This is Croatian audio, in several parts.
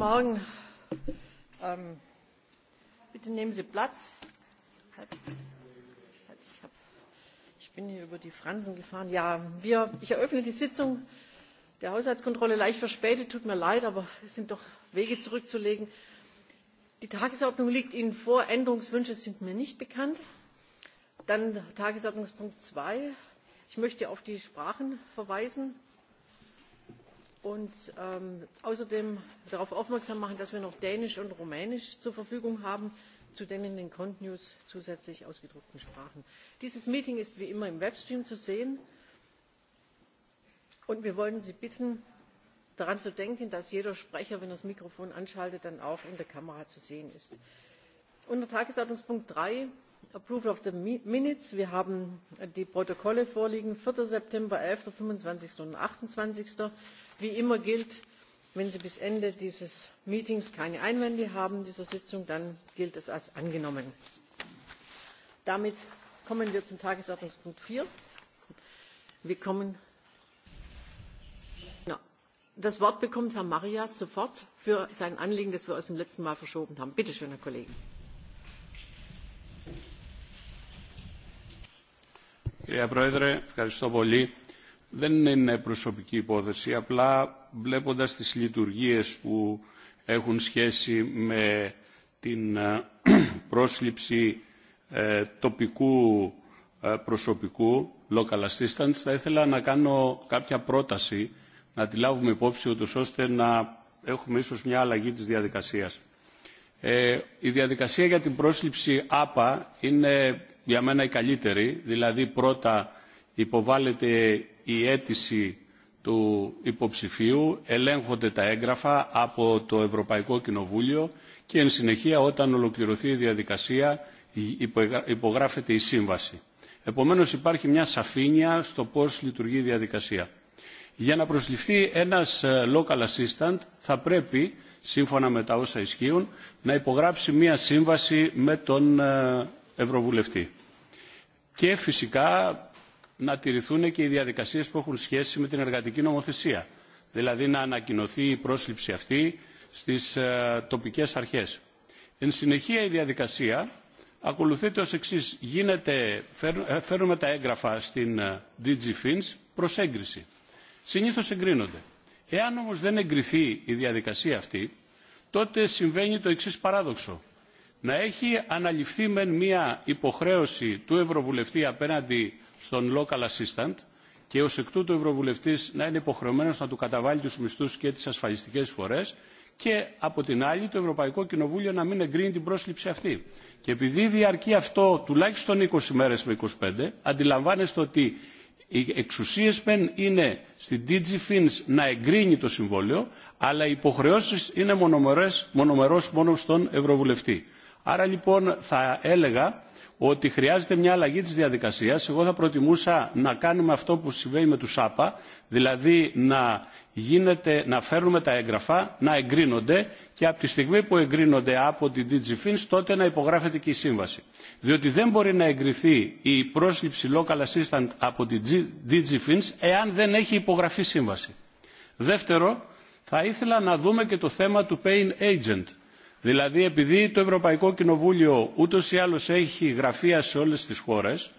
Morgen. Ähm, bitte nehmen Sie Platz. ich, ich bin hier über die Fransen gefahren. Ja, wir, ich eröffne die Sitzung der Haushaltskontrolle leicht verspätet. Tut mir leid, aber es sind doch Wege zurückzulegen. Die Tagesordnung liegt Ihnen vor. Änderungswünsche sind mir nicht bekannt. Dann Tagesordnungspunkt 2. Ich möchte auf die Sprachen verweisen und ähm, außerdem darauf aufmerksam machen, dass wir noch Dänisch und Rumänisch zur Verfügung haben, zu den in den Contnews zusätzlich ausgedruckten Sprachen. Dieses Meeting ist wie immer im Webstream zu sehen. Und wir wollen Sie bitten, daran zu denken, dass jeder Sprecher, wenn er das Mikrofon anschaltet, dann auch in der Kamera zu sehen ist. Unter Tagesordnungspunkt 3 approval of the minutes wir haben äh, die protokolle vorliegen 4. september. elf fünfundzwanzig und. achtundzwanzig wie immer gilt wenn sie bis ende dieses meetings keine einwände haben dieser sitzung dann gilt es als angenommen. damit kommen wir zum tagesordnungspunkt. vier das wort bekommt herr marias sofort für sein anliegen das wir aus dem letzten mal verschoben haben. bitte schön herr kollege. Κυρία Πρόεδρε, ευχαριστώ πολύ. Δεν είναι προσωπική υπόθεση, απλά βλέποντας τις λειτουργίες που έχουν σχέση με την πρόσληψη τοπικού προσωπικού, local assistance, θα ήθελα να κάνω κάποια πρόταση να τη λάβουμε υπόψη ούτως ώστε να έχουμε ίσως μια αλλαγή της διαδικασίας. Ε, η διαδικασία για την πρόσληψη ΑΠΑ είναι για μένα η καλύτερη, δηλαδή πρώτα υποβάλλεται η αίτηση του υποψηφίου, ελέγχονται τα έγγραφα από το Ευρωπαϊκό Κοινοβούλιο και εν συνεχεία όταν ολοκληρωθεί η διαδικασία υπογράφεται η σύμβαση. Επομένως υπάρχει μια σαφήνεια στο πώς λειτουργεί η διαδικασία. Για να προσληφθεί ένας local assistant θα πρέπει, σύμφωνα με τα όσα ισχύουν, να υπογράψει μια σύμβαση με τον Ευρωβουλευτή και φυσικά να τηρηθούν και οι διαδικασίες που έχουν σχέση με την εργατική νομοθεσία. Δηλαδή να ανακοινωθεί η πρόσληψη αυτή στις ε, τοπικές αρχές. Εν συνεχεία η διαδικασία ακολουθείται ως εξής. Γίνεται, φέρουμε τα έγγραφα στην DigiFins προς έγκριση. Συνήθως εγκρίνονται. Εάν όμως δεν εγκριθεί η διαδικασία αυτή, τότε συμβαίνει το εξής παράδοξο να έχει αναλυφθεί μεν μια υποχρέωση του Ευρωβουλευτή απέναντι στον local assistant και ως εκ τούτου ο Ευρωβουλευτής να είναι υποχρεωμένος να του καταβάλει τους μισθούς και τις ασφαλιστικές φορές και από την άλλη το Ευρωπαϊκό Κοινοβούλιο να μην εγκρίνει την πρόσληψη αυτή. Και επειδή διαρκεί αυτό τουλάχιστον 20 μέρες με 25, αντιλαμβάνεστε ότι οι εξουσίες μεν είναι στην DigiFINS να εγκρίνει το συμβόλαιο, αλλά οι υποχρεώσεις είναι μονομερές, μονομερός μόνο στον Ευρωβουλευτή. Άρα λοιπόν θα έλεγα ότι χρειάζεται μια αλλαγή της διαδικασίας. Εγώ θα προτιμούσα να κάνουμε αυτό που συμβαίνει με τους ΣΑΠΑ, δηλαδή να, γίνεται, να φέρνουμε τα έγγραφα, να εγκρίνονται και από τη στιγμή που εγκρίνονται από την DGFINS τότε να υπογράφεται και η σύμβαση. Διότι δεν μπορεί να εγκριθεί η πρόσληψη local assistant από την DGFINS εάν δεν έχει υπογραφεί σύμβαση. Δεύτερο, θα ήθελα να δούμε και το θέμα του paying agent Δηλαδή επειδή το Ευρωπαϊκό Κοινοβούλιο ούτως ή άλλως έχει γραφεία σε όλες τις χώρες,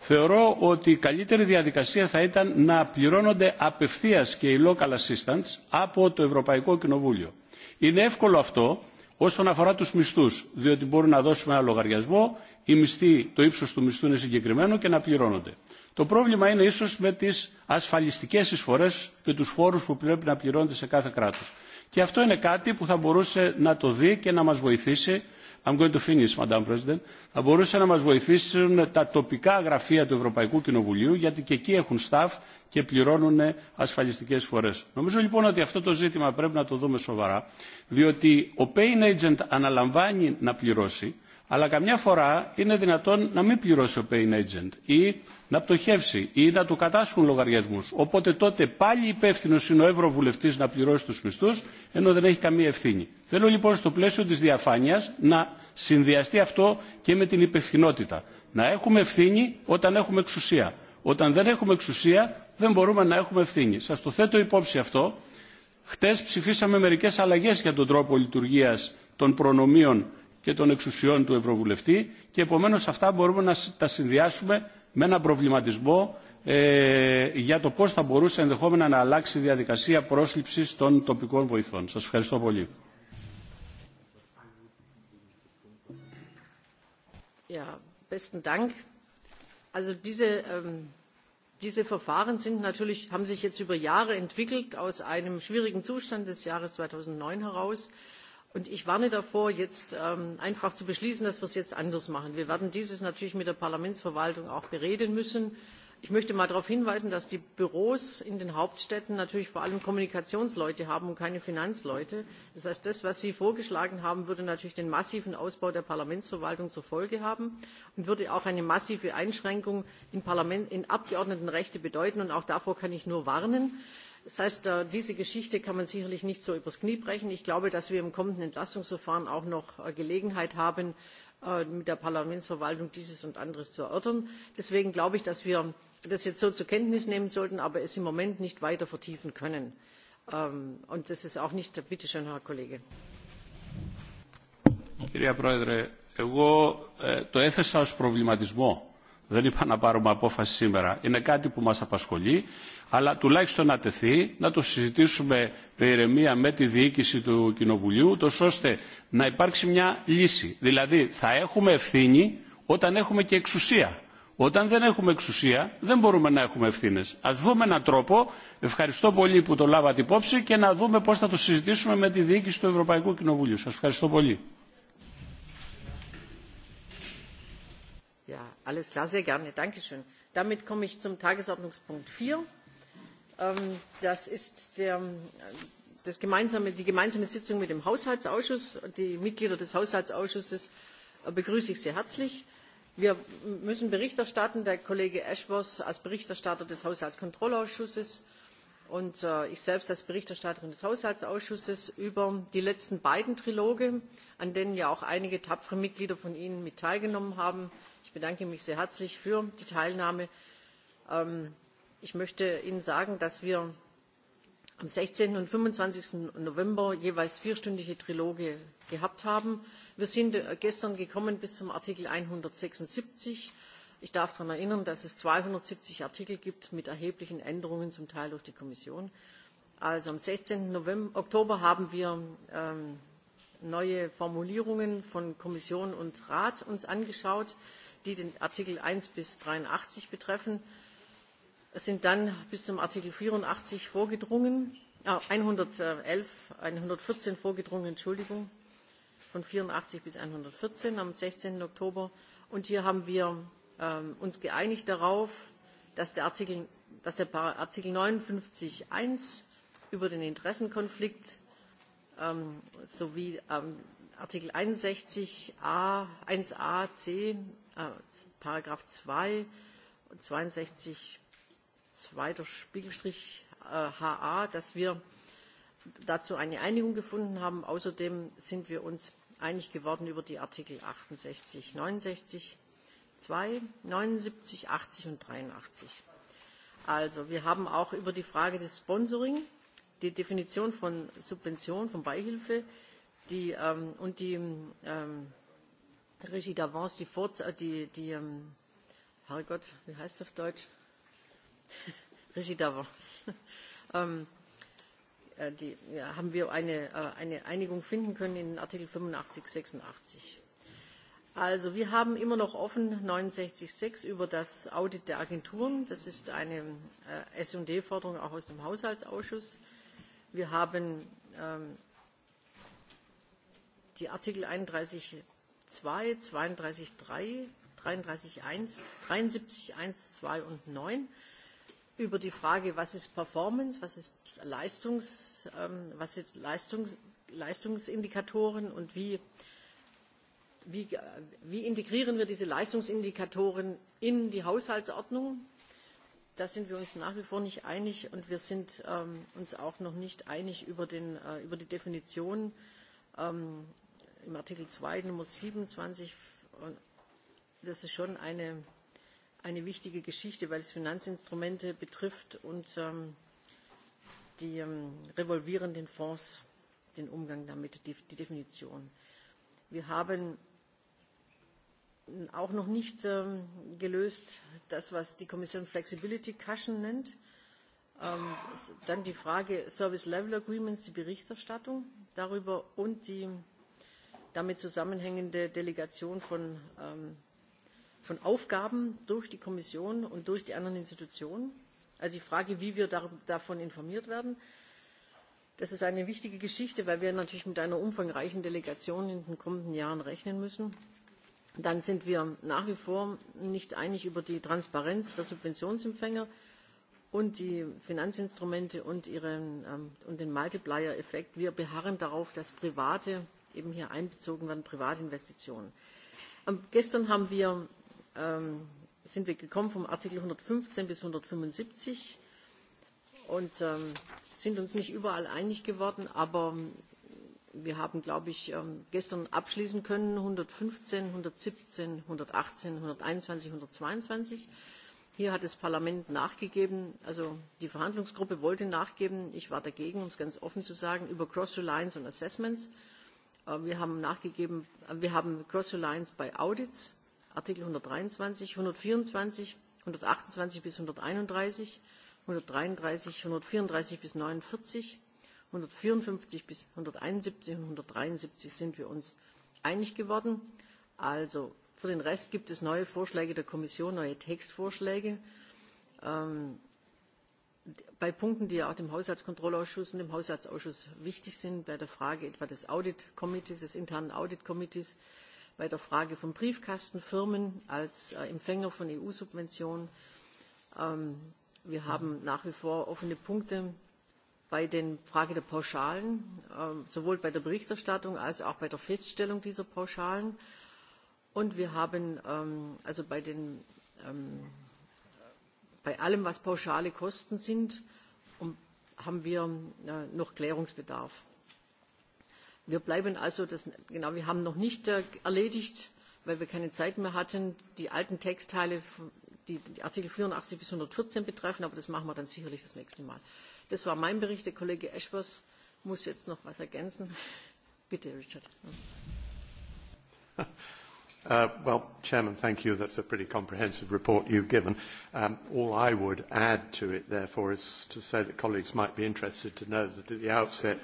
θεωρώ ότι η καλύτερη διαδικασία θα ήταν να πληρώνονται απευθείας και οι local assistance από το Ευρωπαϊκό Κοινοβούλιο. Είναι εύκολο αυτό όσον αφορά τους μισθούς, διότι μπορούν να δώσουμε ένα λογαριασμό, η μισθή, το ύψος του μισθού είναι συγκεκριμένο και να πληρώνονται. Το πρόβλημα είναι ίσως με τις ασφαλιστικές εισφορές και τους φόρους που πρέπει να πληρώνεται σε κάθε κράτος. Και αυτό είναι κάτι που θα μπορούσε να το δει και να μας βοηθήσει I'm going to finish, Madam President. Θα μπορούσε να μας βοηθήσουν τα τοπικά γραφεία του Ευρωπαϊκού Κοινοβουλίου, γιατί και εκεί έχουν staff και πληρώνουν ασφαλιστικές φορές. Νομίζω λοιπόν ότι αυτό το ζήτημα πρέπει να το δούμε σοβαρά, διότι ο paying agent αναλαμβάνει να πληρώσει, αλλά καμιά φορά είναι δυνατόν να μην πληρώσει ο paying agent ή να πτωχεύσει ή να του κατάσχουν λογαριασμού. Οπότε τότε πάλι υπεύθυνο είναι ο Ευρωβουλευτή να πληρώσει του μισθού, ενώ δεν έχει καμία ευθύνη. Θέλω λοιπόν στο πλαίσιο τη διαφάνεια να συνδυαστεί αυτό και με την υπευθυνότητα. Να έχουμε ευθύνη όταν έχουμε εξουσία. Όταν δεν έχουμε εξουσία, δεν μπορούμε να έχουμε ευθύνη. Σα το θέτω υπόψη αυτό. Χτε ψηφίσαμε μερικέ αλλαγέ για τον τρόπο λειτουργία των προνομίων και των εξουσιών του Ευρωβουλευτή και επομένως αυτά μπορούμε να τα συνδυάσουμε με έναν προβληματισμό ε, για το πώς θα μπορούσε ενδεχόμενα να αλλάξει η διαδικασία πρόσληψης των τοπικών βοηθών. Σας ευχαριστώ πολύ. Ja, besten Dank. Also diese, ähm, diese Verfahren sind natürlich, haben sich jetzt über Jahre entwickelt aus einem schwierigen Zustand des Jahres 2009 heraus und ich warne davor jetzt ähm, einfach zu beschließen dass wir es jetzt anders machen. wir werden dies natürlich mit der parlamentsverwaltung auch bereden müssen. ich möchte mal darauf hinweisen dass die büros in den hauptstädten natürlich vor allem kommunikationsleute haben und keine finanzleute. das heißt das was sie vorgeschlagen haben würde natürlich den massiven ausbau der parlamentsverwaltung zur folge haben und würde auch eine massive einschränkung in, in abgeordnetenrechte bedeuten und auch davor kann ich nur warnen Das heißt, diese Geschichte kann man sicherlich nicht so übers Knie brechen. Ich glaube, dass wir im kommenden Entlastungsverfahren auch noch äh, Gelegenheit haben, äh, mit der Parlamentsverwaltung dieses und anderes zu erörtern. Deswegen glaube ich, dass wir das jetzt so zur Kenntnis nehmen sollten, aber es im Moment nicht weiter vertiefen können. Ähm, und das ist auch nicht... Bitte schön, Herr Kollege αλλά τουλάχιστον να τεθεί, να το συζητήσουμε με ηρεμία με τη διοίκηση του Κοινοβουλίου, τόσο ώστε να υπάρξει μια λύση. Δηλαδή θα έχουμε ευθύνη όταν έχουμε και εξουσία. Όταν δεν έχουμε εξουσία δεν μπορούμε να έχουμε ευθύνε. Α δούμε έναν τρόπο, ευχαριστώ πολύ που το λάβατε υπόψη και να δούμε πώ θα το συζητήσουμε με τη διοίκηση του Ευρωπαϊκού Κοινοβουλίου. Σα ευχαριστώ πολύ. Ja, alles klar, sehr gerne. Dankeschön. Damit komme ich zum Tagesordnungspunkt 4. Ähm, das ist der, das gemeinsame, die gemeinsame sitzung mit dem haushaltsausschuss. die mitglieder des haushaltsausschusses begrüße ich sehr herzlich. wir müssen bericht erstatten der kollege ashworth als berichterstatter des haushaltskontrollausschusses und äh, ich selbst als berichterstatterin des haushaltsausschusses über die letzten beiden triloge an denen ja auch einige tapfere mitglieder von ihnen mit teilgenommen haben. ich bedanke mich sehr herzlich für die teilnahme. Ähm, ich möchte ihnen sagen dass wir am. 16. und. fünfundzwanzig november jeweils vierstündige triloge gehabt haben. wir sind äh, gestern gekommen bis zum artikel. einhundertsechsundsiebzig ich darf daran erinnern dass es 270 artikel gibt mit erheblichen änderungen zum teil durch die kommission. also am. sechzehn oktober haben wir ähm, neue formulierungen von kommission und rat uns angeschaut die den artikel eins bis 83 betreffen sind dann bis zum Artikel 84 vorgedrungen, äh, 111, 114 vorgedrungen, Entschuldigung, von 84 bis 114 am 16. Oktober. Und hier haben wir ähm, uns geeinigt darauf, dass der Artikel, dass der pa-, Artikel 59 1 über den Interessenkonflikt ähm, sowie ähm, Artikel 61 a 1a c äh, Paragraph 2 und 62 zweiter Spiegelstrich HA, äh, dass wir dazu eine Einigung gefunden haben. Außerdem sind wir uns einig geworden über die Artikel 68, 69, 2, 79, 80 und 83. Also, wir haben auch über die Frage des Sponsoring, die Definition von Subvention, von Beihilfe die, ähm, und die ähm, Regie d'Avance, die, die, die ähm, Herrgott, wie heißt es auf Deutsch? Regie d'avance. Ähm, äh, die, ja, haben wir eine, äh, eine Einigung finden können in Artikel 85, 86. Also wir haben immer noch offen 69.6 über das Audit der Agenturen. Das ist eine äh, S&D-Forderung auch aus dem Haushaltsausschuss. Wir haben ähm, die Artikel 31.2, 32.3, 33.1, 73.1, 2 und 9 über die Frage, was ist Performance, was ist, ähm, was ist Leistungsindikatoren und wie, wie, äh, wie integrieren wir diese Leistungsindikatoren in die Haushaltsordnung. Da sind wir uns nach wie vor nicht einig und wir sind ähm, uns auch noch nicht einig über, den, äh, über die Definition ähm, im Artikel 2 Nummer 27. Das ist schon eine eine wichtige Geschichte, weil es Finanzinstrumente betrifft und ähm, die ähm, revolvierenden Fonds, den Umgang damit, die, Definition. Wir haben auch noch nicht ähm, gelöst das, was die Kommission Flexibility Cushion nennt. dann die Frage Service Level Agreements, die Berichterstattung darüber und die damit zusammenhängende Delegation von von Aufgaben durch die Kommission und durch die anderen Institutionen. Also die Frage, wie wir davon informiert werden. Das ist eine wichtige Geschichte, weil wir natürlich mit einer umfangreichen Delegation in den kommenden Jahren rechnen müssen. Dann sind wir nach wie vor nicht einig über die Transparenz der Subventionsempfänger und die Finanzinstrumente und, ihren, ähm, und den Multiplier-Effekt. Wir beharren darauf, dass Private eben hier einbezogen werden, Privatinvestitionen. Ähm, gestern haben wir Ähm, sind wir gekommen vom Artikel 115 bis 175 und ähm, sind uns nicht überall einig geworden, aber wir haben, glaube ich, ähm, gestern abschließen können, 115, 117, 118, 121, 122. Hier hat das Parlament nachgegeben, also die Verhandlungsgruppe wollte nachgeben, ich war dagegen, um es ganz offen zu sagen, über Cross-Reliance und Assessments. Äh, wir haben nachgegeben, äh, wir haben Cross-Reliance bei Audits Artikel 123, 124, 128 bis 131, 133, 134 bis 49, 154 bis 171 und 173 sind wir uns einig geworden. Also für den Rest gibt es neue Vorschläge der Kommission, neue Textvorschläge. Ähm, bei Punkten, die ja auch dem Haushaltskontrollausschuss und dem Haushaltsausschuss wichtig sind, bei der Frage etwa des Audit des internen Audit Committees, bei der Frage von Briefkastenfirmen als äh, Empfänger von EU-Subventionen. Ähm, wir haben nach wie vor offene Punkte bei der Frage der Pauschalen, ähm, sowohl bei der Berichterstattung als auch bei der Feststellung dieser Pauschalen. Und wir haben ähm, also bei, den, bei allem, was pauschale Kosten sind, um, haben wir äh, noch Klärungsbedarf wir bleiben also das, genau wir haben noch nicht äh, erledigt weil wir keine zeit mehr hatten die alten textteile die die artikel 84 bis 114 betreffen aber das machen wir dann sicherlich das nächste mal das war mein bericht der kollege ashworth muss jetzt noch was ergänzen bitte richard Uh, well, Chairman, thank you. That's a pretty comprehensive report you've given. Um, all I would add to it, therefore, is to say that colleagues might be interested to know that at the outset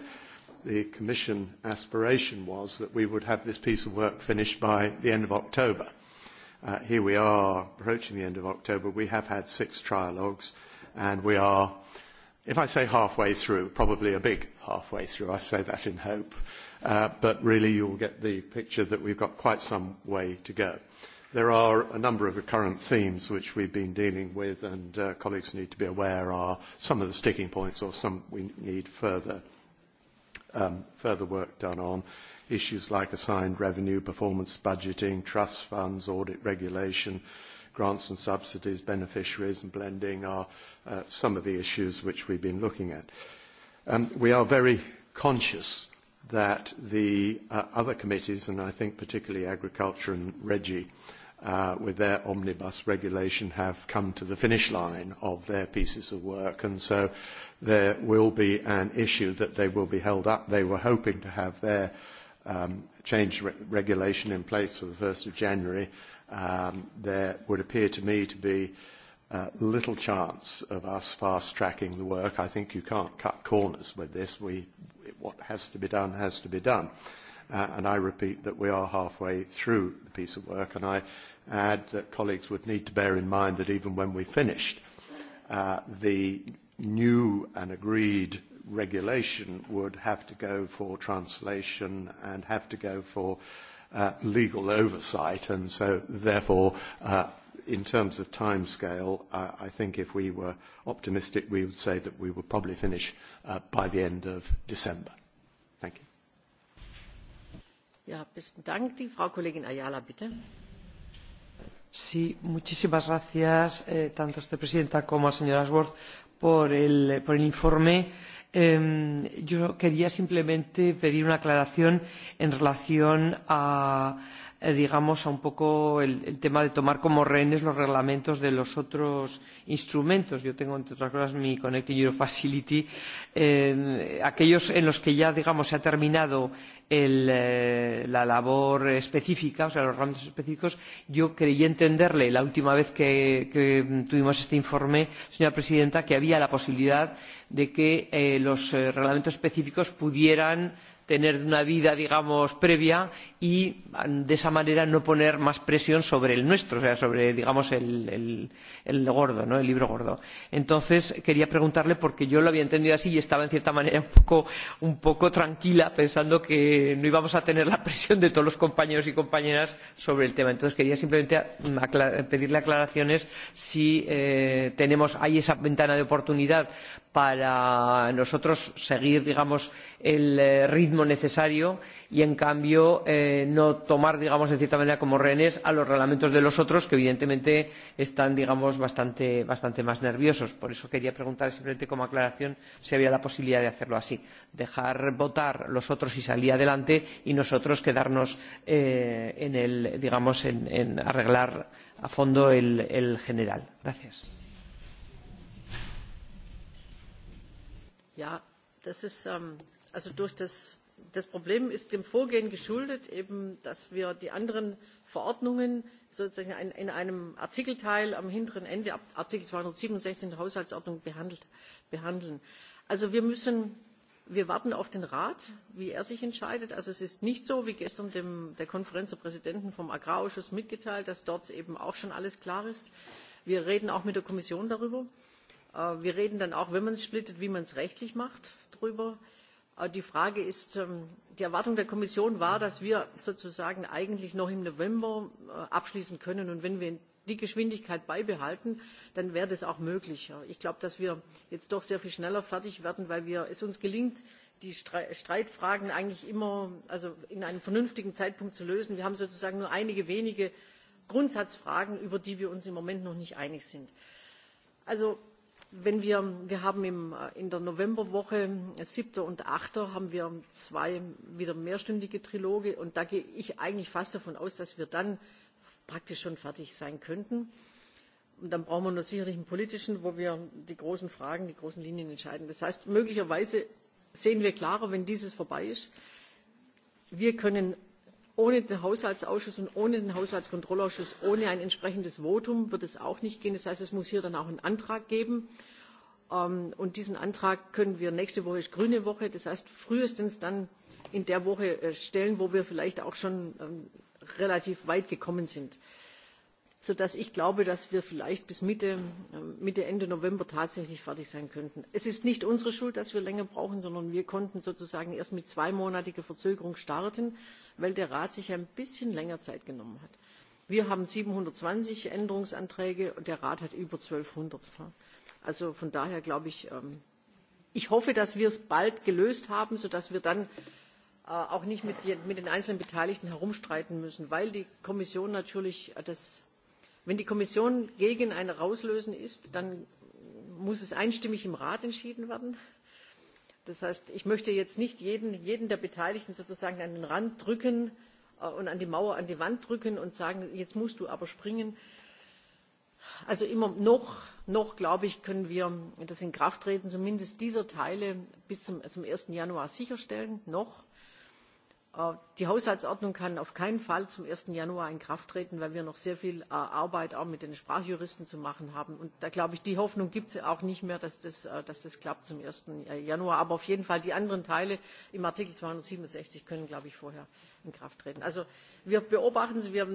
the Commission aspiration was that we would have this piece of work finished by the end of October. Uh, here we are approaching the end of October. We have had six trialogues and we are, if I say halfway through, probably a big halfway through. I say that in hope. Uh, but really you will get the picture that we've got quite some way to go. There are a number of recurrent themes which we've been dealing with and uh, colleagues need to be aware are some of the sticking points or some we need further Um, further work done on issues like assigned revenue, performance budgeting, trust funds, audit regulation, grants and subsidies, beneficiaries and blending are uh, some of the issues which we've been looking at. Um, we are very conscious that the uh, other committees, and I think particularly Agriculture and REGI, uh, with their omnibus regulation, have come to the finish line of their pieces of work. And so there will be an issue that they will be held up. They were hoping to have their um, change regulation in place for the 1st of January. Um, there would appear to me to be little chance of us fast-tracking the work. I think you can't cut corners with this. We, what has to be done has to be done. Uh, and I repeat that we are halfway through the piece of work, and I add that colleagues would need to bear in mind that even when we finished, uh, the new and agreed regulation would have to go for translation and have to go for uh, legal oversight. And so, therefore, uh, in terms of timescale, uh, I think if we were optimistic, we would say that we would probably finish uh, by the end of December. Thank you. Ja, besten Dank. Die Frau Kollegin Ayala, bitte. Sí, muchísimas gracias, eh, tanto a usted, Presidenta, como a señora Ashworth por el, por el informe. yo quería simplemente pedir una aclaración en relación a Eh, digamos, a un poco el, tema de tomar como rehenes los reglamentos de los otros instrumentos. Yo tengo, entre otras cosas, mi Connecting europe Facility, eh, aquellos en los que ya, digamos, se ha terminado eh, la labor específica, o sea, los reglamentos específicos. Yo creí entenderle la última vez que, tuvimos este informe, señora presidenta, que había la posibilidad de que los reglamentos específicos pudieran tener una vida digamos previa y de esa manera no poner más presión sobre el nuestro o sea sobre digamos el, el, el gordo no el libro gordo. entonces quería preguntarle porque yo lo había entendido así y estaba en cierta manera un poco, un poco tranquila pensando que no íbamos a tener la presión de todos los compañeros y compañeras sobre el tema. entonces quería simplemente pedirle aclaraciones si eh, tenemos ahí esa ventana de oportunidad para nosotros seguir digamos el eh, ritmo necesario y en cambio eh, no tomar digamos en cierta manera como rehenes a los reglamentos de los otros que evidentemente están digamos bastante, bastante más nerviosos. por eso quería preguntar simplemente como aclaración si había la posibilidad de hacerlo así dejar votar los otros y salir adelante y nosotros quedarnos eh, en el digamos en, en arreglar a fondo el, el general. gracias. Ja, das ist, ähm, also durch das das problem ist dem vorgehen geschuldet eben dass wir die anderen verordnungen sozusagen in einem artikelteil am hinteren ende artikel 267 der haushaltsordnung behandeln. also wir müssen wir warten auf den rat wie er sich entscheidet. also es ist nicht so wie gestern dem, der konferenz der präsidenten vom agrarausschuss mitgeteilt dass dort eben auch schon alles klar ist. wir reden auch mit der kommission darüber. Äh, wir reden dann auch wenn man es splittet wie man es rechtlich macht darüber die frage ist ähm, die erwartung der kommission war dass wir sozusagen eigentlich noch im november äh, abschließen können und wenn wir die geschwindigkeit beibehalten dann wäre das auch möglich. ich glaube dass wir jetzt doch sehr viel schneller fertig werden weil wir, es uns gelingt die streitfragen eigentlich immer also in einem vernünftigen zeitpunkt zu lösen. wir haben sozusagen nur einige wenige grundsatzfragen über die wir uns im moment noch nicht einig sind. also wenn wir, wir haben im, äh, in der Novemberwoche, 7. Äh, und 8. haben wir zwei wieder mehrstündige Triloge und da gehe ich eigentlich fast davon aus, dass wir dann praktisch schon fertig sein könnten. Und dann brauchen wir nur sicherlich einen politischen, wo wir die großen Fragen, die großen Linien entscheiden. Das heißt, möglicherweise sehen wir klarer, wenn dieses vorbei ist. Wir können ohne den haushaltsausschuss und ohne den haushaltskontrollausschuss ohne ein entsprechendes votum wird es auch nicht gehen. das heißt es muss hier dann auch einen antrag geben ähm, und diesen antrag können wir nächste woche ist grüne woche das heißt frühestens dann in der woche äh, stellen wo wir vielleicht auch schon ähm, relativ weit gekommen sind sodass ich glaube dass wir vielleicht bis ähm, mitte, ende november tatsächlich fertig sein könnten. es ist nicht unsere schuld dass wir länger brauchen sondern wir konnten sozusagen erst mit zweimonatiger verzögerung starten weil der rat sich ein bisschen länger zeit genommen hat. wir haben siebenhundertzwanzig änderungsanträge und der rat hat über. eintausendzweihundert also von daher glaube ich ähm, ich hoffe dass wir es bald gelöst haben sodass wir dann äh, auch nicht mit den einzelnen beteiligten herumstreiten müssen weil die kommission natürlich das wenn die kommission gegen ein Rauslösen ist dann muss es einstimmig im rat entschieden werden. das heißt ich möchte jetzt nicht jeden, jeden der beteiligten sozusagen an den rand drücken äh, und an die mauer an die wand drücken und sagen jetzt musst du aber springen. also immer noch, noch glaube ich können wir das in Kraft treten zumindest dieser teile bis zum, zum 1. januar sicherstellen noch Äh, die Haushaltsordnung kann auf keinen Fall zum 1. Januar in Kraft treten, weil wir noch sehr viel äh, Arbeit auch mit den Sprachjuristen zu machen haben. Und da glaube ich, die Hoffnung gibt es auch nicht mehr, dass das, äh, das klappt zum 1. Januar. Aber auf jeden Fall die anderen Teile im Artikel 267 können, glaube ich, vorher in Kraft treten. Also wir beobachten es, wir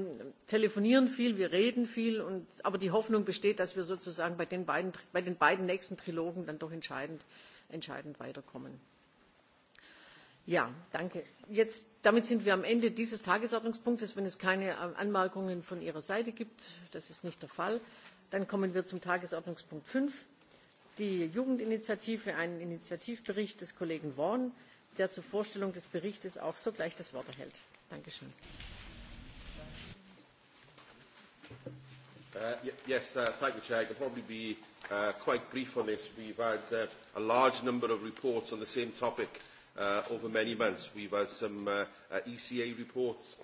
telefonieren viel, wir reden viel, und, aber die Hoffnung besteht, dass wir sozusagen bei den beiden, bei den beiden nächsten Trilogen dann doch entscheidend, entscheidend weiterkommen damit sind wir am Ende dieses Tagesordnungspunktes. Wenn es keine äh, Anmerkungen von Ihrer Seite gibt, das ist nicht der Fall, dann kommen wir zum Tagesordnungspunkt 5, die Jugendinitiative, einen Initiativbericht des Kollegen Worn, der zur Vorstellung des Berichts auch sogleich das Wort erhält. Uh, over many months. We've had some uh, uh, ECA reports,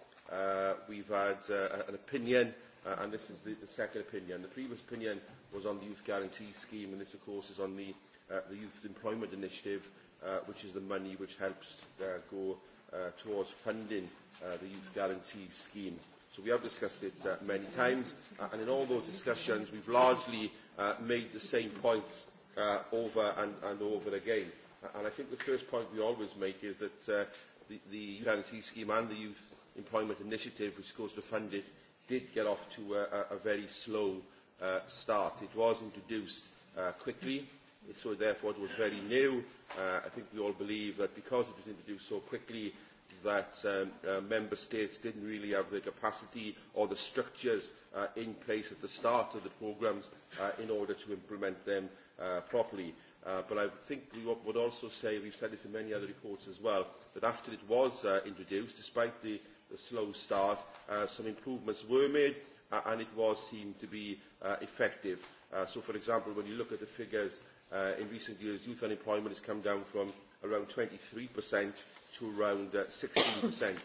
we we've had an opinion, and this is the, second opinion. The previous opinion was on the Youth Guarantee Scheme, and this, of course, is on the, Youth Employment Initiative, which is the money which helps go towards funding the Youth Guarantee Scheme. So we have discussed it many times, and in all those discussions, we've largely made the same points over and over again. And I think the first point we always make is that uh, the, the Youth Guarantee Scheme and the Youth Employment Initiative, which goes to fund it, did get off to a, a very slow uh, start. It was introduced uh, quickly, so therefore it was very new. Uh, I think we all believe that because it was introduced so quickly, that um, uh, member states didn't really have the capacity or the structures uh, in place at the start of the programmes uh, in order to implement them uh, properly. Uh, but I think we would also say, we've said this in many other reports as well, that after it was uh, introduced, despite the, slow start, uh, some improvements were made and it was seen to be effective. so, for example, when you look at the figures in recent years, youth unemployment has come down from around 23% to around sixteen, 16%.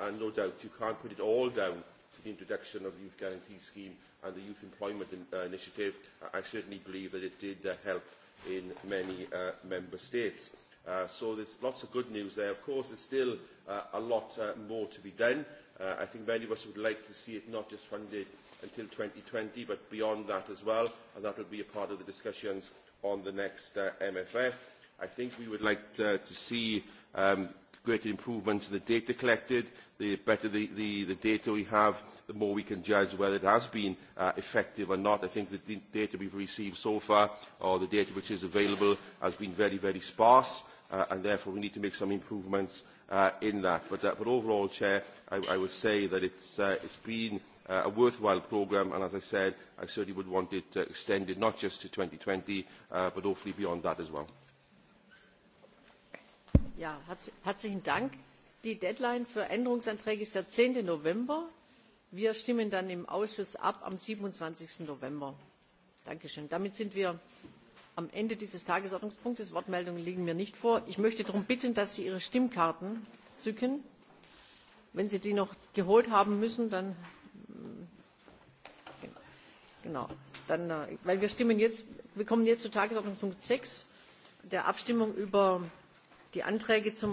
and no doubt you can't put it all down to the introduction of the Youth Guarantee Scheme and the Youth Employment Initiative, I certainly believe that it did help in many uh, member states. Uh, so there's lots of good news there. Of course, there's still uh, a lot uh, more to be done. Uh, I think many of us would like to see it not just funded until 2020, but beyond that as well, and that will be a part of the discussions on the next MFF. I think we would like to, to see um, greater improvements in the data collected, the better the, the, the data we have, the more we can judge whether it has been uh, effective or not. I think the data we've received so far, or the data which is available, has been very, very sparse, uh, and therefore we need to make some improvements uh, in that. But, uh, but overall, Chair, I, I would say that it's, uh, it's been uh, a worthwhile programme, and as I said, I certainly would want it uh, extended not just to 2020, uh, but hopefully beyond that as well herzlichen Dank. Die Deadline für Änderungsanträge ist der 10. November. Wir stimmen dann im Ausschuss ab am 27. November. Damit sind wir am Ende dieses Tagesordnungspunktes. Wortmeldungen liegen mir nicht vor. Ich möchte darum bitten, dass Sie Ihre Stimmkarten zücken. Wenn Sie die noch geholt haben müssen, dann mm, äh, weil wir stimmen jetzt, wir kommen jetzt zu Tagesordnungspunkt 6, der Abstimmung über die anträge zu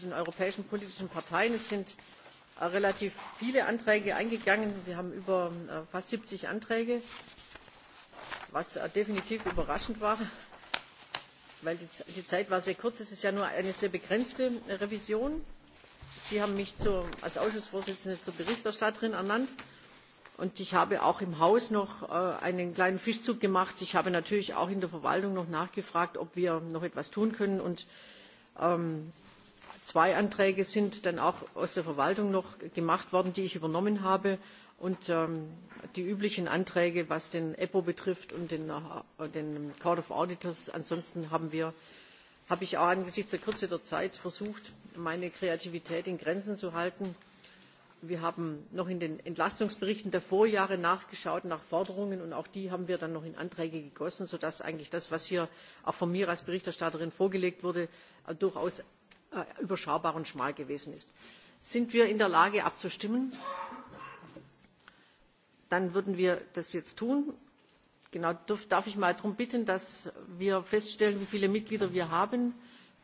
den europäischen politischen parteien es sind äh, relativ viele anträge eingegangen wir haben über äh, fast siebzig anträge was äh, definitiv überraschend war weil die, zeit war sehr kurz es ist ja nur eine sehr begrenzte revision. sie haben mich als ausschussvorsitzende zur berichterstatterin ernannt und ich habe auch im haus noch einen kleinen fischzug gemacht. ich habe natürlich auch in der verwaltung noch nachgefragt ob wir noch etwas tun können und Ähm, zwei anträge sind dann auch aus der verwaltung noch gemacht worden die ich übernommen habe und ähm, die üblichen anträge was den eppo betrifft und äh, den, court of auditors. ansonsten habe ich auch angesichts der kürze der zeit versucht meine kreativität in grenzen zu halten wir haben noch in den entlastungsberichten der vorjahre nachgeschaut nach forderungen und auch die haben wir dann noch in anträge gegossen sodass eigentlich das was hier auch von mir als berichterstatterin vorgelegt wurde äh, durchaus äh, überschaubar und schmal gewesen ist. sind wir in der lage abzustimmen? dann würden wir das jetzt tun. Genau, darf ich mal darum bitten dass wir feststellen wie viele mitglieder wir haben?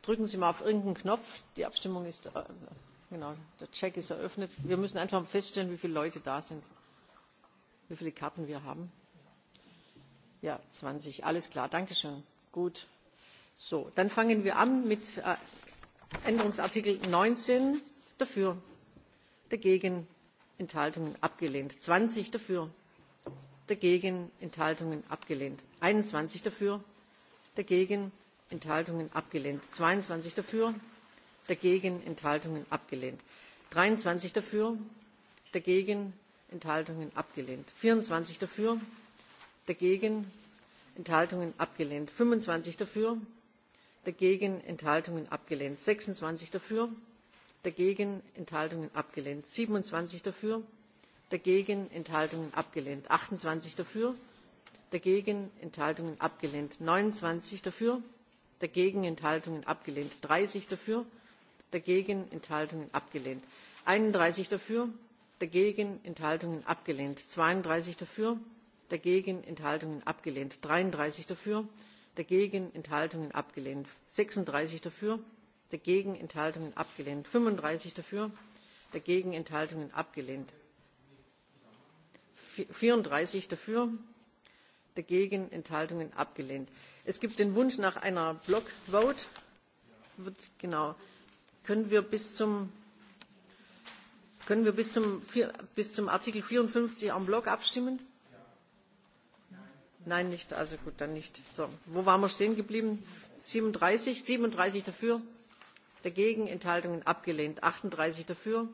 drücken sie mal auf irgendeinen knopf die abstimmung ist äh, Genau, der Check ist eröffnet. Wir müssen einfach feststellen, wie viele Leute da sind, wie viele Karten wir haben. Ja, 20. Alles klar, danke schön. Gut. So, dann fangen wir an mit äh, Änderungsartikel 19. Dafür, dagegen, Enthaltungen abgelehnt. 20 dafür, dagegen, Enthaltungen abgelehnt. 21 dafür, dagegen, Enthaltungen abgelehnt. 22 dafür, dagegen enthaltungen abgelehnt; dreiundzwanzig dafür dagegen enthaltungen abgelehnt; vierundzwanzig dafür dagegen enthaltungen abgelehnt; fünfundzwanzig dafür dagegen enthaltungen abgelehnt; sechsundzwanzig dafür dagegen enthaltungen abgelehnt; siebenundzwanzig dafür dagegen enthaltungen abgelehnt; achtundzwanzig dafür dagegen enthaltungen abgelehnt; neunundzwanzig dafür dagegen enthaltungen abgelehnt; dreißig dafür dagegen enthaltungen abgelehnt einunddreißig dafür dagegen enthaltungen abgelehnt zweiunddreißig dafür dagegen enthaltungen abgelehnt dreiunddreißig dafür dagegen enthaltungen abgelehnt sechsunddreißig dafür dagegen enthaltungen abgelehnt fünfunddreißig dafür dagegen enthaltungen abgelehnt vierunddreißig dafür dagegen enthaltungen abgelehnt. es gibt den wunsch nach einer block vote wird genau können wir bis zum wir bis zum, Artikel 54 am Block abstimmen? Nein, nicht. Also gut, dann nicht. So, wo waren wir stehen geblieben? 37, 37 dafür, dagegen Enthaltungen abgelehnt. 38 dafür,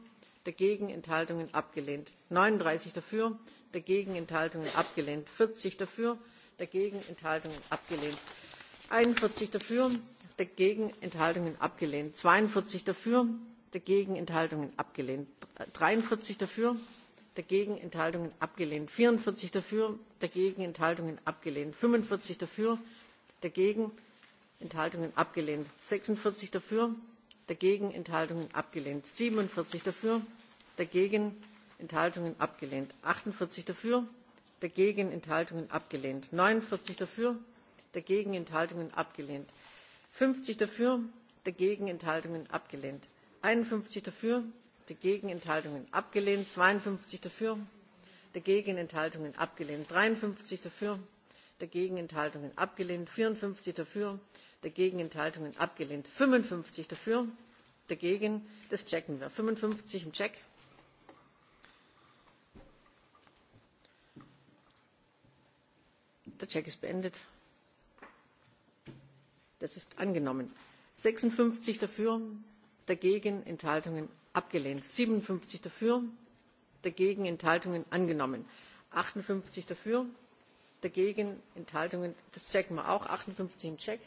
dagegen Enthaltungen abgelehnt. 39 dafür, dagegen Enthaltungen abgelehnt. 40 dafür, dagegen Enthaltungen abgelehnt. 41 dafür, dagegen enthaltungen abgelehnt zweiundvierzig dafür dagegen enthaltungen abgelehnt dreiundvierzig dafür dagegen enthaltungen abgelehnt vierundvierzig dafür dagegen enthaltungen abgelehnt fünfundvierzig dafür dagegen enthaltungen abgelehnt sechsundvierzig dafür dagegen enthaltungen abgelehnt siebenundvierzig dafür dagegen enthaltungen abgelehnt achtundvierzig dafür dagegen enthaltungen abgelehnt neunundvierzig dafür dagegen enthaltungen abgelehnt fünfzig dafür dagegen enthaltungen abgelehnt; einundfünfzig dafür dagegen enthaltungen abgelehnt; zweiundfünfzig dafür dagegen enthaltungen abgelehnt; dreiundfünfzig dafür dagegen enthaltungen abgelehnt; vierundfünfzig dafür dagegen enthaltungen abgelehnt; fünfundfünfzig dafür dagegen das checken wir fünfundfünfzig im check der check ist beendet das ist angenommen 56 dafür dagegen enthaltungen abgelehnt 57 dafür dagegen enthaltungen angenommen 58 dafür dagegen enthaltungen das checken wir auch 58. im check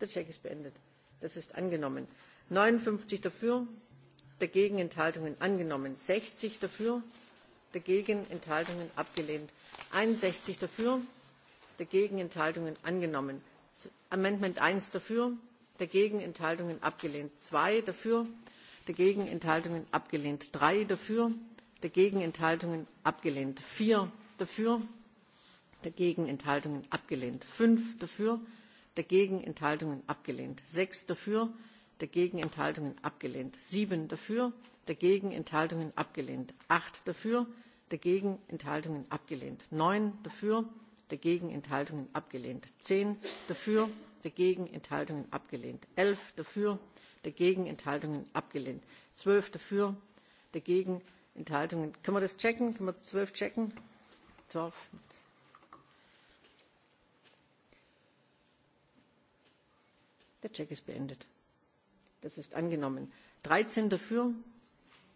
der check ist beendet das ist angenommen 59 dafür dagegen enthaltungen angenommen 60 dafür dagegen enthaltungen abgelehnt; einundsechzig dafür dagegen enthaltungen angenommen; änderungsantrag eins dafür dagegen enthaltungen abgelehnt; zwei dafür dagegen enthaltungen abgelehnt; drei dafür dagegen enthaltungen abgelehnt; vier dafür dagegen enthaltungen abgelehnt; fünf dafür dagegen enthaltungen abgelehnt; sechs dafür dagegen enthaltungen abgelehnt; sieben dafür dagegen enthaltungen abgelehnt; acht dafür dagegen enthaltungen abgelehnt neun dafür dagegen enthaltungen abgelehnt zehn dafür dagegen enthaltungen abgelehnt elf dafür dagegen enthaltungen abgelehnt zwölf dafür dagegen enthaltungen können wir das checken können wir zwölf checken zwölf der check ist beendet das ist angenommen dreizehn dafür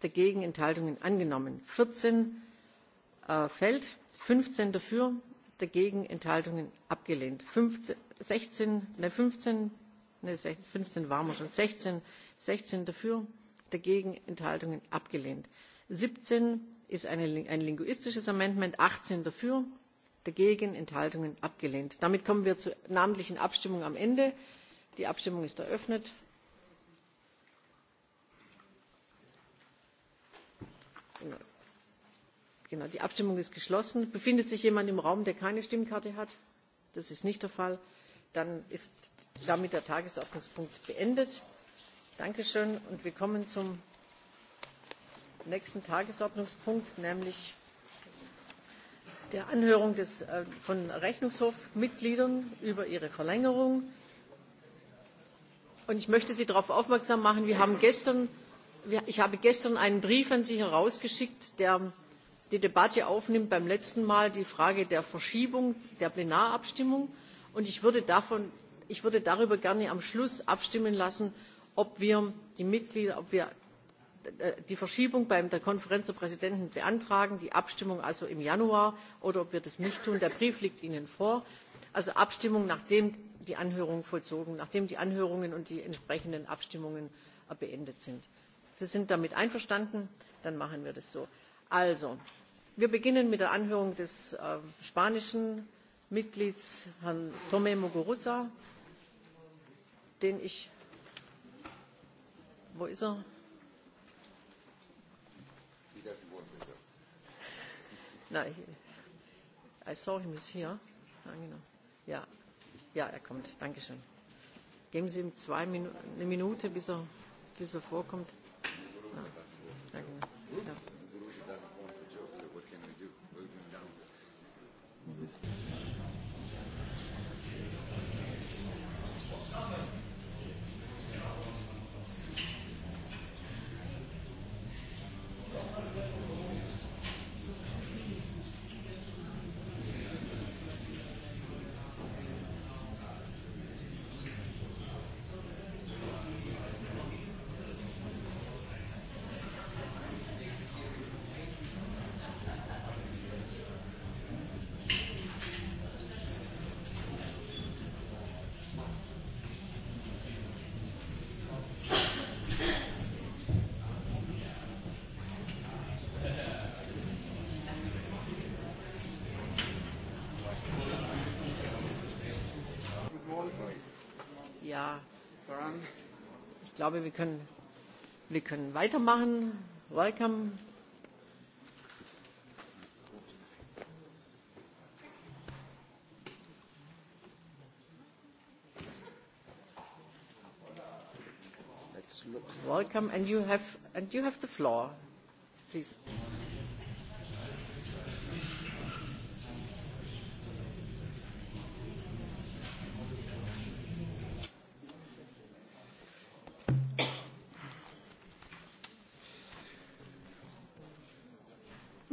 dagegen enthaltungen angenommen 14. Äh, fällt fünfzehn dafür dagegen enthaltungen abgelehnt sechzehn ne fünfzehn fünfzehn waren schon sechzehn dafür dagegen enthaltungen abgelehnt siebzehn ist ein linguistisches amendment achtzehn dafür dagegen enthaltungen abgelehnt. damit kommen wir zur namentlichen abstimmung am ende. die abstimmung ist eröffnet. die Abstimmung ist geschlossen. Befindet sich jemand im Raum, der keine Stimmkarte hat? Das ist nicht der Fall. Dann ist damit der Tagesordnungspunkt beendet. Dankeschön und wir kommen zum nächsten Tagesordnungspunkt, nämlich der Anhörung des, äh, von Rechnungshofmitgliedern über ihre Verlängerung. Und ich möchte Sie darauf aufmerksam machen, wir haben gestern, ich habe gestern einen Brief an Sie herausgeschickt, der die debatte aufnimmt beim letzten mal die frage der verschiebung der plenarabstimmung und ich würde, darüber gerne am schluss abstimmen lassen ob wir die mitglieder ob wir äh, die verschiebung bei der konferenz der präsidenten beantragen die abstimmung also im januar oder ob wir das nicht tun der brief liegt ihnen vor also abstimmung nachdem die anhörung vollzogen nachdem die anhörungen und die entsprechenden abstimmungen äh, beendet sind. sie sind damit einverstanden? dann machen wir das so. also wir beginnen mit der anhörung des ähm, spanischen mitglieds herrn tomé muguruza den ich wo ist er? Na, ich, I saw him here. Ah, ja, er kommt. Geben Sie ihm zwei eine Minute, bis er, bis er vorkommt. glaube, wir können, wir können weitermachen. Welcome. Welcome, and you have, and you have the floor, please.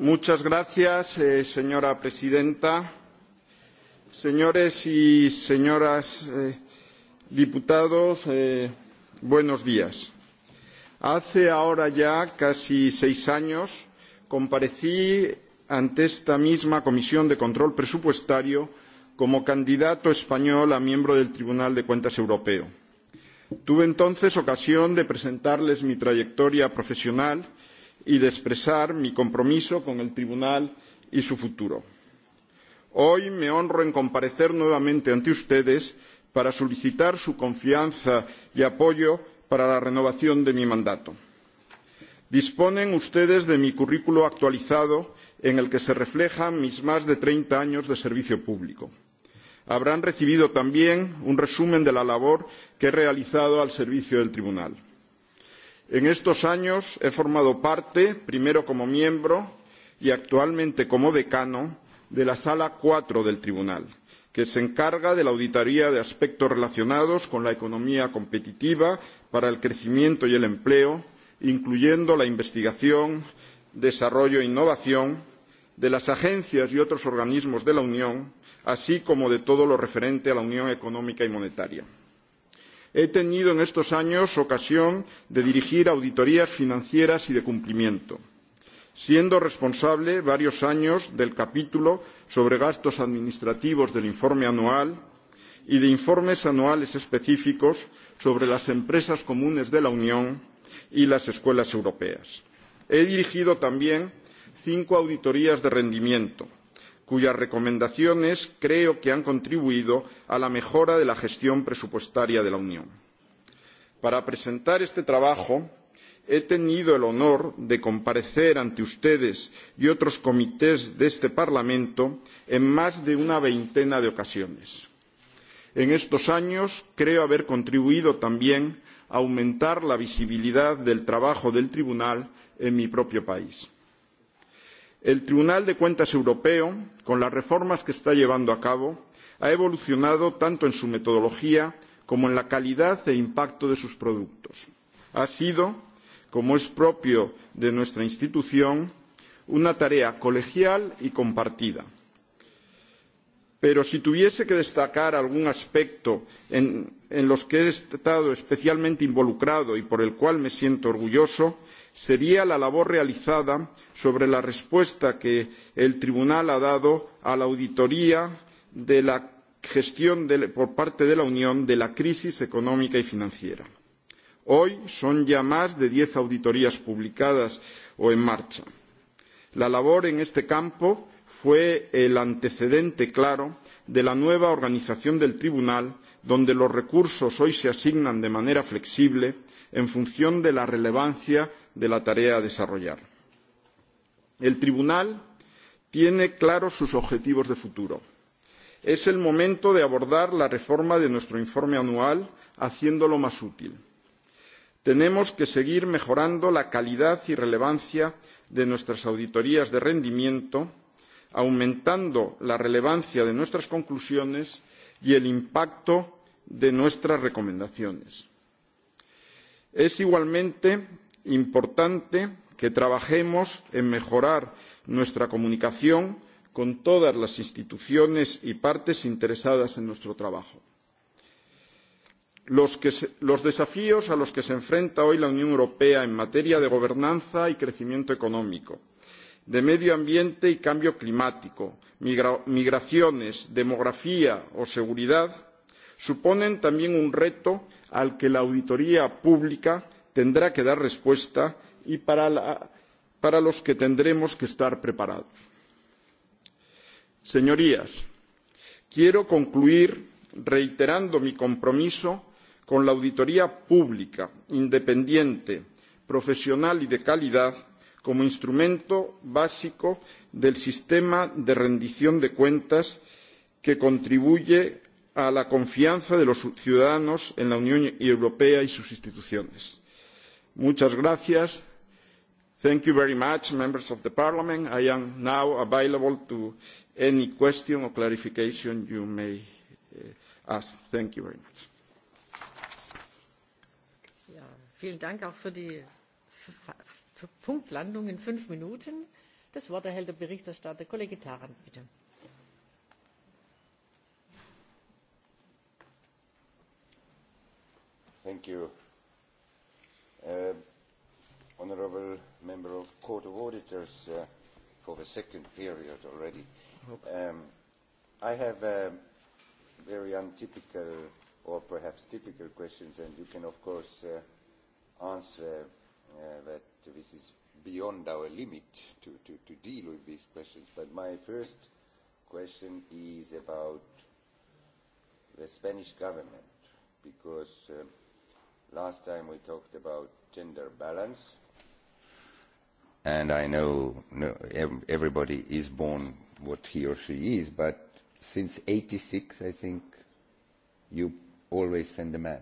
Muchas gracias, eh, señora presidenta. Señores y señoras eh, diputados, eh, buenos días. Hace ahora ya casi seis años comparecí ante esta misma Comisión de Control Presupuestario como candidato español a miembro del Tribunal de Cuentas Europeo. Tuve entonces ocasión de presentarles mi trayectoria profesional y de expresar mi compromiso con el tribunal y su futuro. Hoy me honro en comparecer nuevamente ante ustedes para solicitar su confianza y apoyo para la renovación de mi mandato. Disponen ustedes de mi currículo actualizado en el que se reflejan mis más de 30 años de servicio público. Habrán recibido también un resumen de la labor que he realizado al servicio del tribunal en estos años he formado parte primero como miembro y actualmente como decano de la sala cuatro del tribunal que se encarga de la auditoría de aspectos relacionados con la economía competitiva para el crecimiento y el empleo incluyendo la investigación desarrollo e innovación de las agencias y otros organismos de la unión así como de todo lo referente a la unión económica y monetaria he tenido en estos años ocasión de dirigir auditorías financieras y de cumplimiento siendo responsable varios años del capítulo sobre gastos administrativos del informe anual y de informes anuales específicos sobre las empresas comunes de la unión y las escuelas europeas. he dirigido también cinco auditorías de rendimiento cuyas recomendaciones creo que han contribuido a la mejora de la gestión presupuestaria de la unión. para presentar este trabajo he tenido el honor de comparecer ante ustedes y otros comités de este parlamento en más de una veintena de ocasiones. en estos años creo haber contribuido también a aumentar la visibilidad del trabajo del tribunal en mi propio país el tribunal de cuentas europeo con las reformas que está llevando a cabo ha evolucionado tanto en su metodología como en la calidad e impacto de sus productos. ha sido como es propio de nuestra institución una tarea colegial y compartida. pero si tuviese que destacar algún aspecto en, en los que he estado especialmente involucrado y por el cual me siento orgulloso sería la labor realizada sobre la respuesta que el tribunal ha dado a la auditoría de la gestión por parte de la unión de la crisis económica y financiera. hoy son ya más de diez auditorías publicadas o en marcha. la labor en este campo fue el antecedente claro de la nueva organización del tribunal donde los recursos hoy se asignan de manera flexible en función de la relevancia de la tarea a desarrollar. El Tribunal tiene claros sus objetivos de futuro. Es el momento de abordar la reforma de nuestro informe anual, haciéndolo más útil. Tenemos que seguir mejorando la calidad y relevancia de nuestras auditorías de rendimiento, aumentando la relevancia de nuestras conclusiones y el impacto de nuestras recomendaciones. Es igualmente importante que trabajemos en mejorar nuestra comunicación con todas las instituciones y partes interesadas en nuestro trabajo. Los, desafíos a los que se enfrenta hoy la Unión Europea en materia de gobernanza y crecimiento económico, de medio ambiente y cambio climático, migraciones, demografía o seguridad, suponen también un reto al que la auditoría pública tendrá que dar respuesta y para, para los que tendremos que estar preparados. Señorías, quiero concluir reiterando mi compromiso con la auditoría pública, independiente, profesional y de calidad como instrumento básico del sistema de rendición de cuentas que contribuye a la confianza de los ciudadanos en la Unión Europea y sus instituciones. Muchas gracias. Thank you very much, members of the Parliament. I am now available to any question or clarification you may eh, ask. Thank you very much. Ja, vielen Dank auch für die Punktlandung in fünf Minuten. Das Wort erhält der Berichterstatter, Kollege Taran, bitte. Thank you. Uh, honorable member of Court of Auditors uh, for the second period already. Um, I have a uh, very untypical or perhaps typical questions and you can of course uh, answer that this is beyond our limit to, to, to deal with these questions. But my first question is about the Spanish government because Last time we talked about gender balance, and I know no, everybody is born what he or she is, but since 86, I think, you always send a man.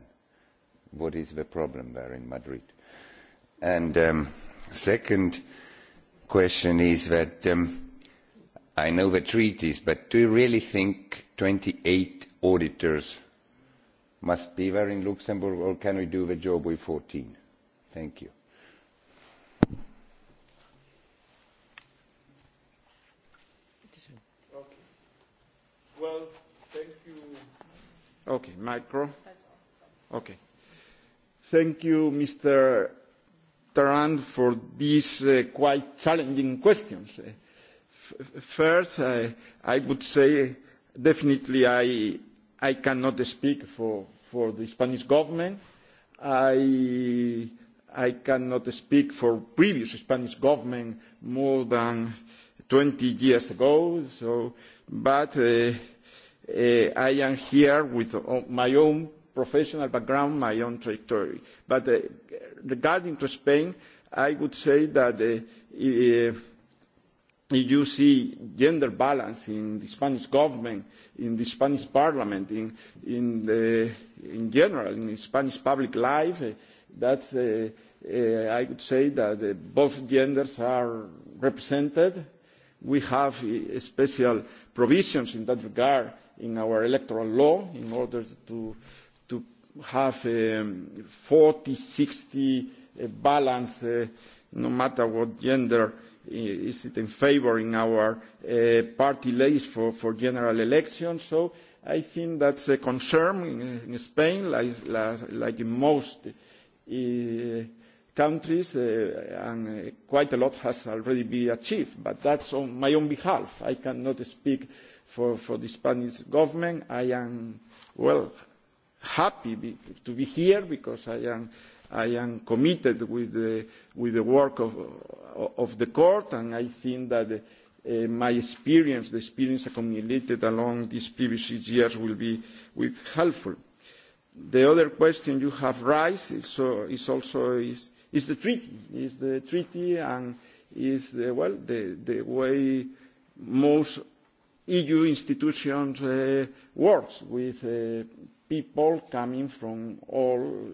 What is the problem there in Madrid? And um, second question is that um, I know the treaties, but do you really think 28 auditors must be there in Luxembourg, or can we do the job with 14? Thank you. Okay. Well, thank you. Okay, micro. Okay. Thank you, Mr. Tarand, for these uh, quite challenging questions. Uh, first, I, uh, I would say definitely I, I cannot speak for for the Spanish government. I, I cannot speak for previous Spanish government more than 20 years ago, so, but uh, uh, I am here with my own professional background, my own trajectory. But uh, regarding to Spain, I would say that uh, uh you see gender balance in the Spanish government, in the Spanish parliament, in, in, general, in Spanish public life, eh, that's, uh, I would say that both genders are represented. We have uh, special provisions in that regard in our electoral law in order to, to have a um, 40-60 balance, no matter what gender is it in favor in our uh, party lays for, for general elections. So I think that's a concern in, Spain, like, in most uh, countries, uh, and quite a lot has already been achieved. But that's on my own behalf. I cannot speak for, the Spanish government. I am, well, happy to be here because I am i am committed with the, with the work of, of the court, and I think that uh, my experience, the experience accumulated along these previous years, will be will helpful. The other question you have raised is, is also is, the treaty, is the treaty, and is the, well the, the way most EU institutions uh, works with uh, people coming from all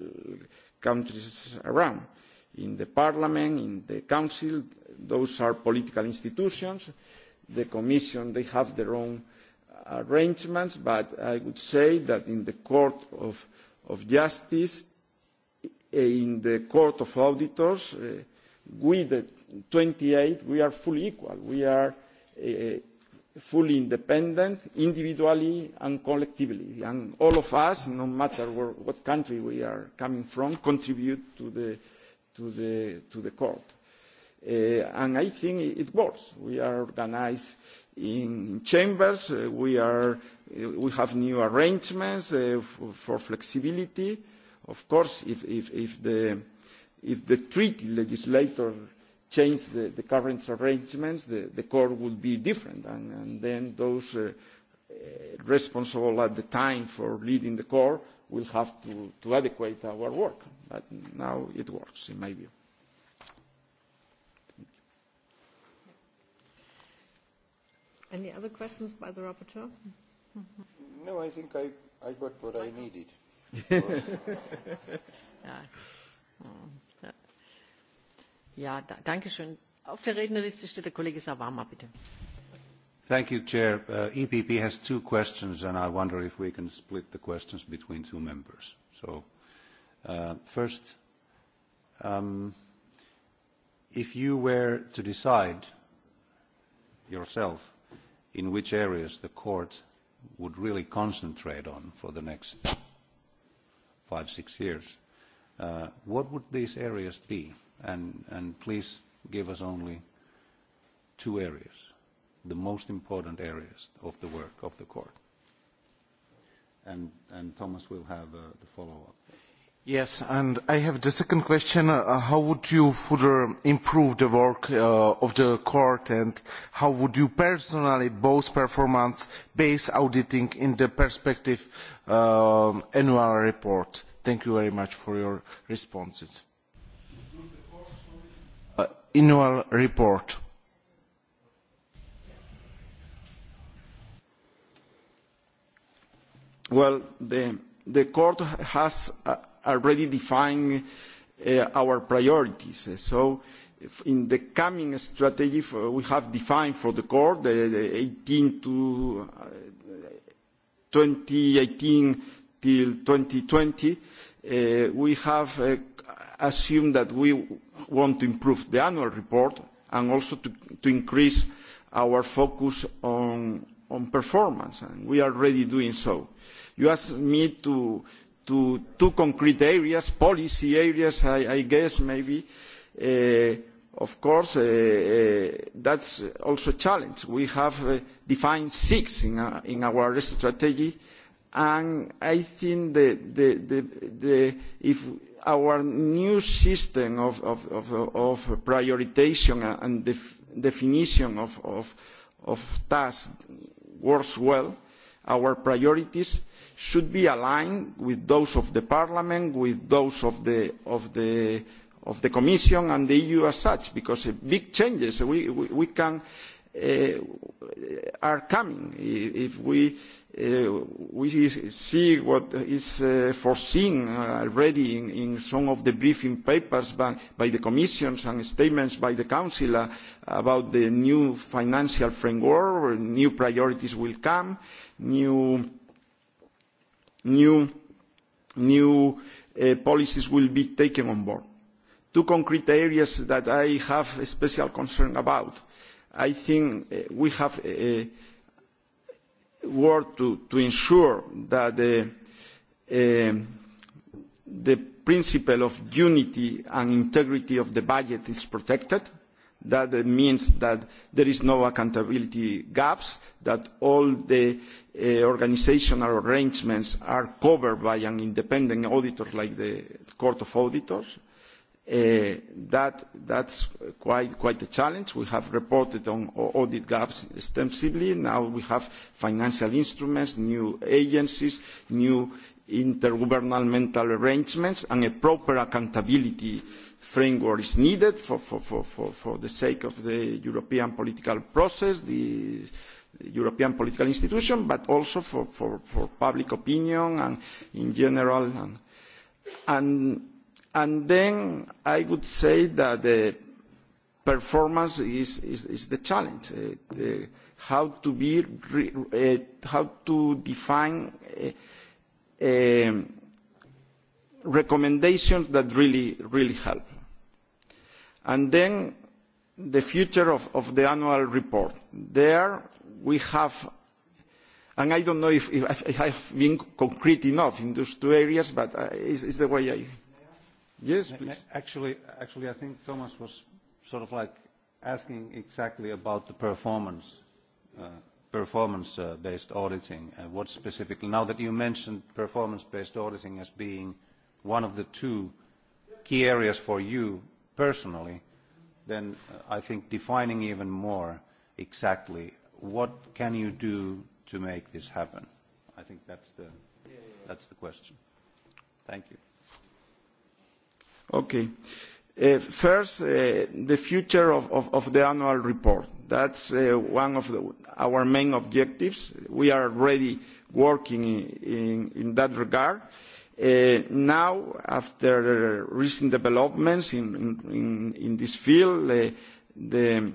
countries around. In the Parliament, in the Council, those are political institutions. The Commission, they have their own arrangements, but I would say that in the Court of, Justice, eh, in the Court of Auditors, uh, we, the 28, we are fully equal. We are eh, fully independent individually and collectively and all of us no matter what country we are coming from contribute to the to the to the court uh, and i think it works we are organized in chambers uh, we are uh, we have new arrangements for flexibility of course if if if the if the treaty legislator change the, the current arrangements, the, the core would be different. And, and then those uh, uh responsible at the time for leading the core will have to, to adequate our work. But now it works, in my view. Any other questions by the rapporteur? Mm-hmm. No, I think I, I got what I needed. yeah. Oh. Ja, danke Auf der Rednerliste der Kollege Savama, bitte. Thank you, Chair. Uh, EPP has two questions, and I wonder if we can split the questions between two members. So, uh, first, um, if you were to decide yourself in which areas the court would really concentrate on for the next five, six years, uh, what would these areas be? and, and please give us only two areas, the most important areas of the work of the court. And, Thomas will have uh, the follow-up. Yes, and I have the second question. Uh, how would you further improve the work uh, of the court and how would you personally both performance-based auditing in the perspective um, annual report? Thank you very much for your responses annual report. Well, the, court has uh, already defined uh, our priorities. So in the coming strategy we have defined for the court the, 18 to 2018 uh, till 2020, we have assume that we want to improve the annual report and also to, to increase our focus on, on performance, and we are already doing so. You asked me to two concrete areas, policy areas, I, guess, maybe. Uh, of course, uh, uh, that's also a challenge. We have defined six in our, strategy, and I think the, the, if our new system of, of, of, prioritization and definition of, of, of tasks works well, our priorities should be aligned with those of the Parliament, with those of the, of the, of the Commission and the EU as such, because big changes, we, we, we can Uh, are coming. If we, uh, we see what is uh, foreseen already in, in some of the briefing papers by, by the Commission and statements by the Council about the new financial framework, new priorities will come, new, new, new uh, policies will be taken on board. Two concrete areas that I have a special concern about i think eh, we have a eh, eh, work to, to ensure that the, the principle of unity and integrity of the budget is protected. That means that there is no accountability gaps, that all the uh, organisational arrangements are covered by an independent auditor like the Court of Auditors Uh, that that's quite a challenge. We have reported on audit gaps extensively. Now we have financial instruments, new agencies, new intergovernmental arrangements, and a proper accountability framework is needed for, the sake of the European political process, the European political institution, but also for, public opinion and in general. and And then I would say that the performance is, is, is the challenge. Uh, how to be, uh, how to define uh, um, recommendations that really, really help. And then the future of, the annual report. There we have, and I don't know if, I have been concrete enough in those two areas, but it it's the way I Yes, please. Actually, actually, I think Thomas was sort of like asking exactly about the performance, uh, performance-based uh, auditing. and uh, What specifically, now that you mentioned performance-based auditing as being one of the two key areas for you personally, then uh, I think defining even more exactly what can you do to make this happen? I think that's the, that's the question. Thank you. Okay. Uh, first, uh, the future of, the annual report. That's uh, one of our main objectives. We are already working in, that regard. Now, after recent developments in this field, the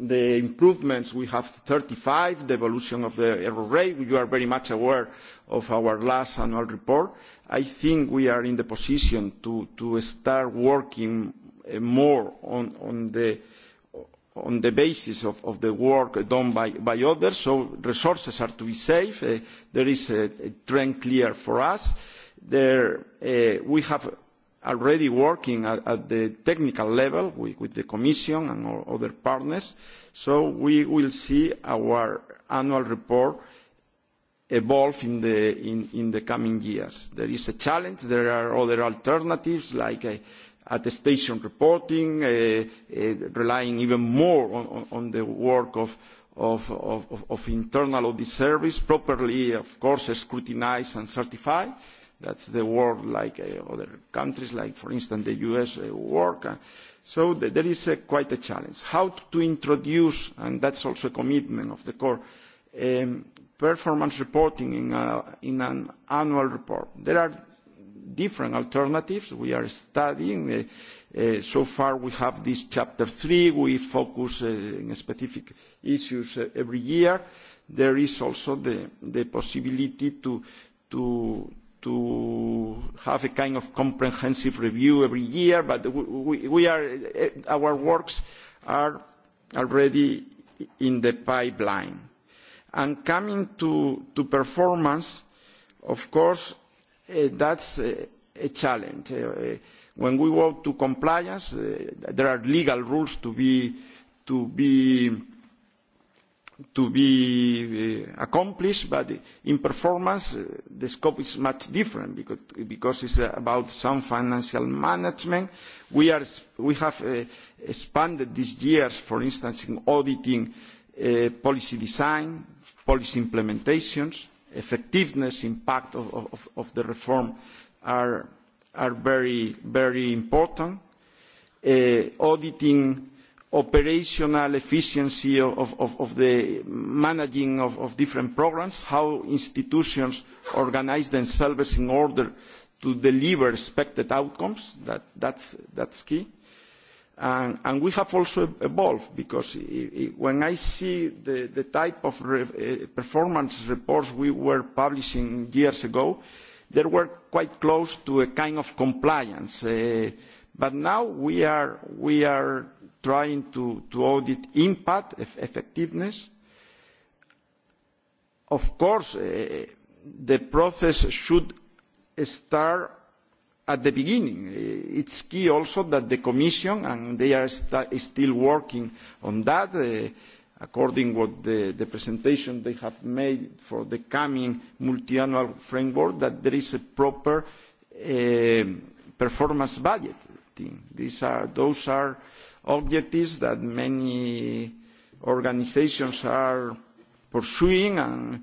the improvements, we have 35, the evolution of the error rate. You are very much aware of our last annual report. I think we are in the position to, start working eh, more on, the, basis of, the work done by, others, so resources are to be saved. Eh, there is a, trend clear for us. There, eh, we have already working at, at the technical level with, with the Commission and our other partners. So we will see our annual report evolve in the, in, the coming years. There is a challenge. There are other alternatives like uh, attestation reporting, uh, uh, relying even more on, the work of, of, of, internal audit service, properly, of course, scrutinize and certified that's the world like eh, other countries, like, for instance, the U.S. Eh, work. Uh, so there is uh, quite a challenge. How to introduce, and that's also a commitment of the core, um, performance reporting uh, in, an annual report. There are different alternatives we are studying. so far we have this chapter three. We focus on specific issues every year. There is also the, the possibility to, to, to have a kind of comprehensive review every year, but we, are, eh, our works are already in the pipeline. And coming to, to performance, of course, uh, that's a, challenge. Eh, when we go to compliance, there are legal rules to be, to be to be uh, accomplished, but in performance uh, the scope is much different because, because it's uh, about some financial management. We, have expanded these years, for instance, in auditing policy design, policy implementations, effectiveness, impact of, the reform are, very, very important. auditing operational efficiency of, the managing of, different programs, how institutions organize themselves in order to deliver expected outcomes. That, that's, key. And, we have also evolved because when I see the, type of eh, performance reports we were publishing years ago, they were quite close to a kind of compliance. Eh, but now we are, we are trying to, to audit impact, effectiveness. Of course, eh, the process should start at the beginning. Eh, it's key also that the Commission, and they are still working on that, eh, according what the, presentation they have made for the coming multiannual framework, that there is a proper performance budget. Thing. These are, those are objectives that many organisations are pursuing and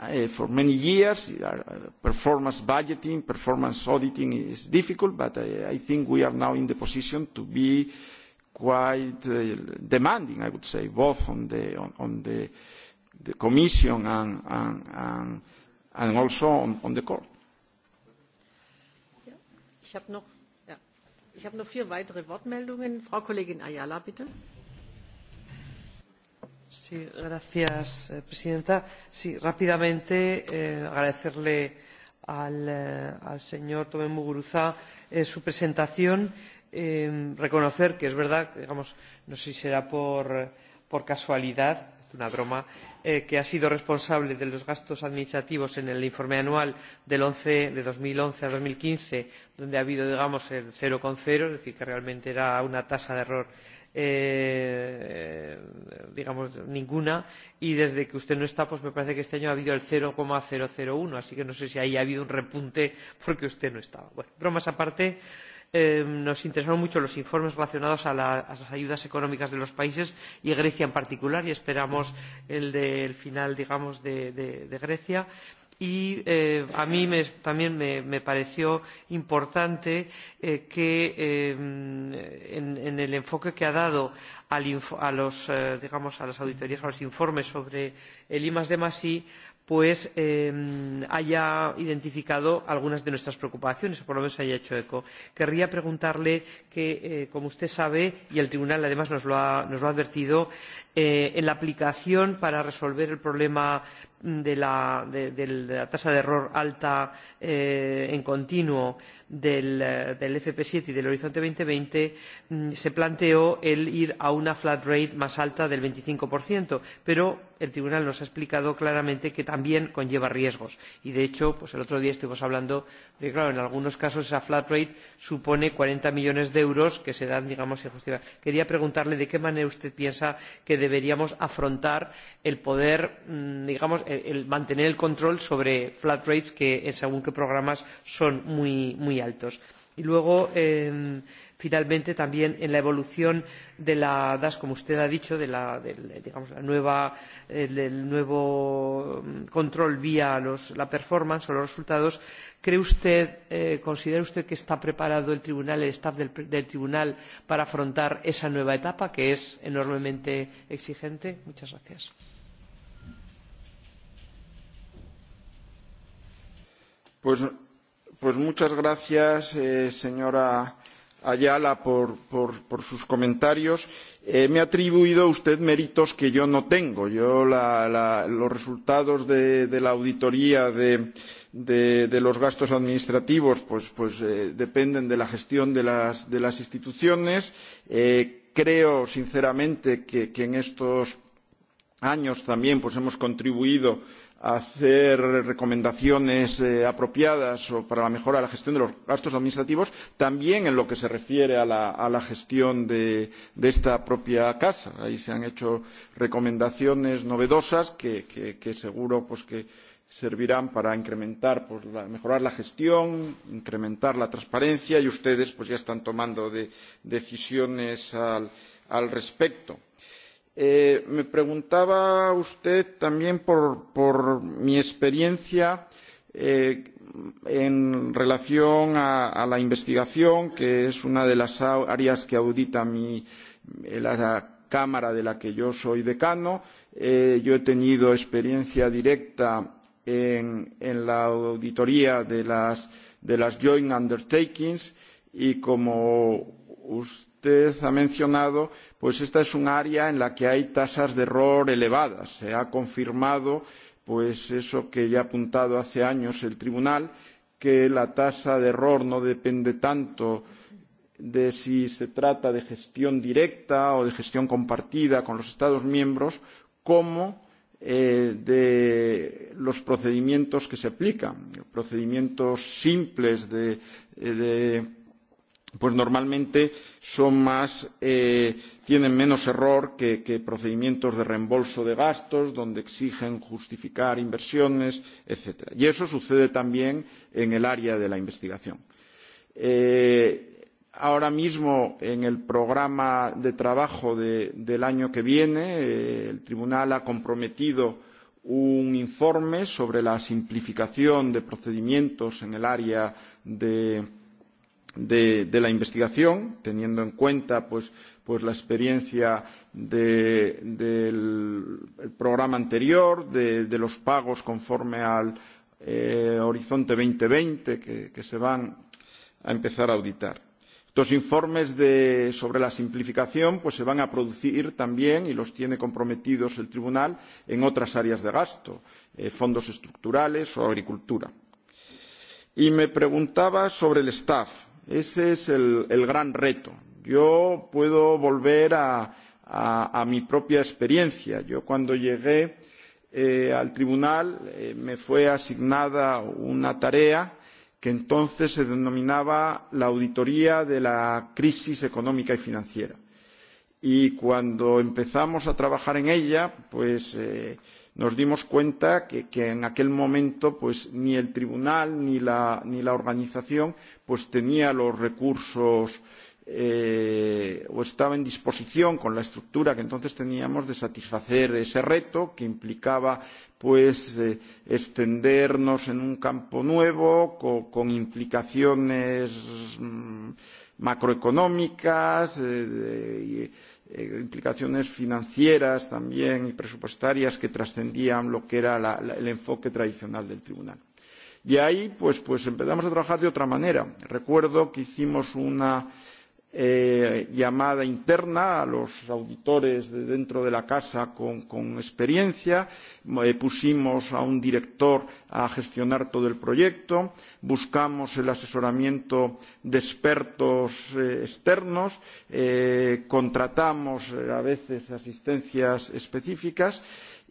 eh, for many years eh, performance budgeting performance auditing is difficult but eh, I, think we are now in the position to be quite demanding I would say both on the on, on the, Commission and and, also on, the Court. ich habe Ich habe noch vier weitere Wortmeldungen. Frau Kollegin Ayala, bitte. Sí, gracias, eh, presidenta. Sí, rápidamente eh, agradecerle al, eh, al señor Tomé Muguruza eh, su presentación. Eh, reconocer que es verdad, digamos, no sé si será por, por casualidad, una broma eh, que ha sido responsable de los gastos administrativos en el informe anual del 11, de 2011 a 2015, donde ha habido, digamos, el 0,0, es decir, que realmente era una tasa de error eh, digamos ninguna y desde que usted no está pues me parece que este año ha habido el 0,001 así que no sé si ahí ha habido un repunte porque usted no estaba bueno bromas aparte nos interesaron mucho los informes relacionados a, las ayudas económicas de los países y Grecia en particular y esperamos el del final digamos de, de, de Grecia y eh, a mí me, también me, pareció importante eh, que eh, en, en el enfoque que ha dado al, a, los, eh, digamos, a las auditorías a los informes sobre el +I pues haya identificado algunas de nuestras preocupaciones o por lo menos haya hecho eco. querría preguntarle que eh, como usted sabe y el tribunal además nos lo ha, advertido eh, en la aplicación para resolver el problema de la, tasa de error alta eh, en continuo del, fp siete y del horizonte dos mil veinte mm, se planteó el ir a una flat rate más alta del veinticinco pero el tribunal nos ha explicado claramente que también conlleva riesgos y de hecho pues el otro día estuvimos hablando de que en algunos casos esa flat rate supone cuarenta millones de euros que se dan digamos injustificados. quería preguntarle de qué manera usted piensa que deberíamos afrontar el poder mm, digamos mantener el control sobre flat rates que eh, según qué programas son muy, altos. y luego finalmente también en la evolución de la das como usted ha dicho de digamos, eh, el, nuevo mm, control vía la performance o los resultados cree usted eh, considera usted que está preparado el tribunal el staff del tribunal para afrontar esa nueva etapa que es enormemente exigente? muchas gracias. Pues, muchas gracias, eh, señora Ayala, por, sus comentarios. Eh, me ha atribuido usted méritos que yo no tengo. los resultados de, la auditoría de, los gastos administrativos eh, dependen de la gestión de las, instituciones. creo, sinceramente, que, en estos años también hemos contribuido hacer recomendaciones eh, apropiadas para la mejora de la gestión de los gastos administrativos, también en lo que se refiere a la, a la gestión de, esta propia casa. Ahí se han hecho recomendaciones novedosas que, que, seguro que servirán para incrementar, pues, mejorar la gestión, incrementar la transparencia y ustedes pues, ya están tomando decisiones al, respecto. Eh, me preguntaba usted también por, por mi experiencia eh, en relación a, a la investigación, que es una de las áreas que audita mi, eh, la Cámara de la que yo soy decano. Eh, yo he tenido experiencia directa en, la auditoría de las, de las joint undertakings y como usted usted ha mencionado, pues esta es un área en la que hay tasas de error elevadas. Se ha confirmado pues eso que ya ha apuntado hace años el tribunal, que la tasa de error no depende tanto de si se trata de gestión directa o de gestión compartida con los Estados miembros, como eh, de los procedimientos que se aplican, procedimientos simples de, eh, de pues normalmente son más eh, tienen menos error que, que procedimientos de reembolso de gastos donde exigen justificar inversiones etcétera y eso sucede también en el área de la investigación eh, ahora mismo en el programa de trabajo de, del año que viene eh, el tribunal ha comprometido un informe sobre la simplificación de procedimientos en el área de de, de la investigación, teniendo en cuenta pues, pues la experiencia del de, programa anterior, de, de los pagos conforme al eh, Horizonte 2020 que, que se van a empezar a auditar. Estos informes de, sobre la simplificación pues, se van a producir también, y los tiene comprometidos el Tribunal, en otras áreas de gasto, eh, fondos estructurales o agricultura. Y me preguntaba sobre el staff Ese es el, el gran reto. Yo puedo volver a, a, a mi propia experiencia. Yo cuando llegué eh, al tribunal eh, me fue asignada una tarea que entonces se denominaba la auditoría de la crisis económica y financiera. Y cuando empezamos a trabajar en ella, pues eh, nos dimos cuenta que, que en aquel momento pues, ni el tribunal ni la, ni la organización pues, tenía los recursos eh, o estaba en disposición con la estructura que entonces teníamos de satisfacer ese reto que implicaba pues eh, extendernos en un campo nuevo con, implicaciones mm, macroeconómicas eh, de, Eh, implicaciones financieras también y presupuestarias que trascendían lo que era la, la, el enfoque tradicional del tribunal. Y ahí pues, pues empezamos a trabajar de otra manera. Recuerdo que hicimos una eh, llamada interna a los auditores de dentro de la casa con, con experiencia, eh, pusimos a un director a gestionar todo el proyecto, buscamos el asesoramiento de expertos eh, externos, eh, contratamos eh, a veces asistencias específicas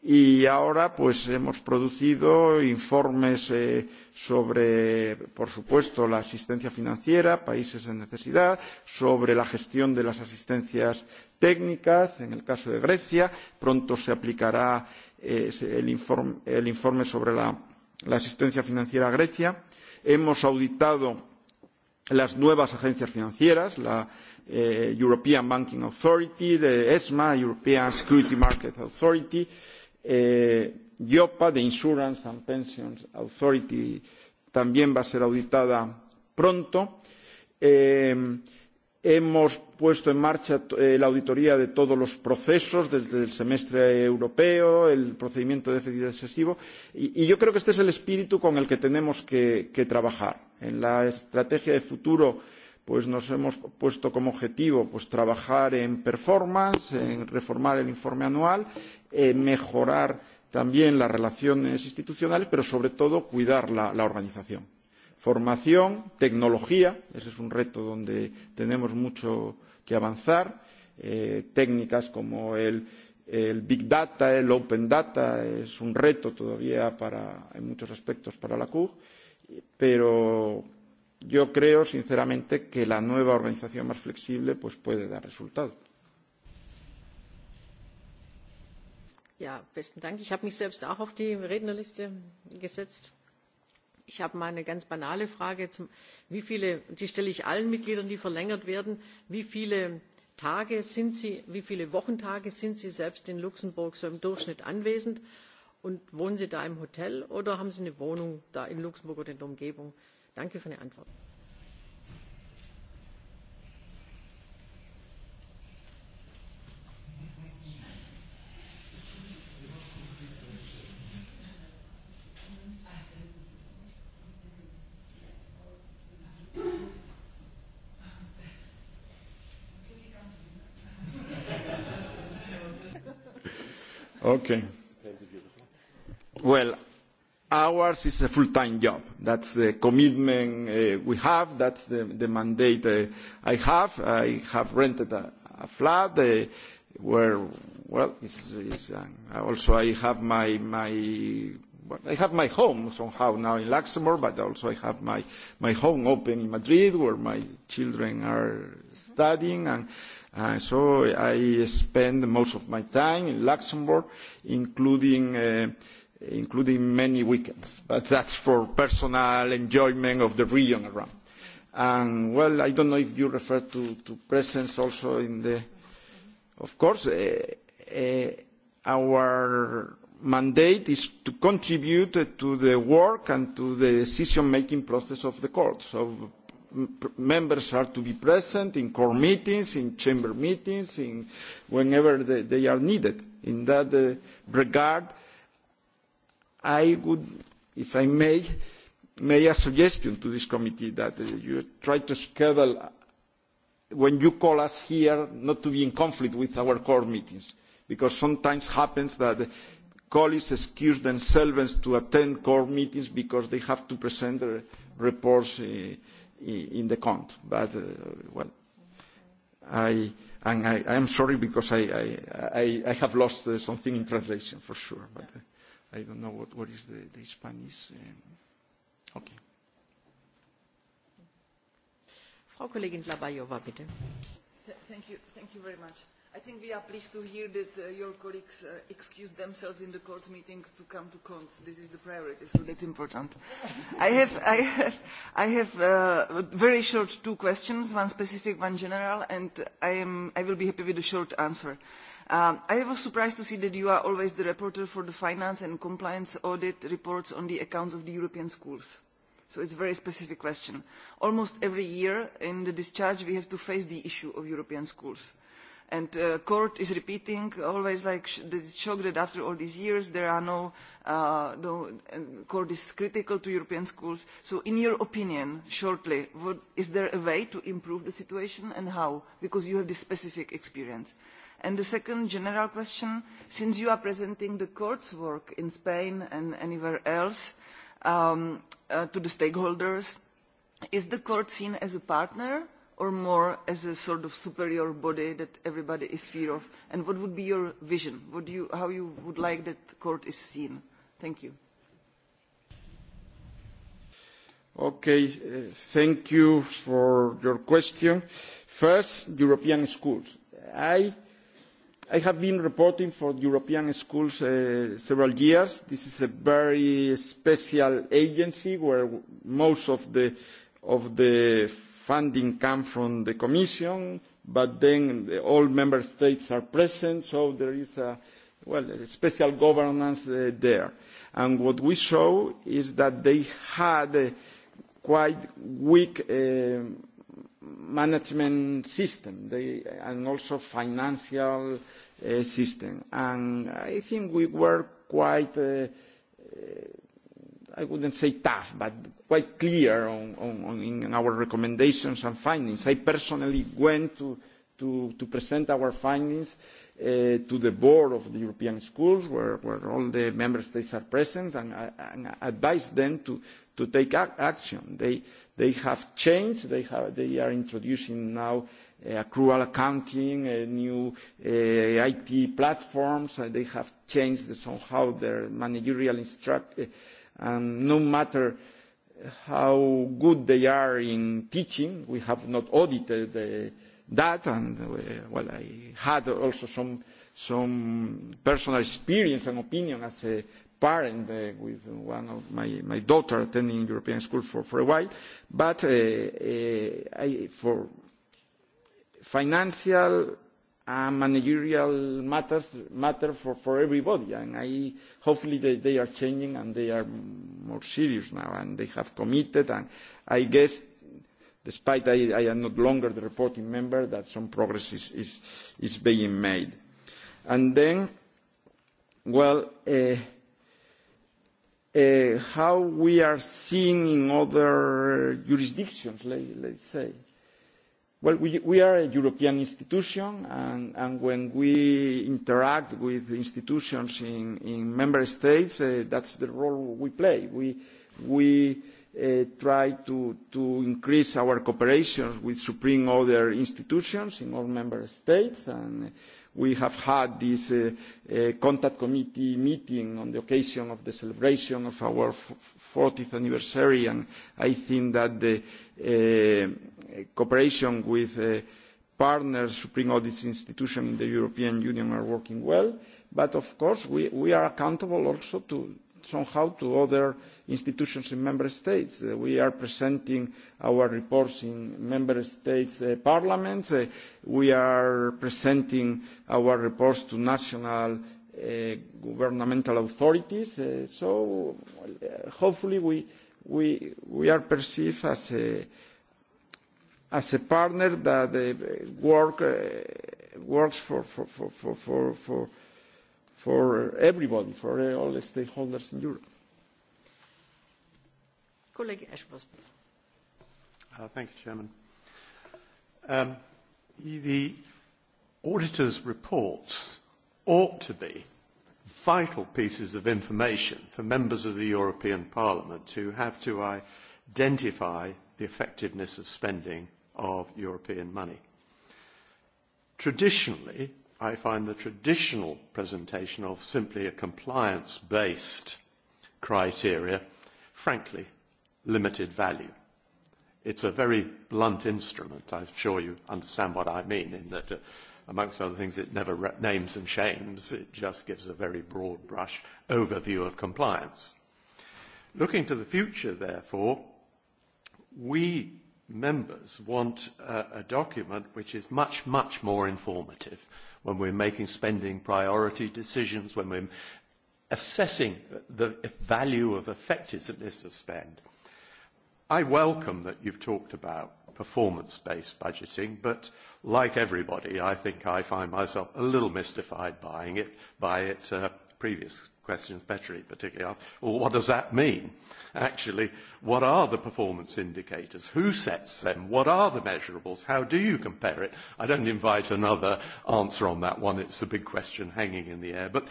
y ahora pues hemos producido informes eh, sobre por supuesto la asistencia financiera países en necesidad sobre la gestión de las asistencias técnicas en el caso de Grecia pronto se aplicará eh, el informe sobre la asistencia financiera a Grecia hemos auditado las nuevas agencias financieras la eh, European Banking Authority la ESMA European Security Market Authority Eh, IOPA, de Insurance and Pensions Authority, también va a ser auditada pronto. Eh, hemos puesto en marcha eh, la auditoría de todos los procesos, desde el semestre europeo, el procedimiento de déficit excesivo, y, y yo creo que este es el espíritu con el que tenemos que, que trabajar. En la estrategia de futuro pues nos hemos puesto como objetivo pues trabajar en performance, en reformar el informe anual, en mejorar también las relaciones institucionales, pero sobre todo cuidar la, organización. Formación, tecnología, ese es un reto donde tenemos mucho que avanzar, eh, técnicas como el, Big Data, el Open Data, es un reto todavía para, en muchos aspectos para la CUG, pero yo creo sinceramente que la nueva organización más flexible pues puede dar resultado. Ja, besten Dank. Ich habe mich selbst auch auf die Rednerliste gesetzt. Ich habe mal eine ganz banale Frage, zum, wie viele, die stelle ich allen Mitgliedern, die verlängert werden, wie viele Tage sind Sie, wie viele Wochentage sind Sie selbst in Luxemburg so im Durchschnitt anwesend und wohnen Sie da im Hotel oder haben Sie eine Wohnung da in Luxemburg oder in der Umgebung? Danke für eine Antwort. Okay. Well, hours is a full-time job. That's the commitment uh, we have. That's the, the mandate uh, I have. I have rented a, a flat uh, where, well, it's, it's, also I have my, my, I have my home somehow now in Luxembourg, but also I have my, my home open in Madrid where my children are studying. And, so I spend most of my time in Luxembourg, including including many weekends. But that's for personal enjoyment of the region around. And, well, I don't know if you refer to, presence also in the... Of course, eh, eh, our mandate is to contribute to the work and to the decision-making process of the court. So members are to be present in core meetings, in chamber meetings, in whenever they, are needed. In that eh, regard, i would, if I may, make a suggestion to this committee that uh, you try to schedule uh, when you call us here not to be in conflict with our core meetings, because sometimes happens that colleagues excuse themselves to attend core meetings because they have to present their reports uh, in the count. But, well, I, and I, sorry because I, I, I have lost something in translation for sure. But, i don't know what, what is the, the Spanish. Um, okay. Frau Kollegin Labajova, bitte. thank you, thank you very much. I think we are pleased to hear that uh, your colleagues uh, excused themselves in the court's meeting to come to cons. This is the priority, so that's important. I have, I have, I have uh, very short two questions, one specific, one general, and I, am, I will be happy with a short answer. Uh, Um, I was surprised to see that you are always the reporter for the finance and compliance audit reports on the accounts of the European schools. So it's a very specific question. Almost every year in the discharge we have to face the issue of European schools. And the uh, court is repeating always like the shock that after all these years there are no, uh, no and uh, court is critical to European schools. So in your opinion, shortly, is there a way to improve the situation and how? Because you have this specific experience. And the second general question, since you are presenting the court's work in Spain and anywhere else um, uh, to the stakeholders, is the court seen as a partner or more as a sort of superior body that everybody is fear of? And what would be your vision? What you, how you would like that the court is seen? Thank you. Okay, uh, thank you for your question. First, European schools. I i have been reporting for European schools uh, several years. This is a very special agency where most of the, of the funding comes from the Commission, but then all member states are present, so there is a, well, a special governance uh, there. And what we show is that they had a quite weak um, management system they, and also financial uh, system. And I think we were quite, uh, uh, I wouldn't say tough, but quite clear on, on, in our recommendations and findings. I personally went to, to, present our findings to the board of the European schools where, where all the member states are present and, advised them to, take action. They, They have changed. They, have, they are introducing now uh, accrual accounting, a uh, new uh, IT platforms. and They have changed somehow their managerial instruct. and No matter how good they are in teaching, we have not audited that. And well, I had also some some personal experience and opinion as a parent uh, with one of my, my daughter attending European school for, for a while, but uh, uh, I, for financial and managerial matters matter for, for everybody, and I, hopefully they, they are changing and they are more serious now, and they have committed, and I guess despite I, I am not longer the reporting member, that some progress is, is, is being made. And then, well, uh, Uh, how we are seen in other jurisdictions, let's say. Well, we, are a European institution, and, when we interact with institutions in, member states, uh, that's the role we play. We, uh, try to, to increase our cooperation with supreme other institutions in all member states, and We have had this uh, uh, contact committee meeting on the occasion of the celebration of our 40th anniversary, and I think that the uh, cooperation with partners, Supreme Audit Institution in the European Union are working well. But of course, we, we are accountable also to somehow to other institutions in member states. Uh, we are presenting our reports in member states' uh, parliaments. Uh, we are presenting our reports to national governmental authorities. so hopefully we, we, are perceived as a, as a partner that work, works for, for, for, for, for everybody, for all the stakeholders in Europe. Colleague uh, thank you, Chairman. Um, the auditor's reports ought to be vital pieces of information for members of the European Parliament to have to identify the effectiveness of spending of European money. Traditionally, I find the traditional presentation of simply a compliance-based criteria, frankly, limited value. It's a very blunt instrument. I'm sure you understand what I mean in that, uh, amongst other things, it never names and shames. It just gives a very broad brush overview of compliance. Looking to the future, therefore, we members want a, a document which is much, much more informative when we're making spending priority decisions, when we're assessing the value of effectiveness of spend. I welcome that you've talked about performance-based budgeting, but like everybody, I think I find myself a little mystified buying it, by it. Uh, previous questions, Petri particularly asked, well, what does that mean? Actually, what are the performance indicators? Who sets them? What are the measurables? How do you compare it? I don't invite another answer on that one. It's a big question hanging in the air. But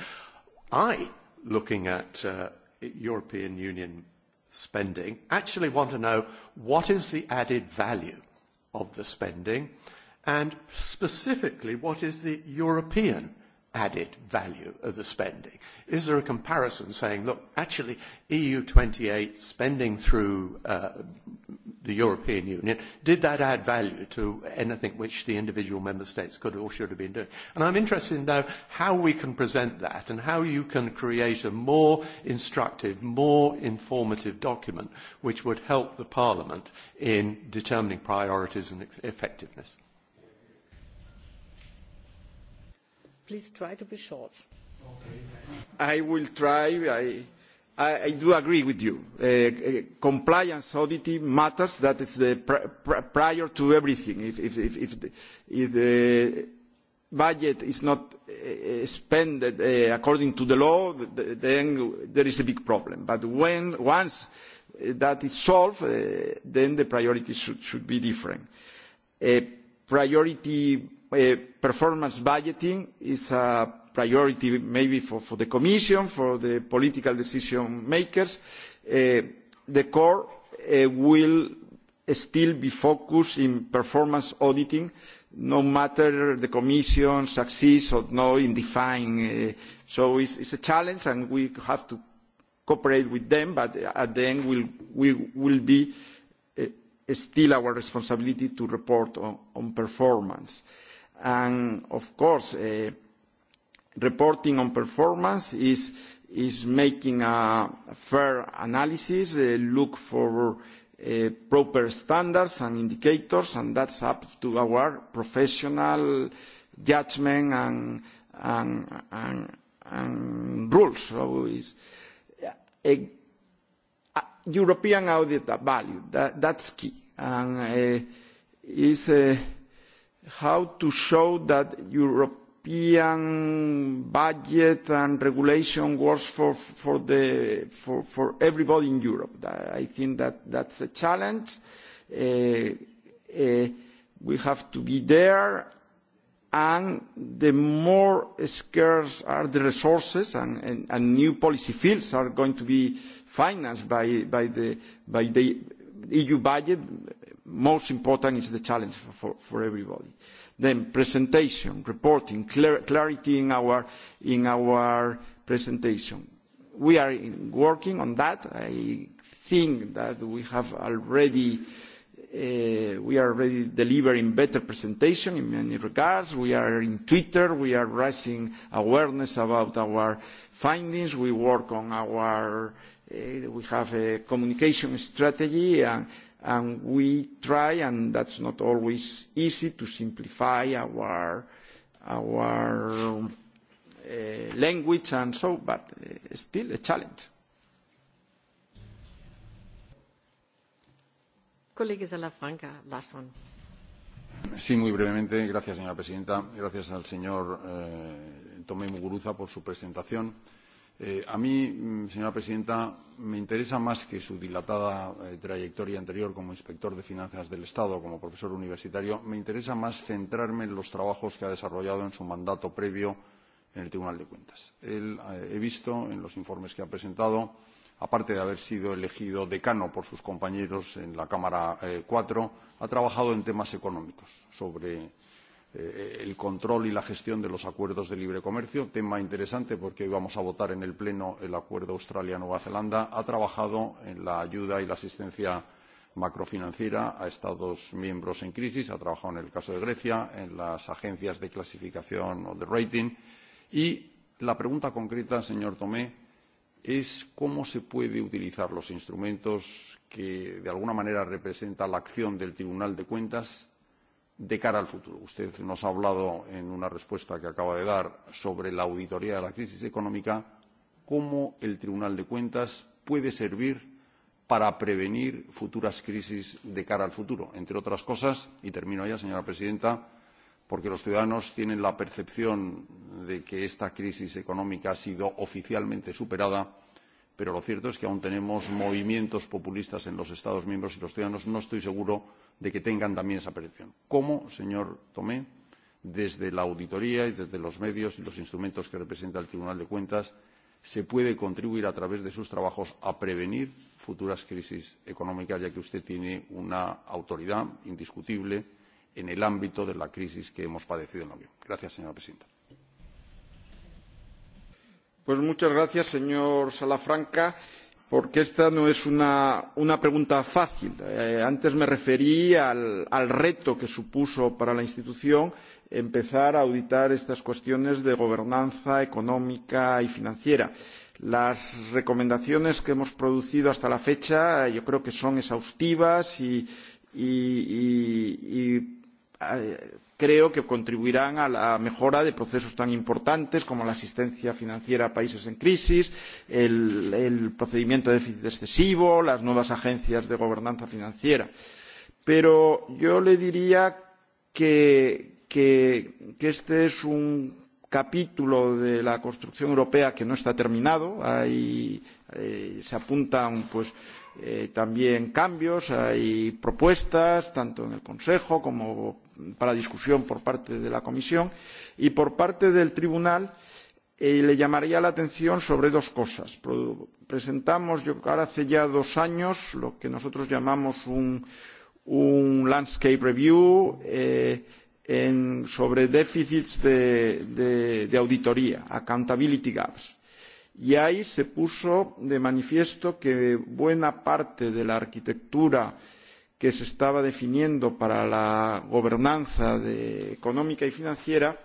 I, looking at uh, European Union spending actually want to know what is the added value of the spending and specifically what is the European added value of the spending? Is there a comparison saying, look, actually, EU28 spending through uh, the European Union, did that add value to anything which the individual member states could or should have been doing? And I'm interested in now how we can present that and how you can create a more instructive, more informative document which would help the Parliament in determining priorities and effectiveness. Please try to be short. I will try. I, I, do agree with you. Uh, uh, compliance auditing matters. That is the pr pr prior to everything. If, if, if, if, the, if the budget is not uh, spent uh, according to the law, then there is a big problem. But when, once that is solved, uh, then the priorities should, should be different. Uh, priority Uh, performance budgeting is a priority maybe for, the Commission, for the political decision makers. Uh, the core uh, will still be focused in performance auditing, no matter the Commission succeeds or not in defining. So it's, it's a challenge and we have to cooperate with them, but at the end will will, be still our responsibility to report on performance and of course uh, reporting on performance is making a fair analysis uh, look for uh, proper standards and indicators and that's up to our professional judgment and rules a, European audit value that's key and how to show that European budget and regulation works for, for, the, for, for everybody in Europe. I think that that's a challenge. Uh, uh, we have to be there and the more scarce are the resources and, and, and new policy fields are going to be financed by, by, the, by the EU budget, most important is the challenge for, everybody. Then presentation, reporting, clarity in our, in our presentation. We are working on that. I think that we have already, uh, we are already delivering better presentation in many regards. We are in Twitter. We are raising awareness about our findings. We work on our, uh, we have a communication strategy and and we try, and that's not always easy, to simplify our, our um, eh, language and so, but eh, still a challenge. Colleague Salafranca, last one. Sí, muy brevemente. Gracias, señora presidenta. Gracias al señor eh, Tomé Muguruza por su presentación. Eh, a mí, mm, señora presidenta, me interesa más que su dilatada eh, trayectoria anterior como inspector de finanzas del Estado, como profesor universitario, me interesa más centrarme en los trabajos que ha desarrollado en su mandato previo en el Tribunal de Cuentas. Él, eh, he visto en los informes que ha presentado, aparte de haber sido elegido decano por sus compañeros en la Cámara 4, ha trabajado en temas económicos sobre Eh, el control y la gestión de los acuerdos de libre comercio, tema interesante porque hoy vamos a votar en el Pleno el acuerdo Australia-Nueva Zelanda, ha trabajado en la ayuda y la asistencia macrofinanciera a Estados miembros en crisis, ha trabajado en el caso de Grecia, en las agencias de clasificación o de rating. Y la pregunta concreta, señor Tomé, es cómo se puede utilizar los instrumentos que de alguna manera representa la acción del Tribunal de Cuentas de cara al futuro. Usted nos ha hablado en una respuesta que acaba de dar sobre la auditoría de la crisis económica, cómo el Tribunal de Cuentas puede servir para prevenir futuras crisis de cara al futuro. Entre otras cosas, y termino ya, señora presidenta, porque los ciudadanos tienen la percepción de que esta crisis económica ha sido oficialmente superada, pero lo cierto es que aún tenemos movimientos populistas en los Estados miembros y los ciudadanos no estoy seguro de que tengan también esa percepción. cómo señor tomé desde la auditoría y desde los medios y los instrumentos que representa el tribunal de cuentas se puede contribuir a través de sus trabajos a prevenir futuras crisis económicas ya que usted tiene una autoridad indiscutible en el ámbito de la crisis que hemos padecido en la gracias señora presidenta. Pues muchas gracias señor salafranca porque esta no es una, pregunta fácil. Eh, antes me referí al, reto que supuso para la institución empezar a auditar estas cuestiones de gobernanza económica y financiera. Las recomendaciones que hemos producido hasta la fecha eh, yo creo que son exhaustivas y eh, creo que contribuirán a la mejora de procesos tan importantes como la asistencia financiera a países en crisis el, el procedimiento de déficit excesivo las nuevas agencias de gobernanza financiera pero yo le diría que, que, que este es un capítulo de la construcción europea que no está terminado. Hay, eh, se apuntan pues, eh, también cambios, hay propuestas, tanto en el Consejo como para discusión por parte de la Comisión. Y por parte del Tribunal eh, le llamaría la atención sobre dos cosas. presentamos, hace ya dos años, lo que nosotros llamamos un, un landscape review eh, sobre déficits de, de auditoría, accountability gaps y ahí se puso de manifiesto que buena parte de la arquitectura que se estaba definiendo para la gobernanza de, económica y financiera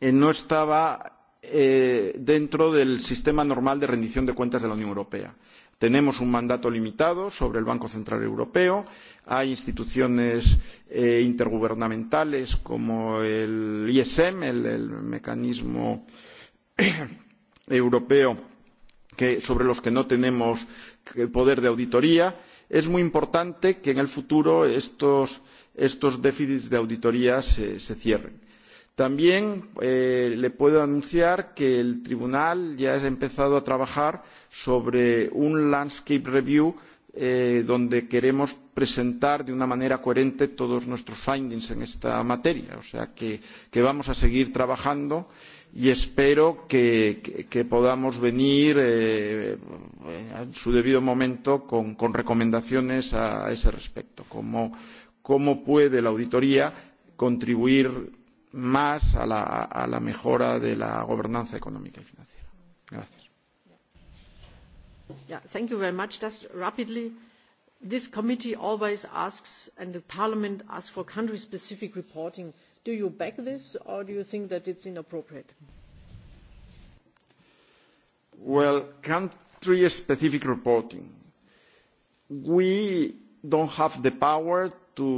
eh, no estaba eh, dentro del sistema normal de rendición de cuentas de la Unión Europea. Tenemos un mandato limitado sobre el Banco Central Europeo, hay instituciones eh, intergubernamentales como el ISM, el mecanismo europeo sobre los que no tenemos poder de auditoría es muy importante que en el futuro estos, estos déficits de auditoría se, se cierren. También eh, le puedo anunciar que el Tribunal ya ha empezado a trabajar sobre un landscape review eh, donde queremos presentar de una manera coherente todos nuestros findings en esta materia. O sea que, vamos a seguir trabajando y espero que, que, podamos venir eh, en su debido momento con, con recomendaciones a, a ese respecto. Cómo, cómo puede la auditoría contribuir más a la, a la mejora de la gobernanza económica y financiera. Gracias. Yeah, thank you very much. Just rapidly, this committee always asks, and the Parliament asks for country-specific reporting do you back this, or do you think that it's inappropriate? Well, country-specific reporting. We don't have the power to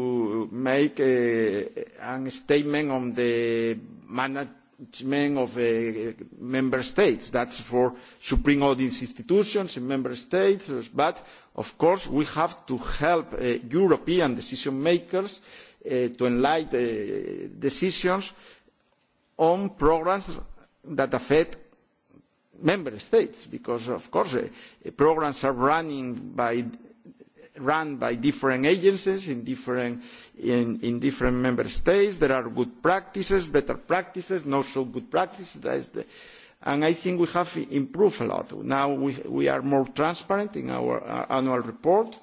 make a, statement on the management of a uh, member states. That's for supreme audience institutions in member states. But, of course, we have to help uh, European decision makers Eh, to enlighten eh, decisions on programmes that affect member states because of course eh, programmes are running by run by different agencies in different, in, different member states. There are good practices, better practices, not so good practices. and I think we have improved a lot. Now we, we are more transparent in our uh, annual report.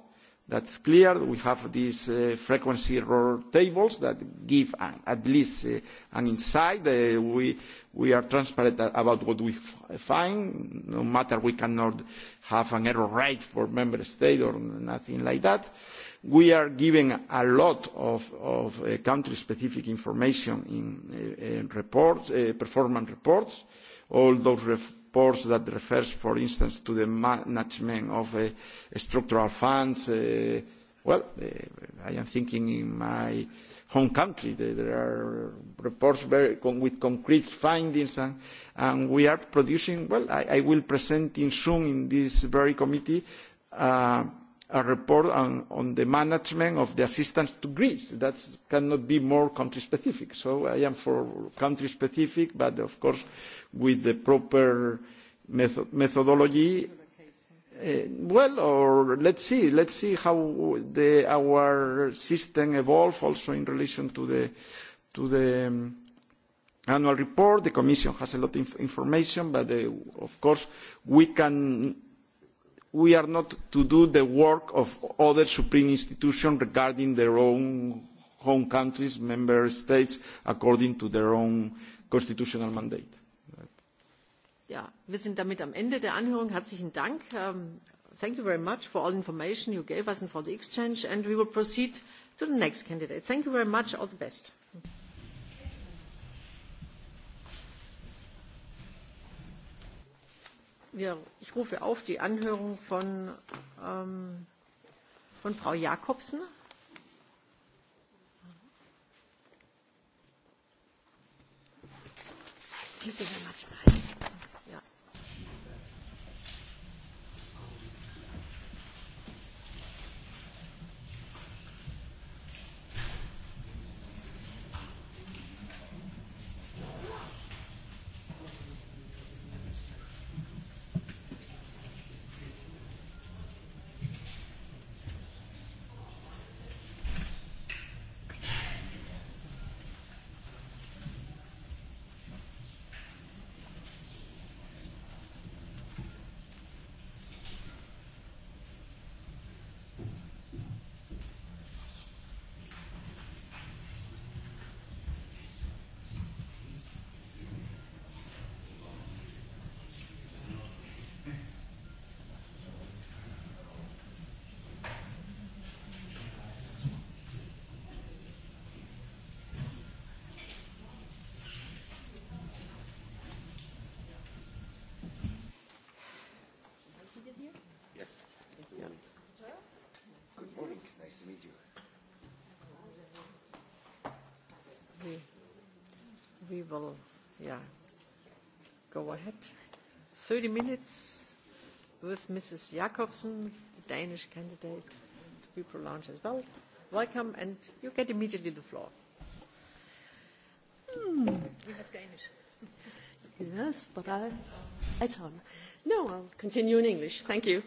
That's clear. We have these uh, frequency error tables that give at least uh, an insight. Uh, we, we are transparent about what we find. No matter we cannot have an error rate for member state or nothing like that. We are giving a lot of, of country-specific information in reports, performance reports. All those reports that refers, for instance, to the management of uh, structural funds. Uh, well, uh, I am thinking in my home country, there are reports very con with concrete findings, and, and we are producing, well, I, I will present in soon in this very committee a report on, the management of the assistance to Greece. That cannot be more country specific. So I am for country specific, but of course with the proper methodology. Uh, well, or let's see, let's see how the, our system evolves also in relation to the, to the um, annual report. The Commission has a lot of information, but uh, of course we can we are not to do the work of other supreme institutions regarding their own home countries, member states, according to their own constitutional mandate. Ja, wir sind damit am Ende der Anhörung. Herzlichen Dank. Ähm, thank you very much for all the information you gave us and for the exchange. And we will proceed to the next candidate. Thank you very much. All the best. wir, ich rufe auf die Anhörung von, ähm, von Frau Jakobsen. Thank we will yeah, go ahead. 30 minutes with Mrs. Jakobsen, the Danish candidate to be prolonged as well. Welcome, and you get immediately the floor. Hmm. Danish. Yes, but I, don't know No, I'll continue in English. Thank you.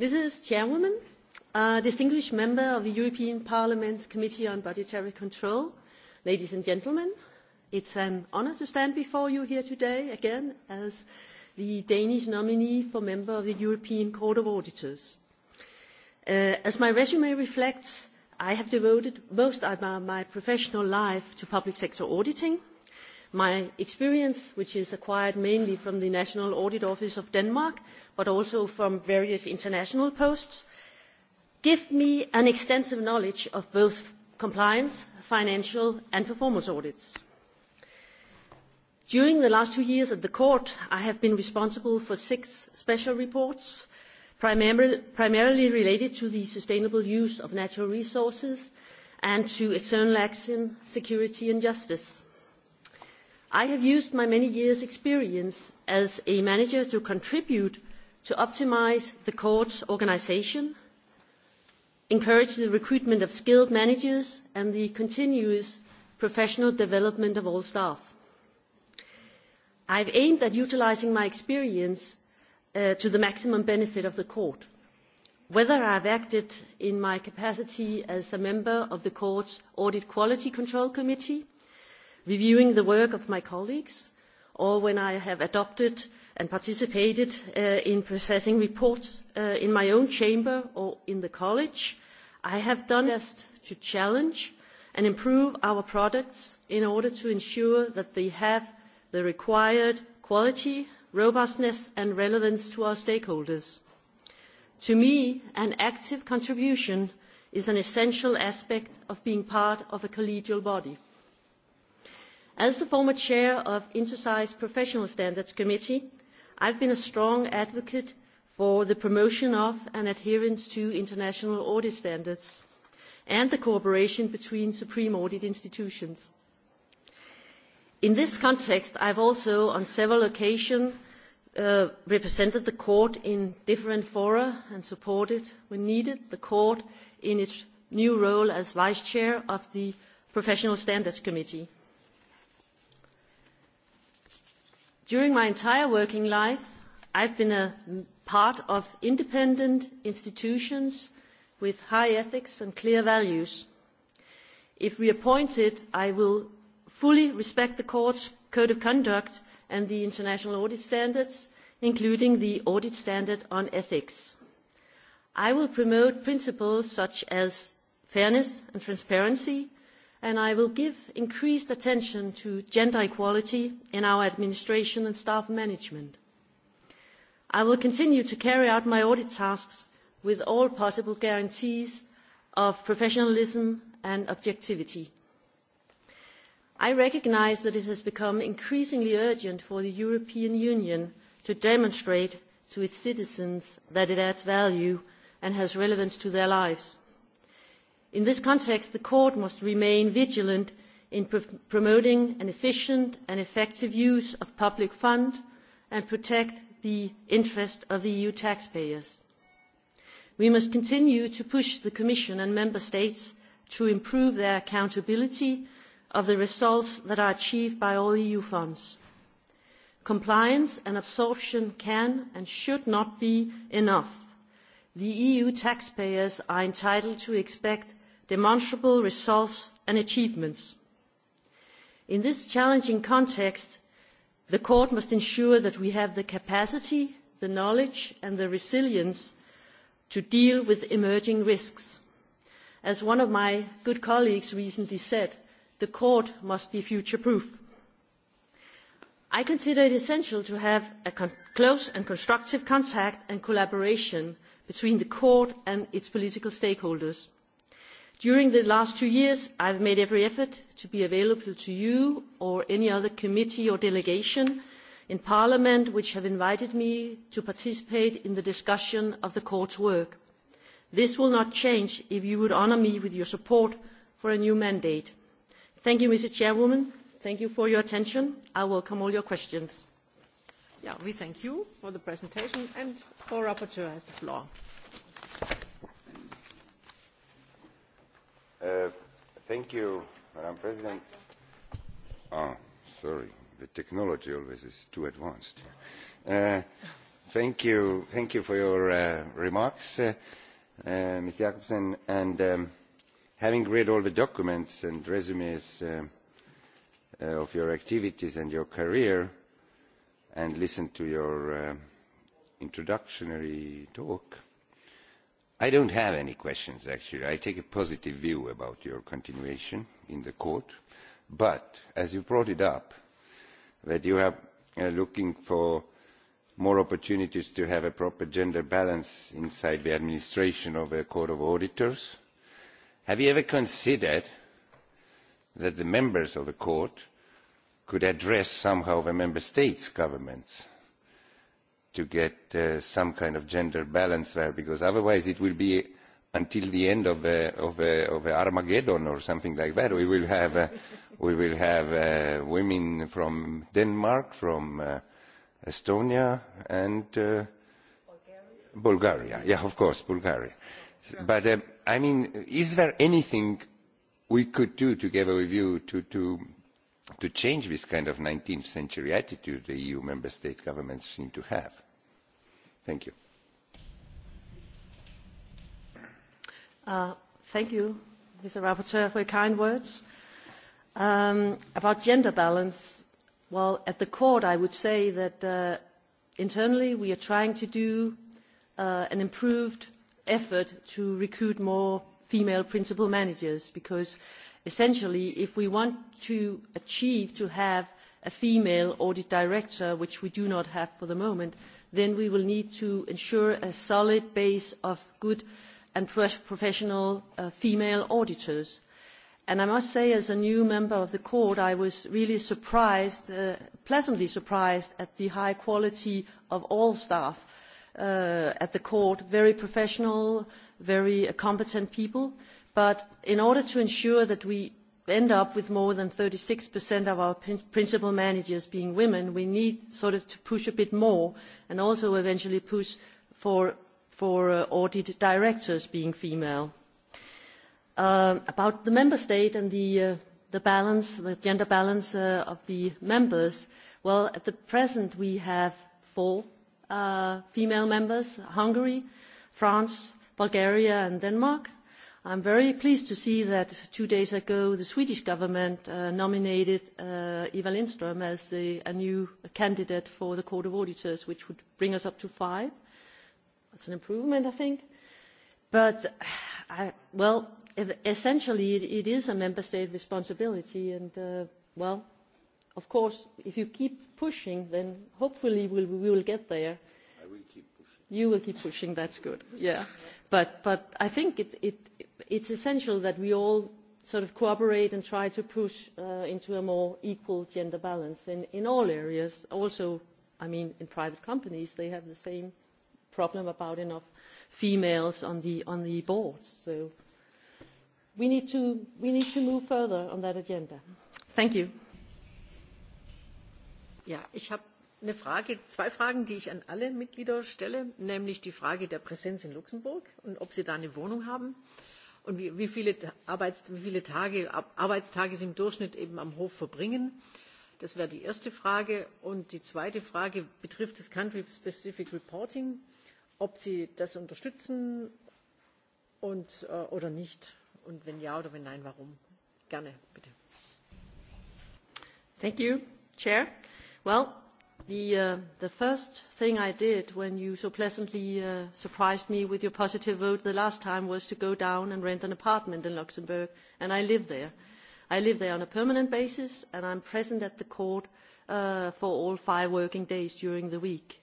Mrs. Chairwoman, uh, distinguished member of the European Parliament's Committee on Budgetary Control, ladies and gentlemen, It's an honor to stand before you here today again as the Danish nominee for member of the European Court of Auditors. Uh, as my resume reflects, I have devoted most of my professional life to public sector auditing. My experience, which is acquired mainly from the National Audit Office of Denmark, but also from various international posts, give me an extensive knowledge of both compliance, financial and performance audits. During the last two years at the court, I have been responsible for six special reports, primarily related to the sustainable use of natural resources and to external action, security and justice. I have used my many years' experience as a manager to contribute to optimise the court's organisation, encourage the recruitment of skilled managers and the continuous professional development of all staff. I have aimed at utilising my experience uh, to the maximum benefit of the Court. Whether I have acted in my capacity as a member of the Court's Audit Quality Control Committee, reviewing the work of my colleagues, or when I have adopted and participated uh, in processing reports uh, in my own chamber or in the College, I have done best to challenge and improve our products in order to ensure that they have the required quality, robustness and relevance to our stakeholders. To me, an active contribution is an essential aspect of being part of a collegial body. As the former chair of InterSci's Professional Standards Committee, I have been a strong advocate for the promotion of and adherence to international audit standards and the cooperation between supreme audit institutions in this context i have also on several occasions uh, represented the court in different fora and supported when needed the court in its new role as vice chair of the professional standards committee. during my entire working life i have been a part of independent institutions with high ethics and clear values. if reappointed i will fully respect the court's code of conduct and the international audit standards including the audit standard on ethics. i will promote principles such as fairness and transparency and i will give increased attention to gender equality in our administration and staff management. i will continue to carry out my audit tasks with all possible guarantees of professionalism and objectivity. I recognise that it has become increasingly urgent for the European Union to demonstrate to its citizens that it adds value and has relevance to their lives. In this context, the Court must remain vigilant in promoting an efficient and effective use of public funds and protect the interest of the EU taxpayers. We must continue to push the Commission and Member States to improve their accountability of the results that are achieved by all eu funds. compliance and absorption can and should not be enough. the eu taxpayers are entitled to expect demonstrable results and achievements. in this challenging context the court must ensure that we have the capacity the knowledge and the resilience to deal with emerging risks. as one of my good colleagues recently said the court must be future proof. i consider it essential to have a close and constructive contact and collaboration between the court and its political stakeholders. during the last two years i have made every effort to be available to you or any other committee or delegation in parliament which have invited me to participate in the discussion of the court's work. this will not change if you would honour me with your support for a new mandate. Thank you, Mrs. Chairwoman. Thank you for your attention. I welcome all your questions. Yeah, we thank you for the presentation and our rapporteur has the floor. Uh, thank you, Madam President. Oh, sorry, the technology always is too advanced. Uh, thank you, thank you for your uh, remarks, uh, uh Ms. Jacobsen, and um, having read all the documents and resumes uh, uh, of your activities and your career and listened to your uh, introductory talk i don't have any questions actually i take a positive view about your continuation in the court but as you brought it up that you are looking for more opportunities to have a proper gender balance inside the administration of a court of auditors have you ever considered that the members of the court could address somehow the member states' governments to get uh, some kind of gender balance there because otherwise it will be until the end of uh, of uh, of Armageddon or something like that. We will have, uh, we will have uh, women from Denmark, from uh, Estonia and uh, Bulgaria. Bulgaria. Yeah, of course, Bulgaria. But um, I mean, is there anything we could do together with you to, to, to change this kind of 19th century attitude the EU member state governments seem to have? Thank you. Uh, thank you, Mr. Rapporteur, for your kind words. Um, about gender balance, well, at the court, I would say that uh, internally we are trying to do uh, an improved effort to recruit more female principal managers because essentially if we want to achieve to have a female audit director which we do not have for the moment then we will need to ensure a solid base of good and professional uh, female auditors. And i must say as a new member of the court i was really surprised uh, pleasantly surprised at the high quality of all staff Uh, at the court very professional, very competent people. But in order to ensure that we end up with more than 36% of our principal managers being women, we need sort of to push a bit more and also eventually push for, for uh, audit directors being female. Um, about the member state and the, uh, the balance, the gender balance of the members, well, at the present we have four Uh, female members, Hungary, France, Bulgaria and Denmark. I'm very pleased to see that two days ago the Swedish government uh, nominated uh, Eva Lindström as the, a new candidate for the Court of Auditors, which would bring us up to five. That's an improvement, I think. But, I, well, essentially it, it is a member state responsibility and, well, of course, if you keep pushing, then hopefully we will get there. I will keep pushing. You will keep pushing. That's good. Yeah. But, but I think it, it, it's essential that we all sort of cooperate and try to push uh, into a more equal gender balance in, in all areas. Also, I mean, in private companies, they have the same problem about enough females on the, on the boards. So we need, to, we need to move further on that agenda. Thank you. Ja, ich habe eine Frage, zwei Fragen, die ich an alle Mitglieder stelle, nämlich die Frage der Präsenz in Luxemburg und ob sie da eine Wohnung haben und wie, viele, Arbeits, wie viele Tage, Arbeitstage sie im Durchschnitt eben am Hof verbringen. Das wäre die erste Frage. Und die zweite Frage betrifft das Country-Specific Reporting, ob Sie das unterstützen und, äh, oder nicht. Und wenn ja oder wenn nein, warum? Gerne, bitte. Thank you, Chair. Well, the, uh, the first thing I did when you so pleasantly uh, surprised me with your positive vote the last time was to go down and rent an apartment in Luxembourg, and I live there. I live there on a permanent basis, and I'm present at the court uh, for all five working days during the week.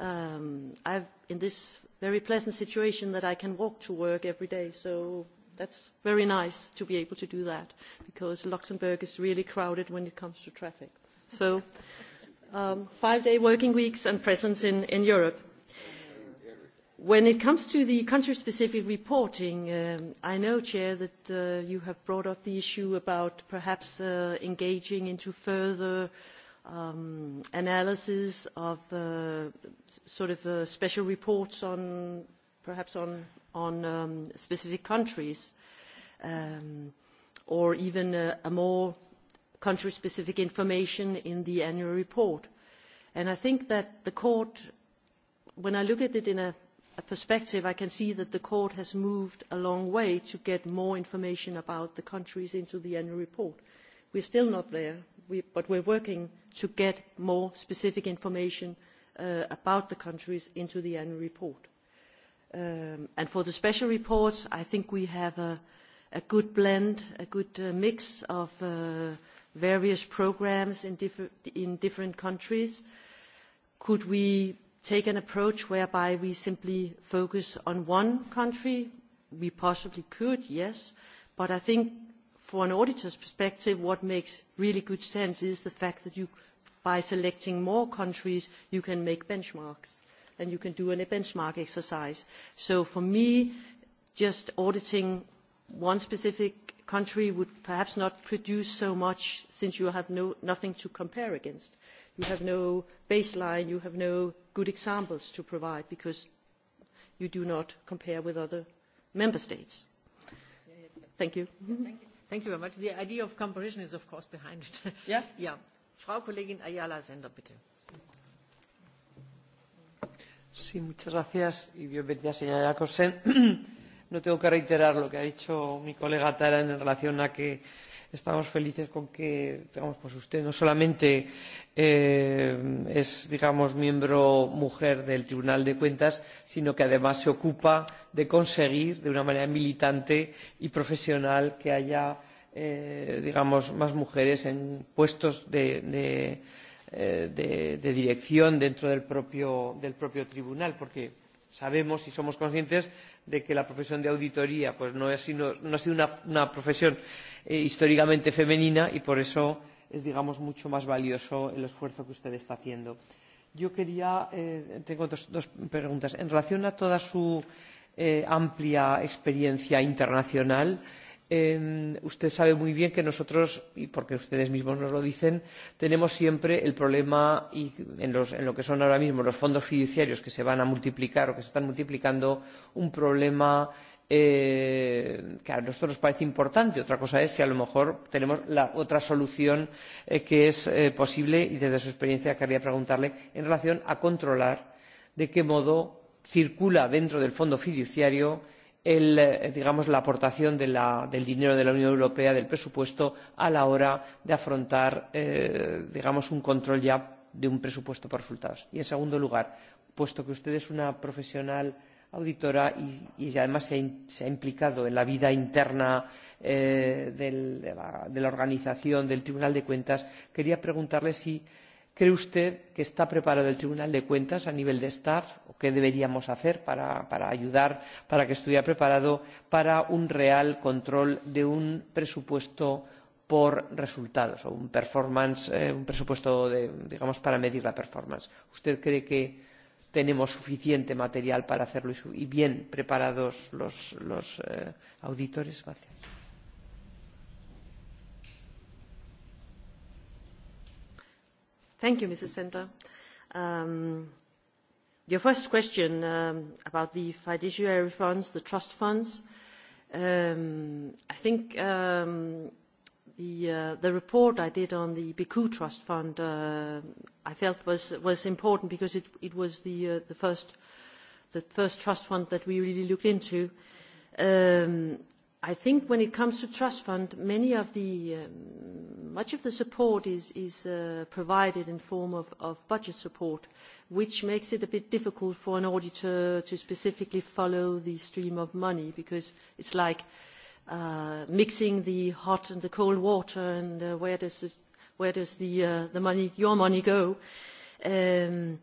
Um, I've in this very pleasant situation that I can walk to work every day, so that's very nice to be able to do that, because Luxembourg is really crowded when it comes to traffic. So um, five-day working weeks and presence in, in Europe. When it comes to the country-specific reporting, um, I know, Chair, that uh, you have brought up the issue about perhaps uh, engaging into further um, analysis of uh, sort of uh, special reports on perhaps on, on um, specific countries um, or even a, a more country specific information in the annual report and i think that the court when i look at it in a, perspective i can see that the court has moved a long way to get more information about the countries into the annual report we are still not there but we're working to get more specific information uh, about the countries into the annual report um, and for the special reports i think we have a, good blend a good uh, mix of uh, various programmes in, in different countries? Could we take an approach whereby we simply focus on one country? We possibly could, yes, but I think for an auditor's perspective, what makes really good sense is the fact that by selecting more countries, you can make benchmarks and you can do a benchmark exercise. So for me, just auditing one specific country would perhaps not produce so much since you have no, nothing to compare against. You have no baseline, you have no good examples to provide because you do not compare with other member states. Thank you. Thank you, Thank you very much. The idea of comparison is of course behind it. Yeah? yeah. Frau Kollegin Ayala Sender, bitte. Sí, muchas gracias y bienvenida, señora Jacobsen. no tengo que reiterar lo que ha dicho mi colega tarand en relación con que estamos felices con que usted no solamente eh, es digamos miembro mujer del tribunal de cuentas sino que además se ocupa de conseguir de una manera militante y profesional que haya eh, más mujeres en puestos eh, de, dirección dentro del propio, del propio tribunal porque sabemos y somos conscientes de que la profesión de auditoría no, ha sido, una, profesión eh, históricamente femenina y por eso es digamos mucho más valioso el esfuerzo que usted está haciendo. Yo quería eh, tengo dos, preguntas en relación a toda su eh, amplia experiencia internacional usted sabe muy bien que nosotros y porque ustedes mismos nos lo dicen tenemos siempre el problema en, lo que son ahora mismo los fondos fiduciarios que se van a multiplicar o que se están multiplicando un problema eh, que a nosotros nos parece importante. Otra cosa es si a lo mejor tenemos la otra solución eh, que es eh, posible y desde su experiencia quería preguntarle en relación a controlar de qué modo circula dentro del fondo fiduciario Eh, digamos, la aportación del dinero de la Unión Europea, del presupuesto, a la hora de afrontar eh, digamos, un control ya de un presupuesto por resultados. Y, en segundo lugar, puesto que usted es una profesional auditora y, además se ha, implicado en la vida interna eh, de la organización del Tribunal de Cuentas, quería preguntarle si cree usted que está preparado el tribunal de cuentas a nivel de staff o qué deberíamos hacer para, ayudar para que estuviera preparado para un real control de un presupuesto por resultados o un performance eh, un presupuesto de, digamos para medir la performance usted cree que tenemos suficiente material para hacerlo y bien preparados los, eh, auditores? Thank you, Mrs. Center. Um, your first question um, about the fiduciary funds, the trust funds, um, I think um, the, uh, the report I did on the Biku Trust Fund uh, I felt was, was important because it, it was the, uh, the, first, the first trust fund that we really looked into. Um, i think when it comes to trust fund, many of the, um, much of the support is, is uh, provided in form of, of budget support, which makes it a bit difficult for an auditor to specifically follow the stream of money because it's like uh, mixing the hot and the cold water and uh, where does, where does the, uh, the money, your money go. Um,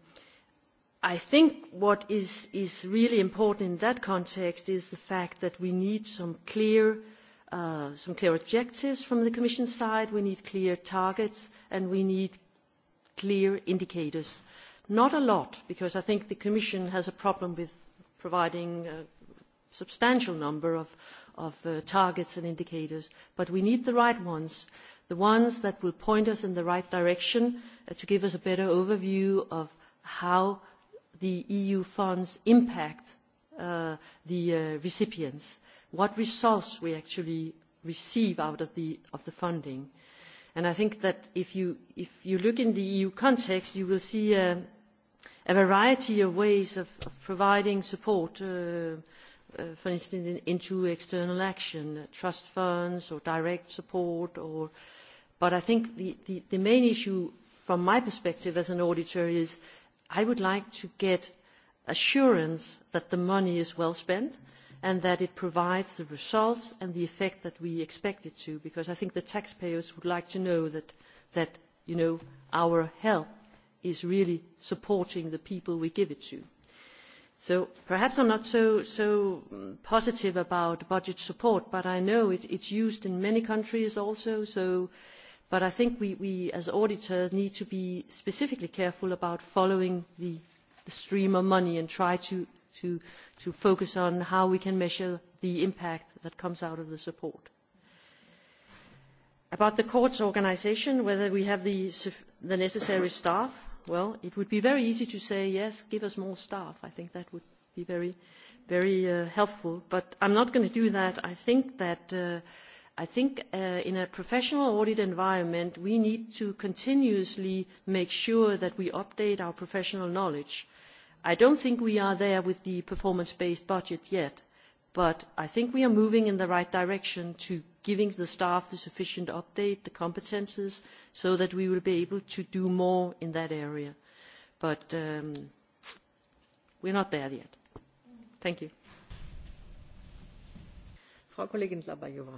i think what is, is really important in that context is the fact that we need some clear, uh, some clear objectives from the commission side we need clear targets and we need clear indicators not a lot because i think the commission has a problem with providing a substantial number of, of uh, targets and indicators but we need the right ones the ones that will point us in the right direction uh, to give us a better overview of how the EU funds impact uh, the uh, recipients, what results we actually receive out of the, of the funding. And I think that if you, if you look in the EU context, you will see um, a variety of ways of, providing support, uh, for instance, in, into external action, trust funds or direct support. Or, but I think the, the, the main issue from my perspective as an auditor is i would like to get assurance that the money is well spent and that it provides the results and the effect that we expect it to, because I think the taxpayers would like to know that, that you know, our help is really supporting the people we give it to. So perhaps I'm not so, so positive about budget support, but I know it, it's used in many countries also, so But I think we, as auditors need to be specifically careful about following the, stream of money and try to, to focus on how we can measure the impact that comes out of the support. About the court's organisation, whether we have the, necessary staff, well, it would be very easy to say, yes, give us more staff. I think that would be very, very uh, helpful. But I'm not going to do that. I think that... Uh, i think uh, in a professional audit environment, we need to continuously make sure that we update our professional knowledge. I don't think we are there with the performance-based budget yet, but I think we are moving in the right direction to giving the staff the sufficient update, the competences, so that we will be able to do more in that area. But um, we're not there yet. Thank you. Frau Kollegin Labajova.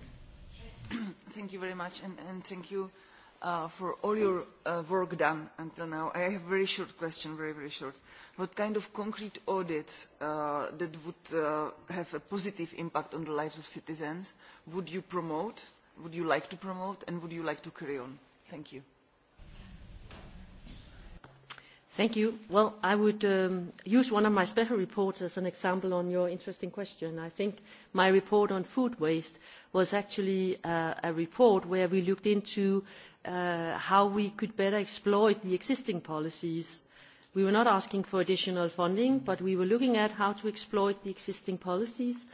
thank you very much and, and thank you uh, for all your uh, work done until now. I have a very short question, very, very short. What kind of concrete audits uh, that would uh, have a positive impact on the lives of citizens would you promote, would you like to promote, and would you like to carry on? Thank you. Thank you. Well, I would um, use one of my special reports as an example on your interesting question. I think my report on food waste was actually uh, a report where we looked into uh, how we could better exploit the existing policies. We were not asking for additional funding, but we were looking at how to exploit the existing policies.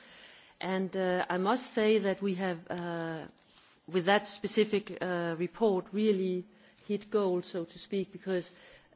And uh, I must say that we have, with that specific report, really hit gold, so to speak, because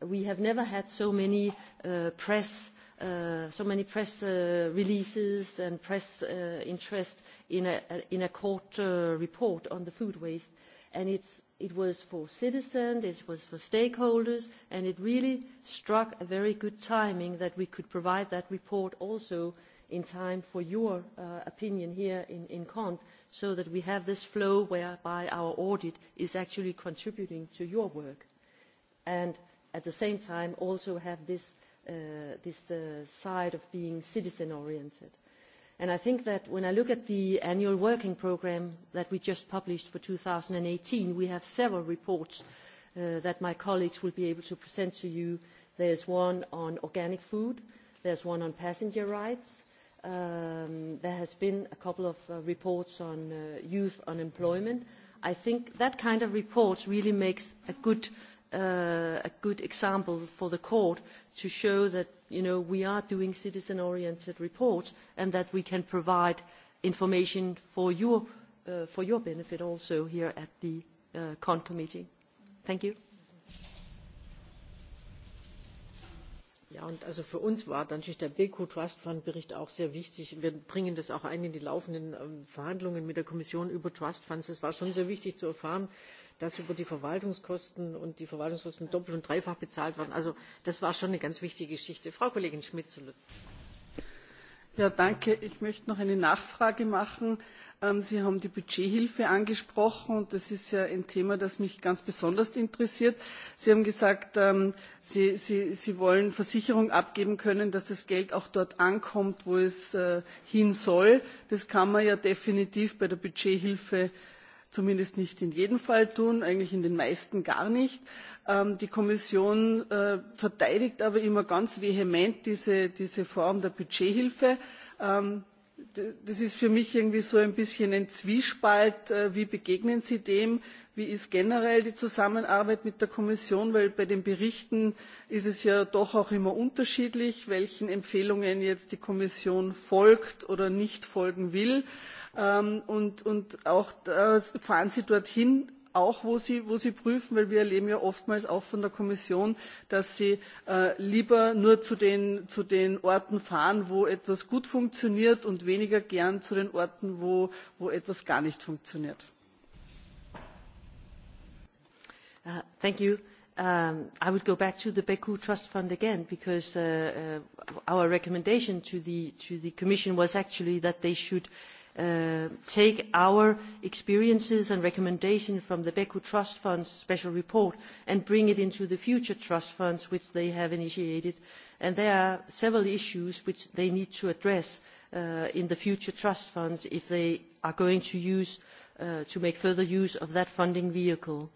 we have never had so many uh, press Uh, so many press uh, releases and press uh, interest in a, in a court uh, report on the food waste and it's, it was for citizens it was for stakeholders and it really struck a very good timing that we could provide that report also in time for your uh, opinion here in, in cont so that we have this flow whereby our audit is actually contributing to your work. and at the same time also have this, uh, this uh, side of being citizen oriented. And I think that when I look at the annual working program that we just published for 2018, we have several reports uh, that my colleagues will be able to present to you. There's one on organic food, there's one on passenger rights, um, there has been a couple of reports on youth unemployment. I think that kind of report really makes a good Uh, a good example for the court to show that you know, we are doing citizen oriented reports and that we can provide information for your, uh, for your benefit also here at the uh, committee. Thank you. Ja, und also für uns war natürlich der Beko Trust Fund Bericht auch sehr wichtig. Wir bringen das auch ein in die laufenden ähm, Verhandlungen mit der Kommission über Trust Funds. Es war schon sehr wichtig zu erfahren, dass über die Verwaltungskosten und die Verwaltungskosten doppelt und dreifach bezahlt werden. Also das war schon eine ganz wichtige Geschichte. Frau Kollegin Schmidt, Ja, danke. Ich möchte noch eine Nachfrage machen. Ähm, Sie haben die Budgethilfe angesprochen und das ist ja ein Thema, das mich ganz besonders interessiert. Sie haben gesagt, ähm, Sie, Sie wollen Versicherung abgeben können, dass das Geld auch dort ankommt, wo es äh, hin soll. Das kann man ja definitiv bei der Budgethilfe zumindest nicht in jedem Fall tun, eigentlich in den meisten gar nicht. Ähm, die Kommission äh, verteidigt aber immer ganz vehement diese, diese Form der Budgethilfe ähm, das ist für mich irgendwie so ein bisschen ein Zwiespalt. Äh, wie begegnen Sie dem? Wie ist generell die Zusammenarbeit mit der Kommission? Weil bei den Berichten ist es ja doch auch immer unterschiedlich, welchen Empfehlungen jetzt die Kommission folgt oder nicht folgen will. Ähm, und, und auch äh, fahren Sie dorthin auch wo sie, wo sie prüfen, weil wir erleben ja oftmals auch von der Kommission, dass sie äh, lieber nur zu den, zu den Orten fahren, wo etwas gut funktioniert und weniger gern zu den Orten, wo, wo etwas gar nicht funktioniert. Uh, thank you. Um, I would go back to the Beku Trust Fund again because uh, uh, our recommendation to the, to the Commission was actually that they should Uh, take our experiences and recommendations from the beku trust Fund special report and bring it into the future trust funds which they have initiated and there are several issues which they need to address uh, in the future trust funds if they are going to use uh, to make further use of that funding vehicle.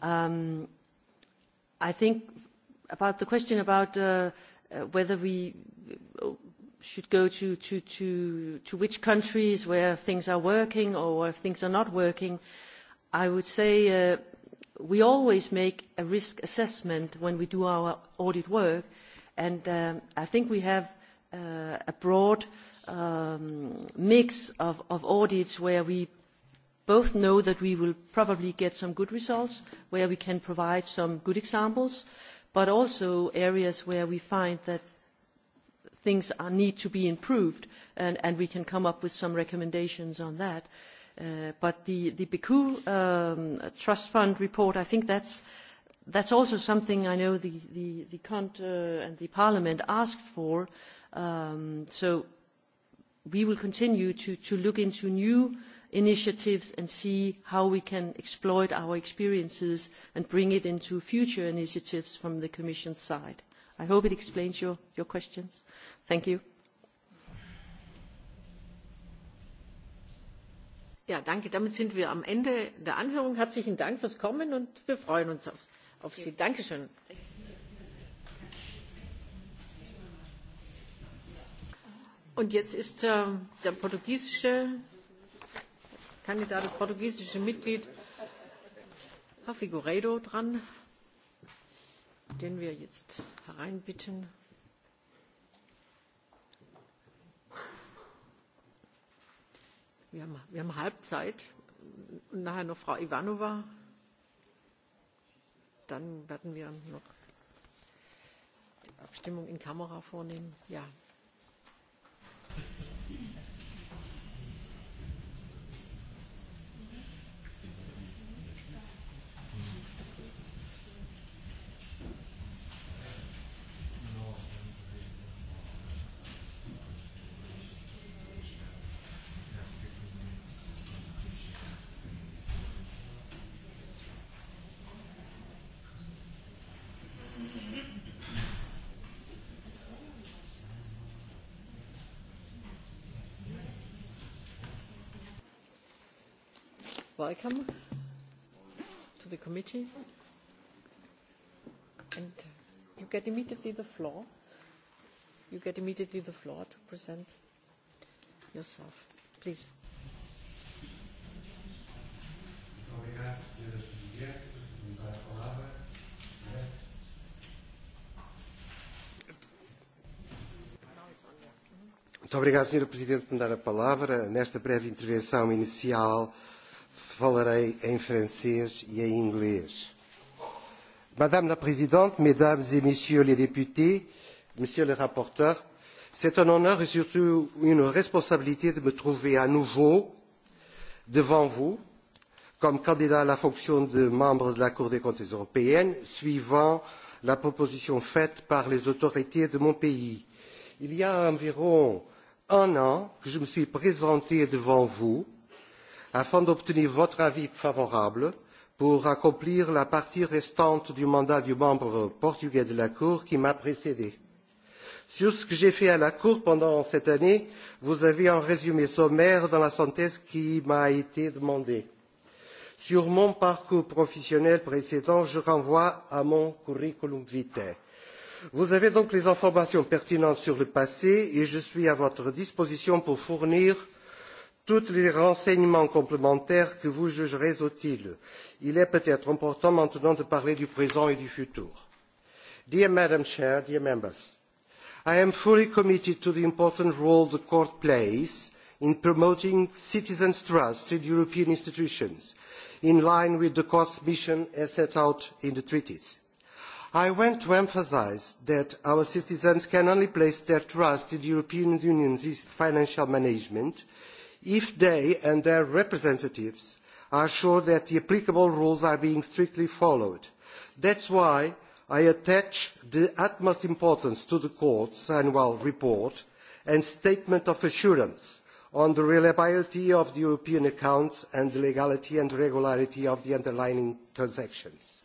Um, i think about the question about whether we should go to, to, to, which countries where things are working or where things are not working, I would say uh, we always make a risk assessment when we do our audit work, and um, I think we have uh, a broad um, mix of audits where we both know that we will probably get some good results, where we can provide some good examples, but also areas where we find that things need to be improved and, we can come up with some recommendations on that. Uh, but the, the BICU um, Trust Fund report, I think that's, that's also something I know the, the, the Cont uh, and the Parliament asked for. Um, so we will continue to, to look into new initiatives and see how we can exploit our experiences and bring it into future initiatives from the Commission's side. I hope it explains your, questions. Thank you. Ja, danke. Damit sind wir am Ende der Anhörung. Herzlichen Dank fürs Kommen und wir freuen uns auf, Sie. Sie. schön. Und jetzt ist äh, der portugiesische Kandidat, das portugiesische Mitglied, Herr Figueiredo, dran den wir jetzt hereinbitten. Wir haben, wir haben Halbzeit und nachher noch Frau Ivanova. Dann werden wir noch die Abstimmung in Kamera vornehmen. Ja. welcome to the committee. And you get immediately the floor. You get immediately the floor to present yourself. Please. Obrigado, Presidente. Muito obrigado, Sra. Presidente, por me dar a palavra. Nesta breve intervenção inicial, falarei em francês e em inglês. Madame la Présidente, Mesdames et Messieurs les députés, Monsieur le rapporteur, c'est un honneur et surtout une responsabilité de me trouver à nouveau devant vous comme candidat à la fonction de membre de la Cour des comptes européenne, suivant la proposition faite par les autorités de mon pays. Il y a environ un an que je me suis présenté devant vous afin d'obtenir votre avis favorable pour accomplir la partie restante du mandat du membre portugais de la Cour qui m'a précédé. Sur ce que j'ai fait à la Cour pendant cette année, vous avez un résumé sommaire dans la synthèse qui m'a été demandée. Sur mon parcours professionnel précédent, je renvoie à mon curriculum vitae. Vous avez donc les informations pertinentes sur le passé et je suis à votre disposition pour fournir tous les renseignements complémentaires que vous jugerez utiles. il est peut être important maintenant de parler du présent et du futur. dear madam chair dear members i am fully committed to the important role the court plays in promoting citizens' trust in european institutions in line with the court's mission as set out in the treaties. i want to emphasise that our citizens can only place their trust in the european union's financial management if they and their representatives are sure that the applicable rules are being strictly followed. that is why i attach the utmost importance to the court's annual report and statement of assurance on the reliability of the european accounts and the legality and regularity of the underlying transactions.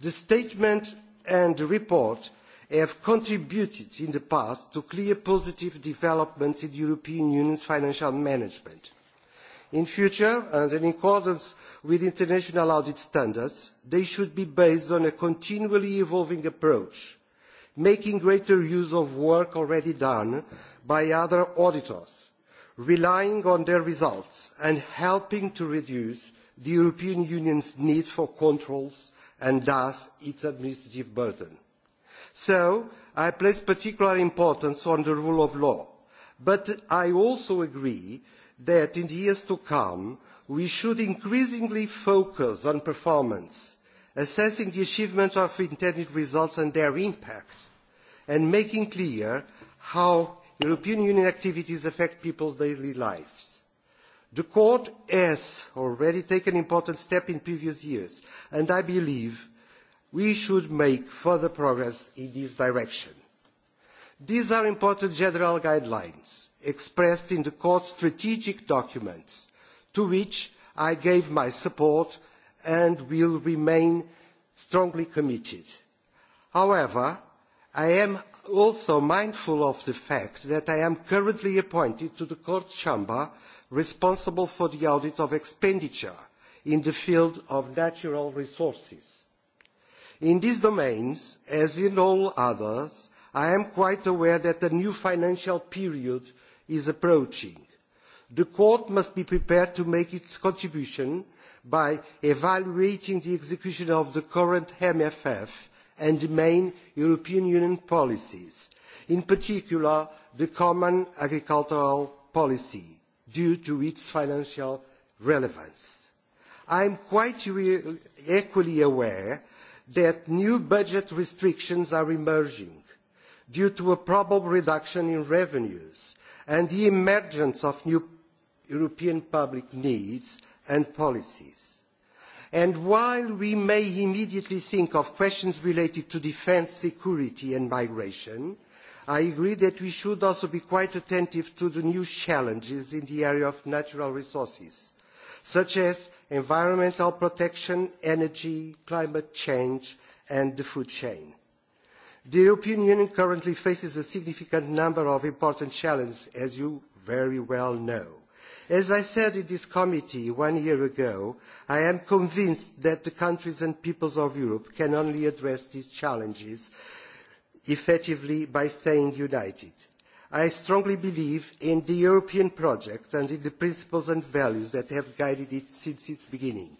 the statement and the report have contributed in the past to clear positive developments in the European Union's financial management. In future, and in accordance with international audit standards, they should be based on a continually evolving approach, making greater use of work already done by other auditors, relying on their results and helping to reduce the European Union's need for controls and thus its administrative burden so i place particular importance on the rule of law but i also agree that in the years to come we should increasingly focus on performance assessing the achievement of intended results and their impact and making clear how european union activities affect people's daily lives. the court has already taken important steps in previous years and i believe we should make further progress in this direction. These are important general guidelines expressed in the Court's strategic documents, to which I gave my support and will remain strongly committed. However, I am also mindful of the fact that I am currently appointed to the Court's Chamber responsible for the audit of expenditure in the field of natural resources in these domains as in all others i am quite aware that a new financial period is approaching. the court must be prepared to make its contribution by evaluating the execution of the current mff and the main european union policies in particular the common agricultural policy due to its financial relevance. i am quite equally aware that new budget restrictions are emerging due to a probable reduction in revenues and the emergence of new European public needs and policies. And while we may immediately think of questions related to defence, security and migration, I agree that we should also be quite attentive to the new challenges in the area of natural resources such as environmental protection, energy, climate change and the food chain. The European Union currently faces a significant number of important challenges, as you very well know. As I said in this committee one year ago, I am convinced that the countries and peoples of Europe can only address these challenges effectively by staying united. I strongly believe in the European project and in the principles and values that have guided it since its beginning.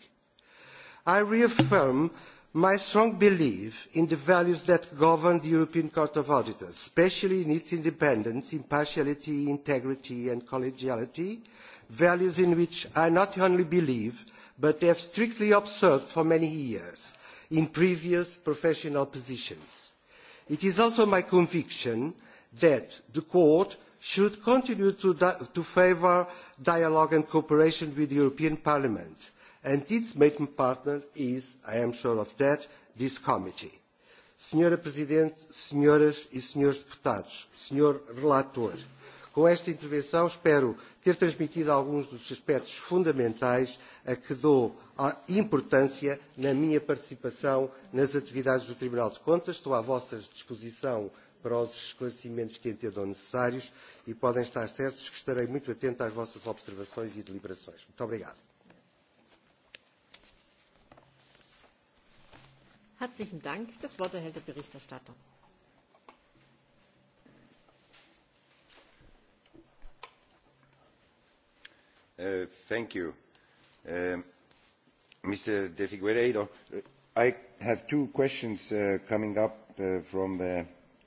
I reaffirm my strong belief in the values that govern the European Court of Auditors, especially in its independence, impartiality, integrity and collegiality, values in which I not only believe but have strictly observed for many years in previous professional positions. It is also my conviction that the court should continue to, to favour dialogue and cooperation with the european parliament and its main partner is i am sure of that this committee. senhora presidente senhoras e senhores deputados senhor relator com esta intervenção espero ter transmitido alguns dos aspectos fundamentais a que dou a importância na minha participação nas atividades do tribunal de contas. estou à vossa disposição para os esclarecimentos que entendam necessários e podem estar certos que estarei muito atento às vossas observações e deliberações. Muito obrigado. Herzlichen Dank. Das Wort erhält der Berichterstatter. Uh, thank you. Uh, um, Mr. De Figueiredo, I have two questions uh, coming up uh, from the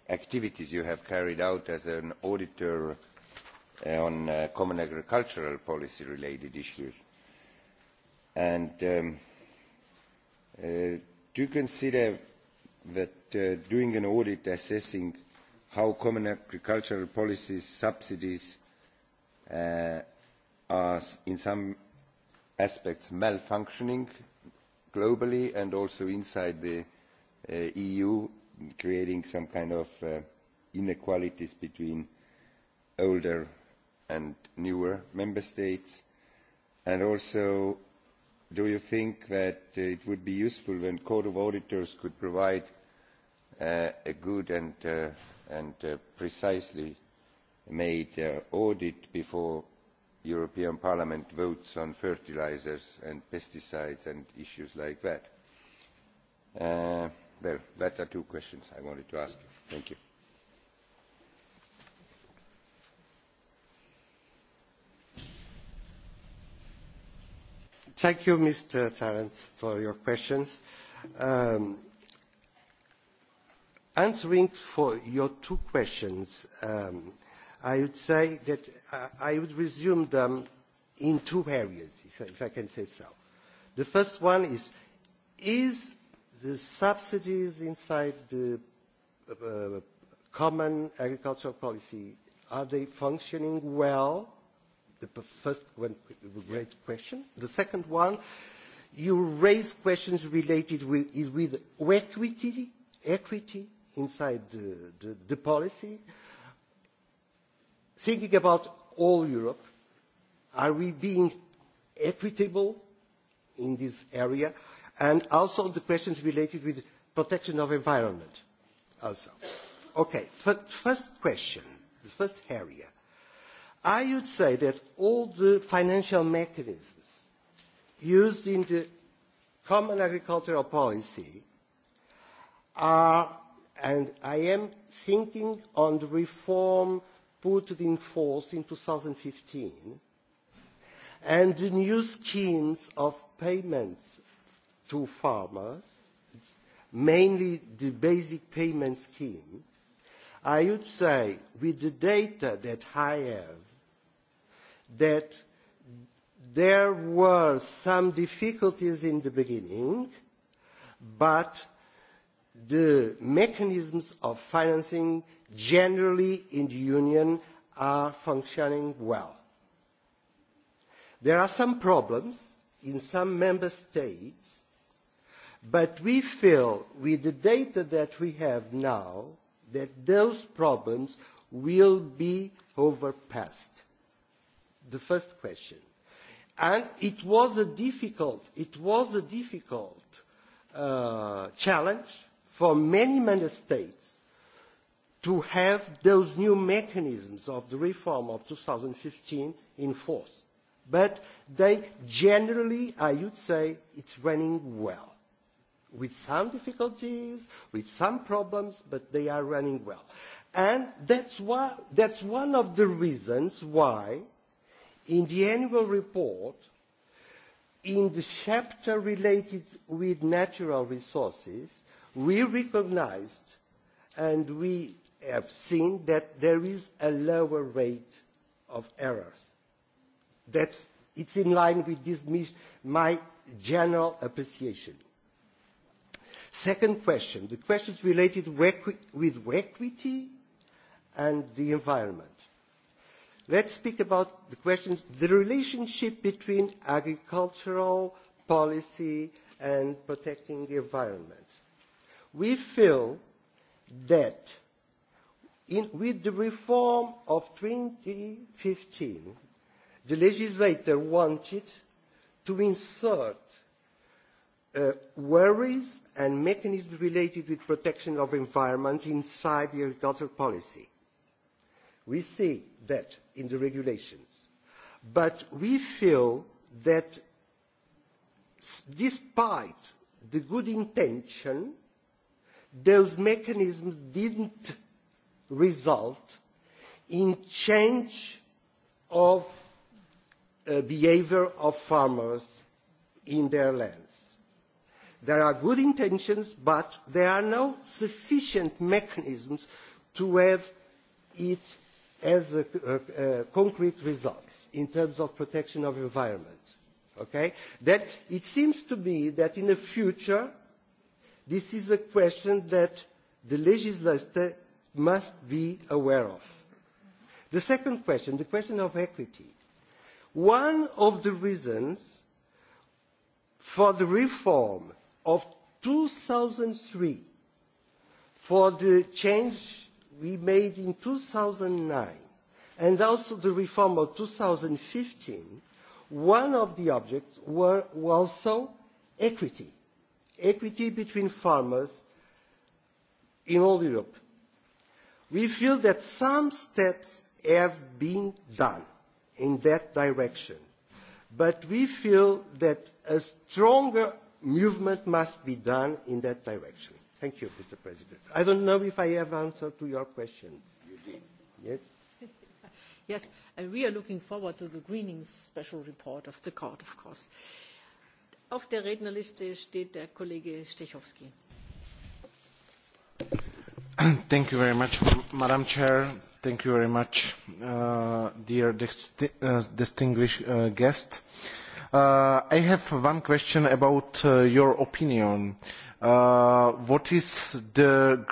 activities you have carried out as an auditor uh, on uh, common agricultural policy related issues. And um, uh, do you consider that doing an audit assessing how common agricultural policies subsidies are in some aspects malfunctioning globally and also inside the EU creating some kind of uh, inequalities between older and newer member states? And also, do you think that uh, it would be useful when Court of Auditors could provide uh, a good and, precisely made audit before European Parliament votes on fertilizers and pesticides and issues like that? Uh, Well, that are two questions I wanted to ask you. Thank you. Thank you, Mr. Tarrant, for your questions. Um, answering for your two questions, um, I would say that I would resume them in two areas, if I can say so. The first one is, is the subsidies inside the uh, common agricultural policy, are they functioning well? The first one, great question. The second one, you raise questions related with, with equity, equity inside the, the, the policy. Thinking about all Europe, are we being equitable in this area? and also on the questions related with protection of environment also. Okay, first question, the first area. I would say that all the financial mechanisms used in the common agricultural policy are, and I am thinking on the reform put in force in 2015 and the new schemes of payments to farmers, mainly the basic payment scheme, I would say, with the data that I have, that there were some difficulties in the beginning, but the mechanisms of financing generally in the Union are functioning well. There are some problems in some member states But we feel with the data that we have now that those problems will be overpassed. The first question. And it was a difficult, it was a difficult uh, challenge for many many states to have those new mechanisms of the reform of 2015 in force. But they generally, I would say, it's running well with some difficulties, with some problems, but they are running well. And that's, why, that's one of the reasons why in the annual report, in the chapter related with natural resources, we recognized and we have seen that there is a lower rate of errors. That's, it's in line with this, my general appreciation Second question, the questions related with equity and the environment. Let's speak about the questions, the relationship between agricultural policy and protecting the environment. We feel that in, with the reform of 2015, the legislator wanted to insert Uh, worries and mechanisms related with protection of environment inside the agricultural policy. We see that in the regulations. But we feel that despite the good intention, those mechanisms didn't result in change of uh, behavior of farmers in their lands There are good intentions, but there are no sufficient mechanisms to have it as a, concrete results in terms of protection of environment. Okay? That it seems to me that in the future, this is a question that the legislator must be aware of. The second question, the question of equity. One of the reasons for the reform of 2003 for the change we made in 2009 and also the reform of 2015, one of the objects were also equity, equity between farmers in all Europe. We feel that some steps have been done in that direction, but we feel that a stronger movement must be done in that direction. Thank you, Mr. President. I don't know if I have answered to your questions. Yes? yes, and we are looking forward to the Greening Special Report of the Court, of course. Auf der Rednerliste steht der Kollege Stechowski. Thank you very much, Madam Chair. Thank you very much, uh, dear dist uh, distinguished uh, guest. Uh, Uh, I have one question about uh, your opinion. Uh, what is the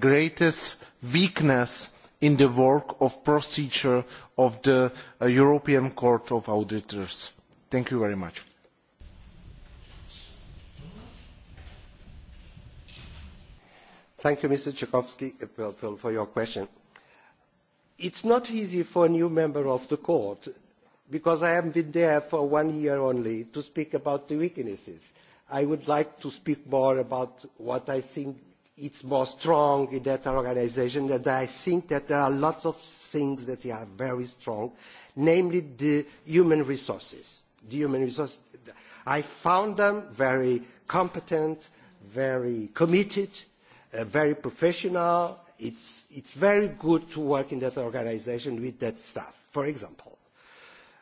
greatest weakness in the work of procedure of the European Court of Auditors? Thank you very much. Thank you, Mr. Tchaikovsky, for your question. It's not easy for a new member of the court because I have been there for one year only to speak about the weaknesses. I would like to speak more about what I think is more strong in that organization, and I think that there are lots of things that are very strong, namely the human resources. The human resources I found them very competent, very committed, uh, very professional. It's it's very good to work in that organization with that staff, for example.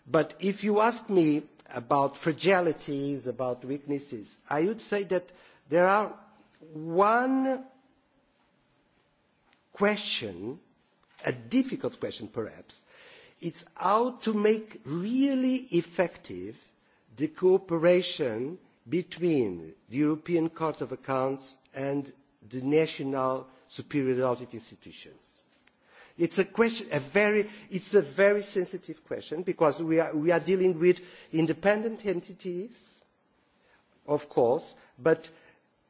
But if you ask me about fragilities, about weaknesses, I would say that there are one question, a difficult question perhaps, it's how to make really effective the cooperation between the European Court of Accounts and the national superior audit institutions It's a question, a very, it's a very sensitive question because we are, we are dealing with independent entities, of course, but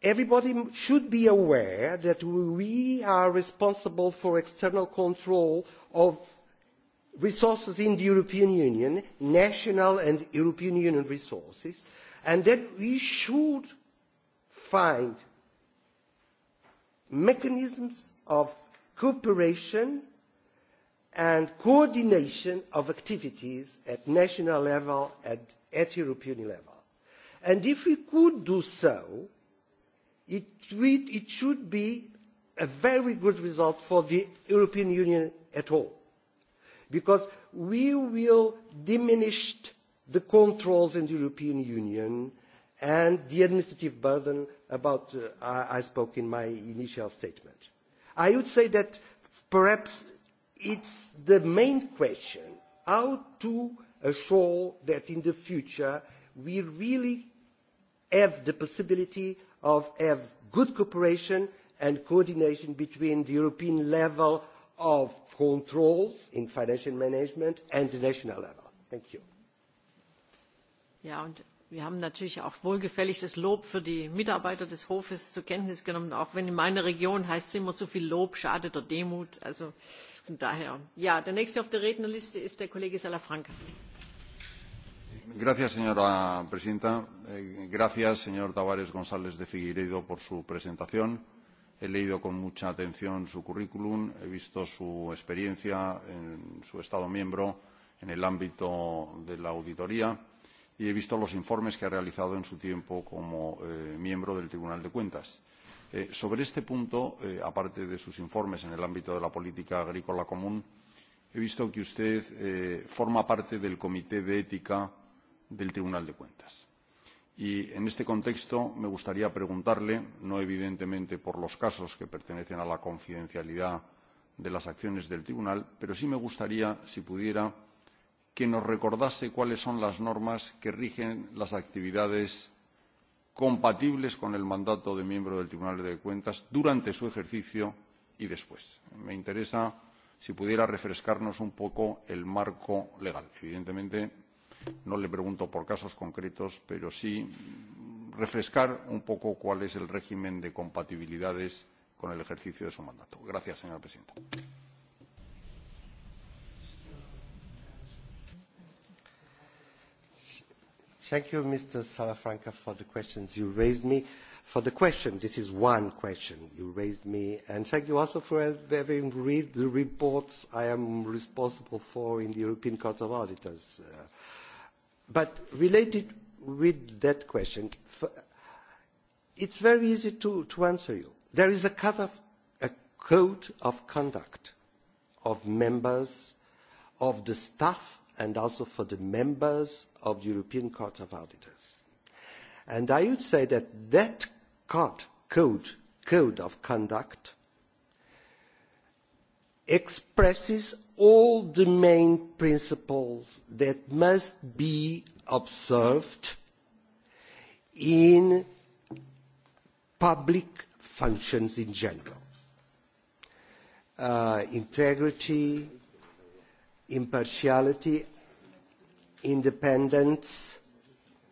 everybody should be aware that we are responsible for external control of resources in the European Union, national and European Union resources, and that we should find mechanisms of cooperation and coordination of activities at national level and at European level. And if we could do so, it, it should be a very good result for the European Union at all, because we will diminish the controls in the European Union and the administrative burden about uh, I, I spoke in my initial statement. I would say that perhaps it's the main question how to assure that in the future we really have the possibility of have good cooperation and coordination between the European level of controls in financial management and the national level. Thank you. Ja, und wir haben natürlich auch wohlgefällig das Lob für die Mitarbeiter des Hofes zur Kenntnis genommen. Auch wenn in meiner Region heißt es immer zu viel Lob, schadet der Demut. Also Gracias, señora presidenta. Eh, gracias, señor Tavares González de Figueiredo, por su presentación. He leído con mucha atención su currículum, he visto su experiencia en su Estado miembro en el ámbito de la auditoría y he visto los informes que ha realizado en su tiempo como eh, miembro del Tribunal de Cuentas Eh, sobre este punto, eh, aparte de sus informes en el ámbito de la política agrícola común, he visto que usted eh, forma parte del Comité de Ética del Tribunal de Cuentas. Y en este contexto me gustaría preguntarle, no evidentemente por los casos que pertenecen a la confidencialidad de las acciones del Tribunal, pero sí me gustaría, si pudiera, que nos recordase cuáles son las normas que rigen las actividades compatibles con el mandato de miembro del Tribunal de Cuentas durante su ejercicio y después. Me interesa si pudiera refrescarnos un poco el marco legal. Evidentemente, no le pregunto por casos concretos, pero sí refrescar un poco cuál es el régimen de compatibilidades con el ejercicio de su mandato. Gracias, señora presidenta. Thank you, Mr. Salafranca, for the questions you raised me. For the question, this is one question you raised me, and thank you also for having read the reports I am responsible for in the European Court of Auditors. Uh, but related with that question, it's very easy to, to answer you. There is a, cut of, a code of conduct of members, of the staff, and also for the members of the European Court of Auditors. And I would say that that code, code of conduct expresses all the main principles that must be observed in public functions in general. Uh, integrity, impartiality independence,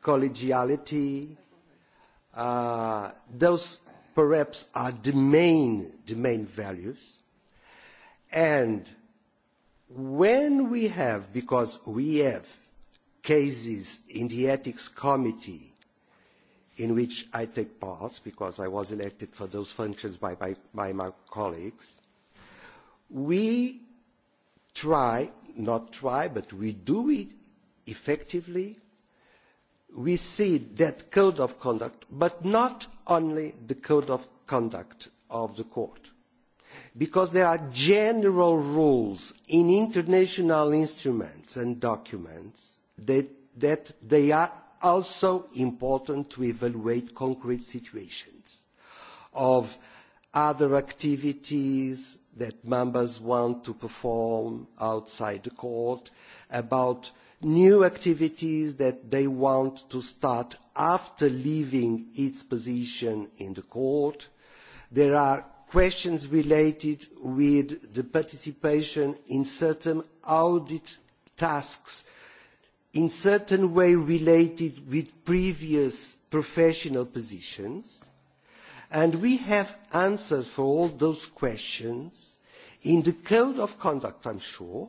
collegiality, uh, those perhaps are the main, the main values. And when we have, because we have cases in the ethics committee in which I take part because I was elected for those functions by my colleagues, we try, not try, but we do it effectively. We see that code of conduct, but not only the code of conduct of the court, because there are general rules in international instruments and documents that, that they are also important to evaluate concrete situations of other activities that members want to perform outside the court, about new activities that they want to start after leaving its position in the court. There are questions related with the participation in certain audit tasks in certain way related with previous professional positions and we have answers for all those questions in the code of conduct, I'm sure,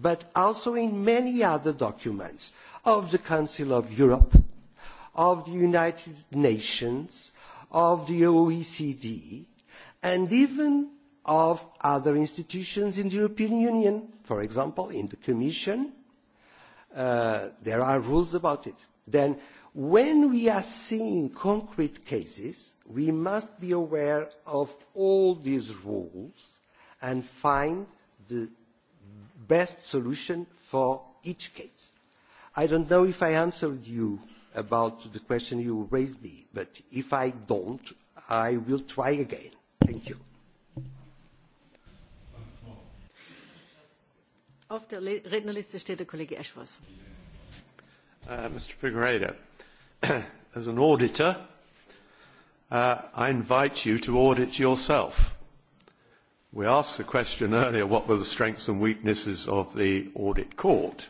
but also in many other documents of the Council of Europe, of the United Nations, of the OECD, and even of other institutions in the European Union, for example, in the Commission. Uh, there are rules about it. Then, when we are seeing concrete cases, we must be aware of all these rules and find the best solution for each case. I don't know if I answered you about the question you raised me, but if I don't, I will try again. Thank you. Uh, Mr. Figueiredo, as an auditor, uh, I invite you to audit yourself We asked the question earlier, what were the strengths and weaknesses of the audit court?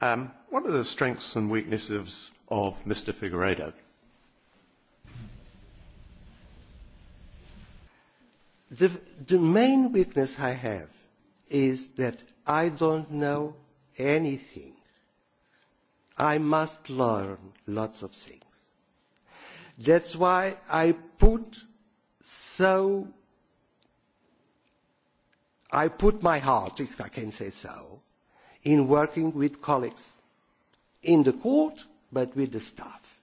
Um, what are the strengths and weaknesses of Mr. Figueiredo? The, the main weakness I have is that I don't know anything. I must learn lots of things. That's why I put so i put my heart, if I can say so, in working with colleagues in the court, but with the staff,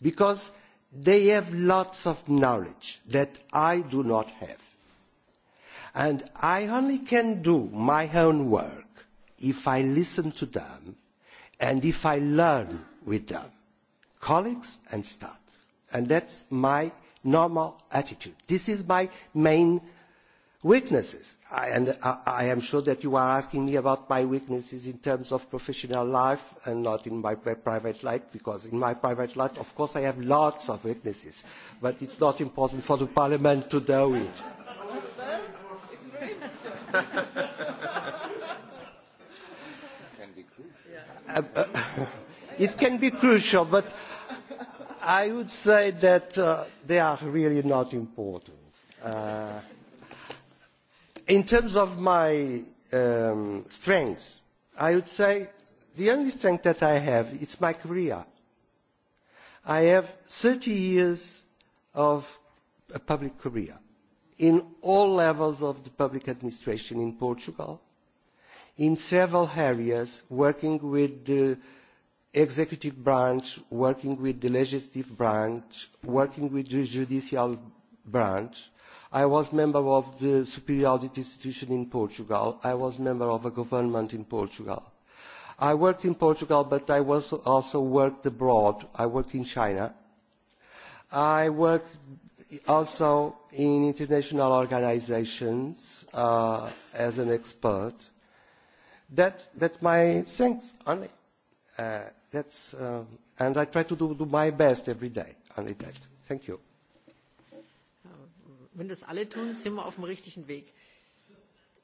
because they have lots of knowledge that I do not have. And I only can do my own work if I listen to them and if I learn with them, colleagues and staff. And that's my normal attitude. This is my main Weaknesses. I, and I am sure that you are asking me about my weaknesses in terms of professional life and not in my private life, because in my private life, of course, I have lots of weaknesses, but it's not important for the Parliament to know it. Uh, uh, it can be crucial, but I would say that uh, they are really not important. Uh, in terms of my um, strengths i would say the only strength that i have is my career i have 30 years of a public career in all levels of the public administration in portugal in several areas working with the executive branch working with the legislative branch working with the judicial branch i was member of the superiority Institution in Portugal. I was a member of a government in Portugal. I worked in Portugal, but I also worked abroad. I worked in China. I worked also in international organizations uh, as an expert. That, that's my strength, only. Uh, um, and I try to do, my best every day, that. Thank you wenn das alle tun sind wir auf dem richtigen weg.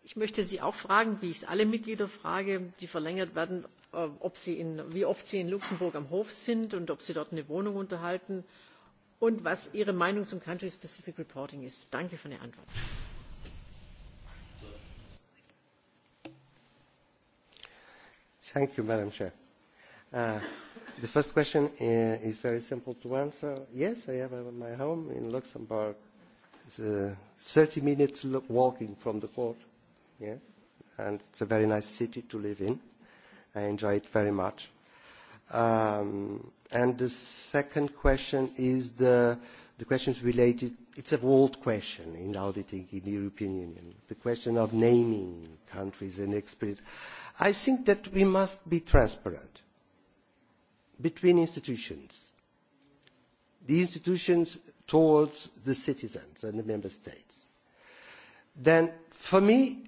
ich möchte sie auch fragen wie ich es alle mitglieder frage die verlängert werden äh, ob sie in, wie oft sie in luxemburg am hof sind und ob sie dort eine wohnung unterhalten und was ihre meinung zum country specific reporting ist. danke für eine antwort. Thank you, Madam uh, the first question uh, is very simple to answer. Yes, I have my home in Luxembourg It's 30 uh, minutes walking from the court. Yeah? And it's a very nice city to live in. I enjoy it very much. Um, and the second question is the, the questions related, it's a world question in auditing in the European Union, the question of naming countries and experience. I think that we must be transparent between institutions. The institutions towards the citizens and the member states then for me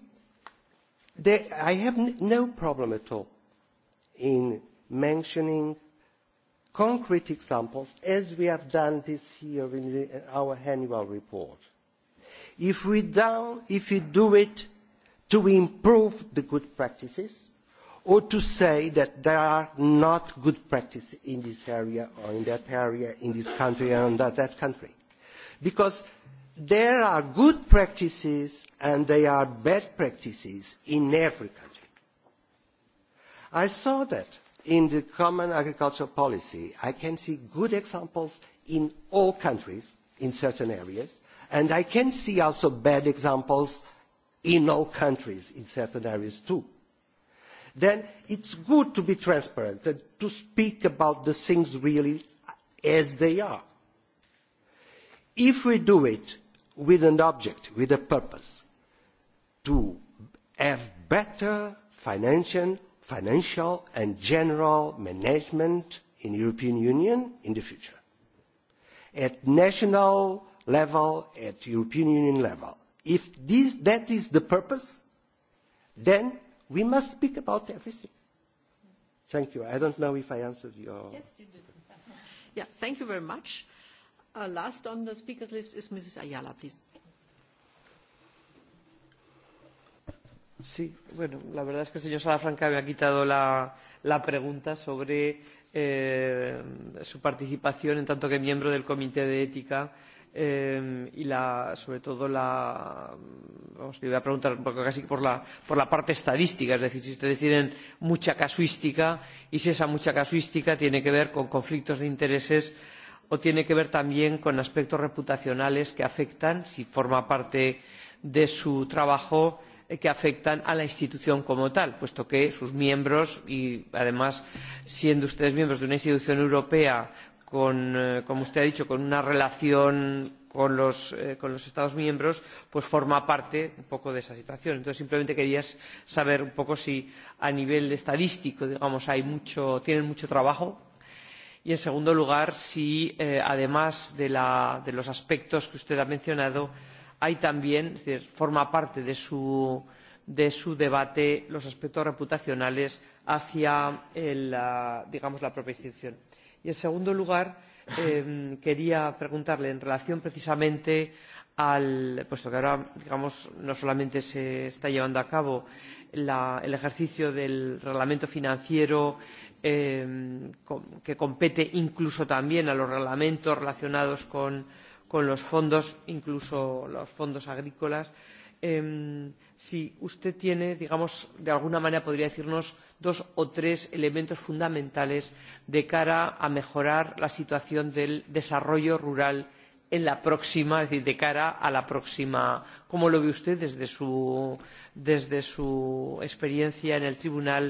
i have no problem at all in mentioning concrete examples as we have done this year in, in our annual report if we, down, if we do it to improve the good practices or to say that there are not good practices in this area or in that area, in this country or that, that country. Because there are good practices and there are bad practices in every country. I saw that in the common agricultural policy. I can see good examples in all countries in certain areas, and I can see also bad examples in all countries in certain areas too then it's good to be transparent and to speak about the things really as they are. If we do it with an object, with a purpose, to have better financial, financial and general management in the European Union in the future, at national level, at European Union level, if this, that is the purpose, then We must speak about everything. Thank you. I don't know if I answered your... Yes, you did. Yeah, thank you very much. Uh, last on the speaker's list is Mrs. Ayala, please. Sí, bueno, la verdad es que el señor Salafranca me ha quitado la, la pregunta sobre eh, su participación en tanto que miembro del Comité de Ética eh, y la, sobre todo la voy a preguntar casi por la, por la parte estadística, es decir, si ustedes tienen mucha casuística y si esa mucha casuística tiene que ver con conflictos de intereses o tiene que ver también con aspectos reputacionales que afectan, si forma parte de su trabajo, eh, que afectan a la institución como tal puesto que sus miembros y además siendo ustedes miembros de una institución europea con, eh, como usted ha dicho con una relación eh, con los, estados miembros pues forma parte un poco de esa situación. entonces simplemente quería saber un poco si a nivel estadístico digamos tienen mucho trabajo y en segundo lugar si eh, además de, la, de los aspectos que usted ha mencionado hay también es decir forma parte de su, de su debate los aspectos reputacionales hacia digamos la propia institución y en segundo lugar quería preguntarle en relación precisamente al, puesto que ahora digamos, no solamente se está llevando a cabo el ejercicio del reglamento financiero que compete incluso también a los reglamentos relacionados con, los fondos incluso los fondos agrícolas si usted tiene digamos de alguna manera podría decirnos dos o tres elementos fundamentales de cara a mejorar la situación del desarrollo rural en la próxima es decir de cara a la próxima cómo lo ve usted desde su, desde su experiencia en el tribunal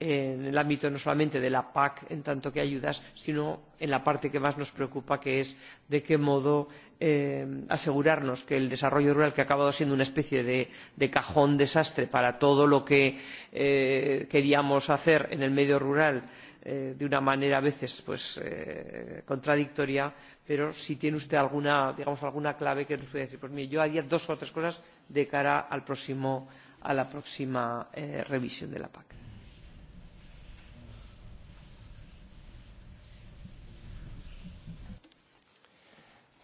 en el ámbito no solamente de la PAC en tanto que ayudas, sino en la parte que más nos preocupa, que es de qué modo eh, asegurarnos que el desarrollo rural, que ha acabado siendo una especie de, cajón desastre para todo lo que eh, queríamos hacer en el medio rural eh, de una manera a veces pues, contradictoria, pero si tiene usted alguna, digamos, alguna clave que nos puede decir, pues mire, yo haría dos o tres cosas de cara al próximo, a la próxima revisión de la PAC.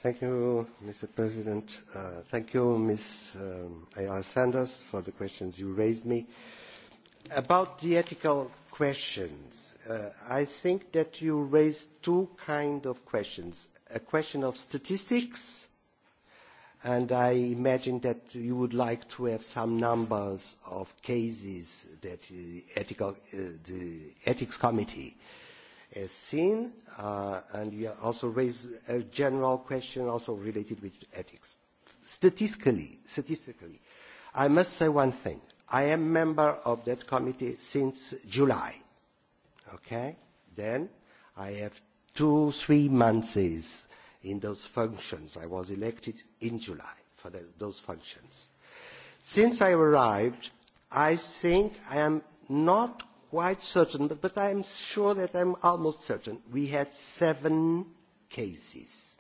Thank you, Mr. President. Uh, thank you, Ms. Um, Ayala Sanders, for the questions you raised me. About the ethical questions, uh, I think that you raised two kinds of questions. A question of statistics, and I imagine that you would like to have some numbers of cases that the, ethical, uh, the Ethics Committee as seen, uh, and you also raise a general question also related with ethics. Statistically, statistically, I must say one thing. I am member of that committee since July. Okay? Then I have two, three months in those functions. I was elected in July for the, those functions. Since I arrived, I think I am not quite certain, but, but I'm sure that I'm almost certain, we had seven cases.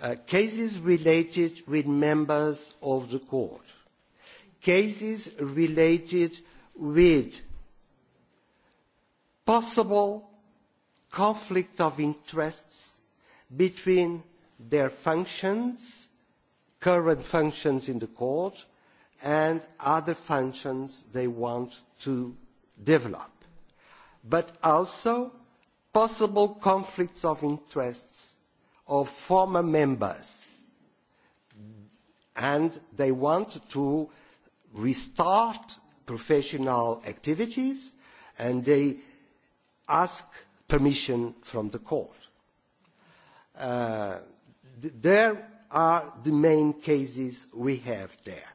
Uh, cases related with members of the court. Cases related with possible conflict of interests between their functions, current functions in the court, and other functions they want to develop, but also possible conflicts of interests of former members, and they want to restart professional activities, and they ask permission from the court. Uh, there are the main cases we have there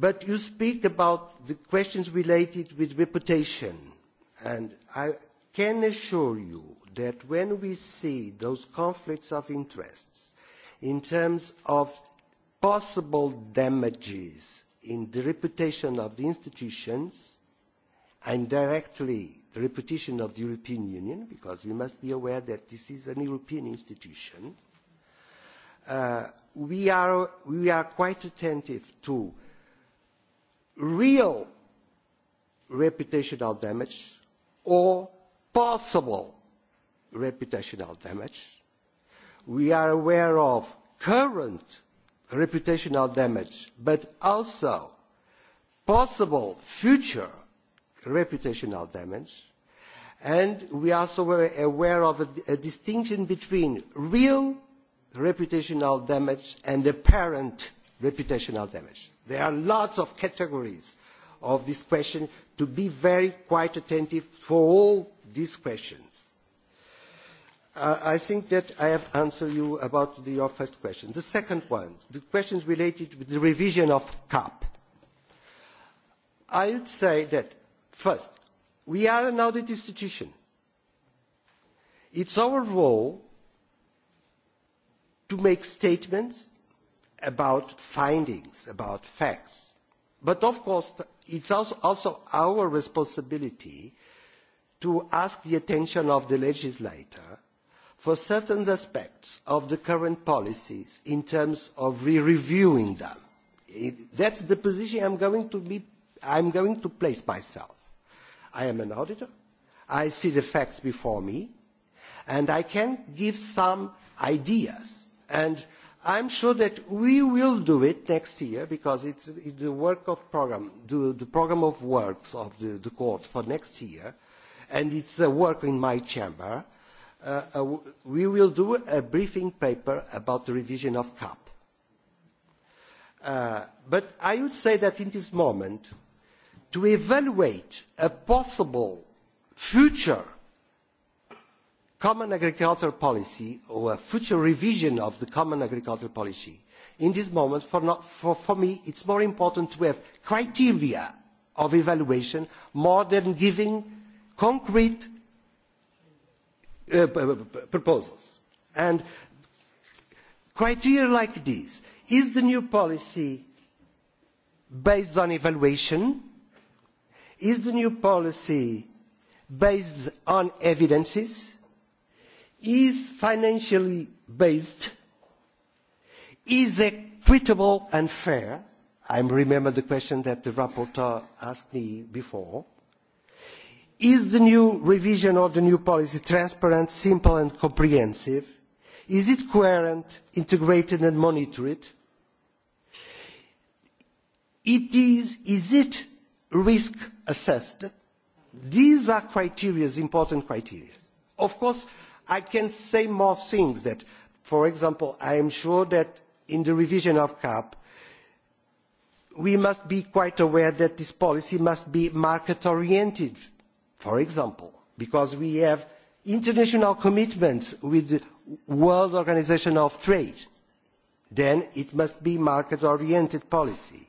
But you speak about the questions related with reputation, and I can assure you that when we see those conflicts of interests in terms of possible damages in the reputation of the institutions and directly the reputation of the European Union, because we must be aware that this is an European institution, uh, we, are, we are quite attentive to real reputational damage or possible reputational damage. We are aware of current reputational damage, but also possible future reputational damage. And we also aware of a, a distinction between real reputational damage and apparent reputational damage. There are lots of categories of this question to be very quite attentive for all these questions. Uh, I think that I have answered you about your first question. The second one, the questions related to the revision of CAP. I would say that, first, we are an audit institution. It's our role to make statements about findings, about facts. But of course, it's also our responsibility to ask the attention of the legislator for certain aspects of the current policies in terms of re-reviewing them. It, that's the position I'm going to be, I'm going to place myself. I am an auditor. I see the facts before me. And I can give some ideas. And i am sure that we will do it next year because it's the work of program, the, the program of works of the, court for next year, and it's a work in my chamber. Uh, uh, we will do a briefing paper about the revision of CAP. Uh, but I would say that in this moment, to evaluate a possible future common agricultural policy or a future revision of the common agricultural policy in this moment for, not, for, for me it's more important to have criteria of evaluation more than giving concrete uh, proposals and criteria like this is the new policy based on evaluation is the new policy based on evidences is financially based, is equitable and fair. I remember the question that the rapporteur asked me before. Is the new revision of the new policy transparent, simple and comprehensive? Is it coherent, integrated and monitored? It is, is it risk assessed? These are criteria, important criteria. Of course, i can say more things that for example i am sure that in the revision of cap we must be quite aware that this policy must be market oriented for example because we have international commitments with the world organisation of trade then it must be market oriented policy.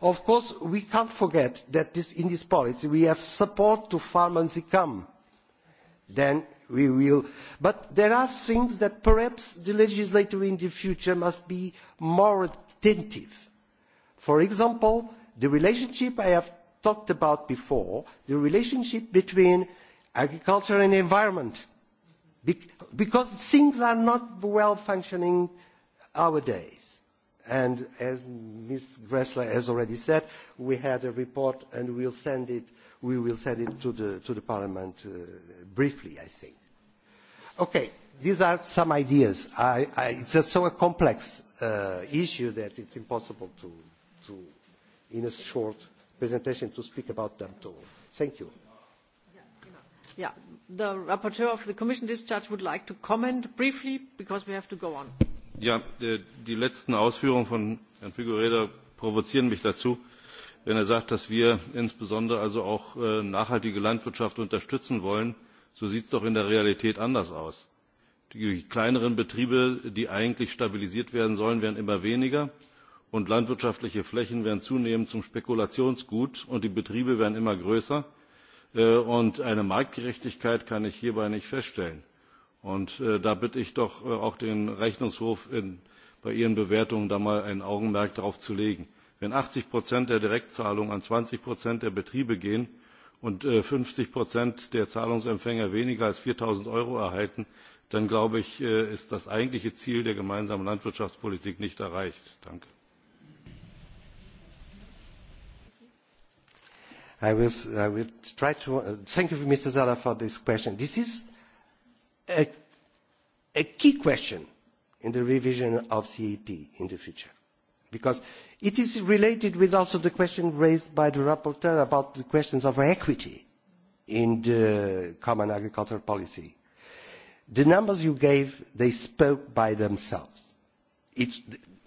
of course we cannot forget that this, in this policy we have support to farmers' income then we will but there are things that perhaps the legislator in the future must be more attentive for example the relationship i have talked about before the relationship between agriculture and environment because things are not well functioning nowadays and as ms Gressler has already said we had a report and we will send it we will send it to the to the parliament uh, briefly i think Okay, these are some ideas. I, I, it's a, so a complex uh, issue that it's impossible to, to, in a short presentation, to speak about them all. Thank you. Yeah, the rapporteur of the Commission discharge would like to comment briefly because we have to go on. Ja, die, die letzten Ausführungen von Herrn Figueredo provozieren mich dazu, wenn er sagt, dass wir insbesondere also auch äh, nachhaltige Landwirtschaft unterstützen wollen so sieht es doch in der realität anders aus. die kleineren betriebe die eigentlich stabilisiert werden sollen werden immer weniger und landwirtschaftliche flächen werden zunehmend zum spekulationsgut und die betriebe werden immer größer äh, und eine marktgerechtigkeit kann ich hierbei nicht feststellen. Und äh, da bitte ich doch äh, auch den rechnungshof in, bei ihren bewertungen da mal ein augenmerk darauf zu legen. wenn achtzig der direktzahlungen an zwanzig der betriebe gehen und äh, fünfzig der zahlungsempfänger weniger als vier null euro erhalten dann glaube ich äh, ist das eigentliche ziel der gemeinsamen landwirtschaftspolitik nicht erreicht. Danke. I will, I will try to, uh, thank you, Mr. Zala, for this question. This is a, a key question in the revision of CEP in the future, because It is related with also the question raised by the rapporteur about the questions of equity in the common agricultural policy. The numbers you gave, they spoke by themselves.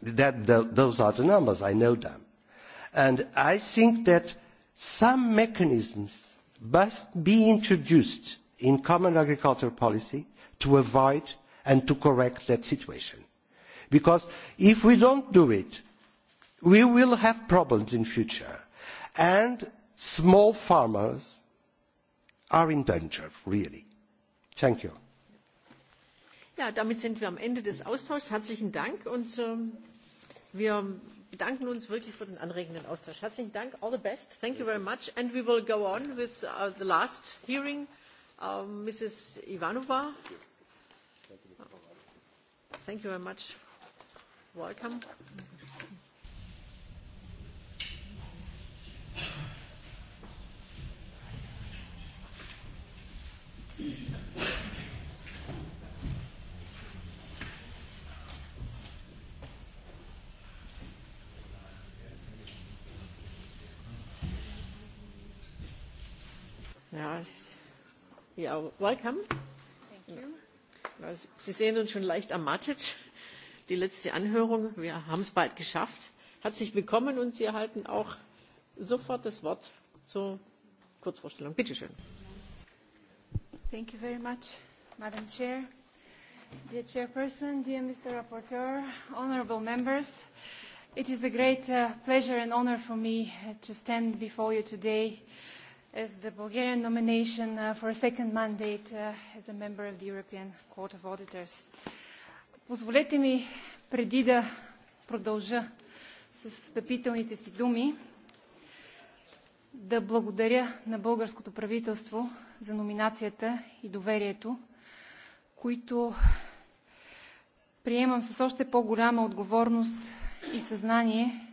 those are the numbers, I know them. And I think that some mechanisms must be introduced in common agricultural policy to avoid and to correct that situation. Because if we don't do it, we will have problems in future and small farmers are in danger really thank you ja damit sind wir am ende des austauschs herzlichen dank und ähm, wir bedanken uns wirklich für den anregenden austausch herzlichen dank all the best thank you very much and we will go on with uh, the last hearing uh, mrs ivanova thank you very much welcome Ja, ja welcome. Thank you. Ja, Sie sehen uns schon leicht ermattet. Die letzte Anhörung, wir haben es bald geschafft. Herzlich willkommen und Sie erhalten auch sofort das Wort zur Kurzvorstellung. Bitte schön. Thank you very much, Madam Chair. Dear Chairperson, dear Mr. Rapporteur, honorable members, it is a great uh, pleasure and honor for me uh, to stand before you today as the Bulgarian nomination uh, for a second mandate uh, as a member of the European Court of Auditors. Позволете ми, преди да продължа с встъпителните си думи, да благодаря на българското правителство за номинацията и доверието, които приемам с още по-голяма отговорност и съзнание,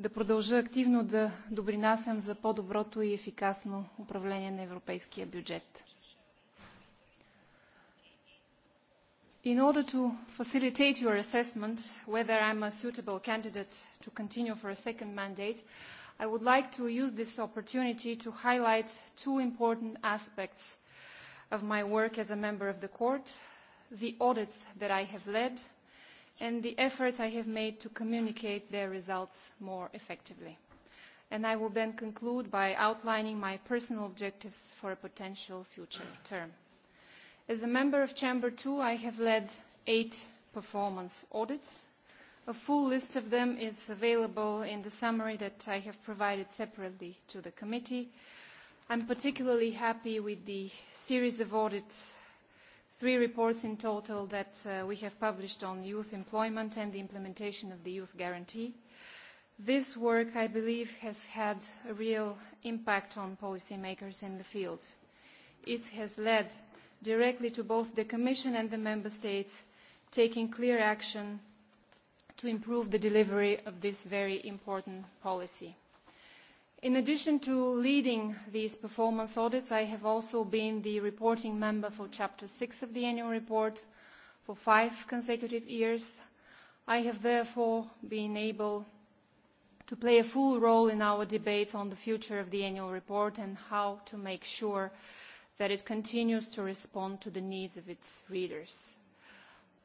да продължа активно да добринасям за по-доброто и ефикасно управление на европейския бюджет. In order to facilitate your assessment whether I'm a suitable candidate to continue for a second mandate, I would like to use this opportunity to highlight two important aspects of my work as a member of the court, the audits that I have led, and the efforts I have made to communicate their results more effectively. And I will then conclude by outlining my personal objectives for a potential future term. As a member of Chamber 2, I have led eight performance audits. A full list of them is available in the summary that I have provided separately to the committee. I'm particularly happy with the series of audits three reports in total that uh, we have published on youth employment and the implementation of the youth guarantee. This work, I believe, has had a real impact on policymakers in the field. It has led directly to both the Commission and the Member States taking clear action to improve the delivery of this very important policy. In addition to leading these performance audits, I have also been the reporting member for Chapter 6 of the annual report for five consecutive years. I have therefore been able to play a full role in our debates on the future of the annual report and how to make sure that it continues to respond to the needs of its readers.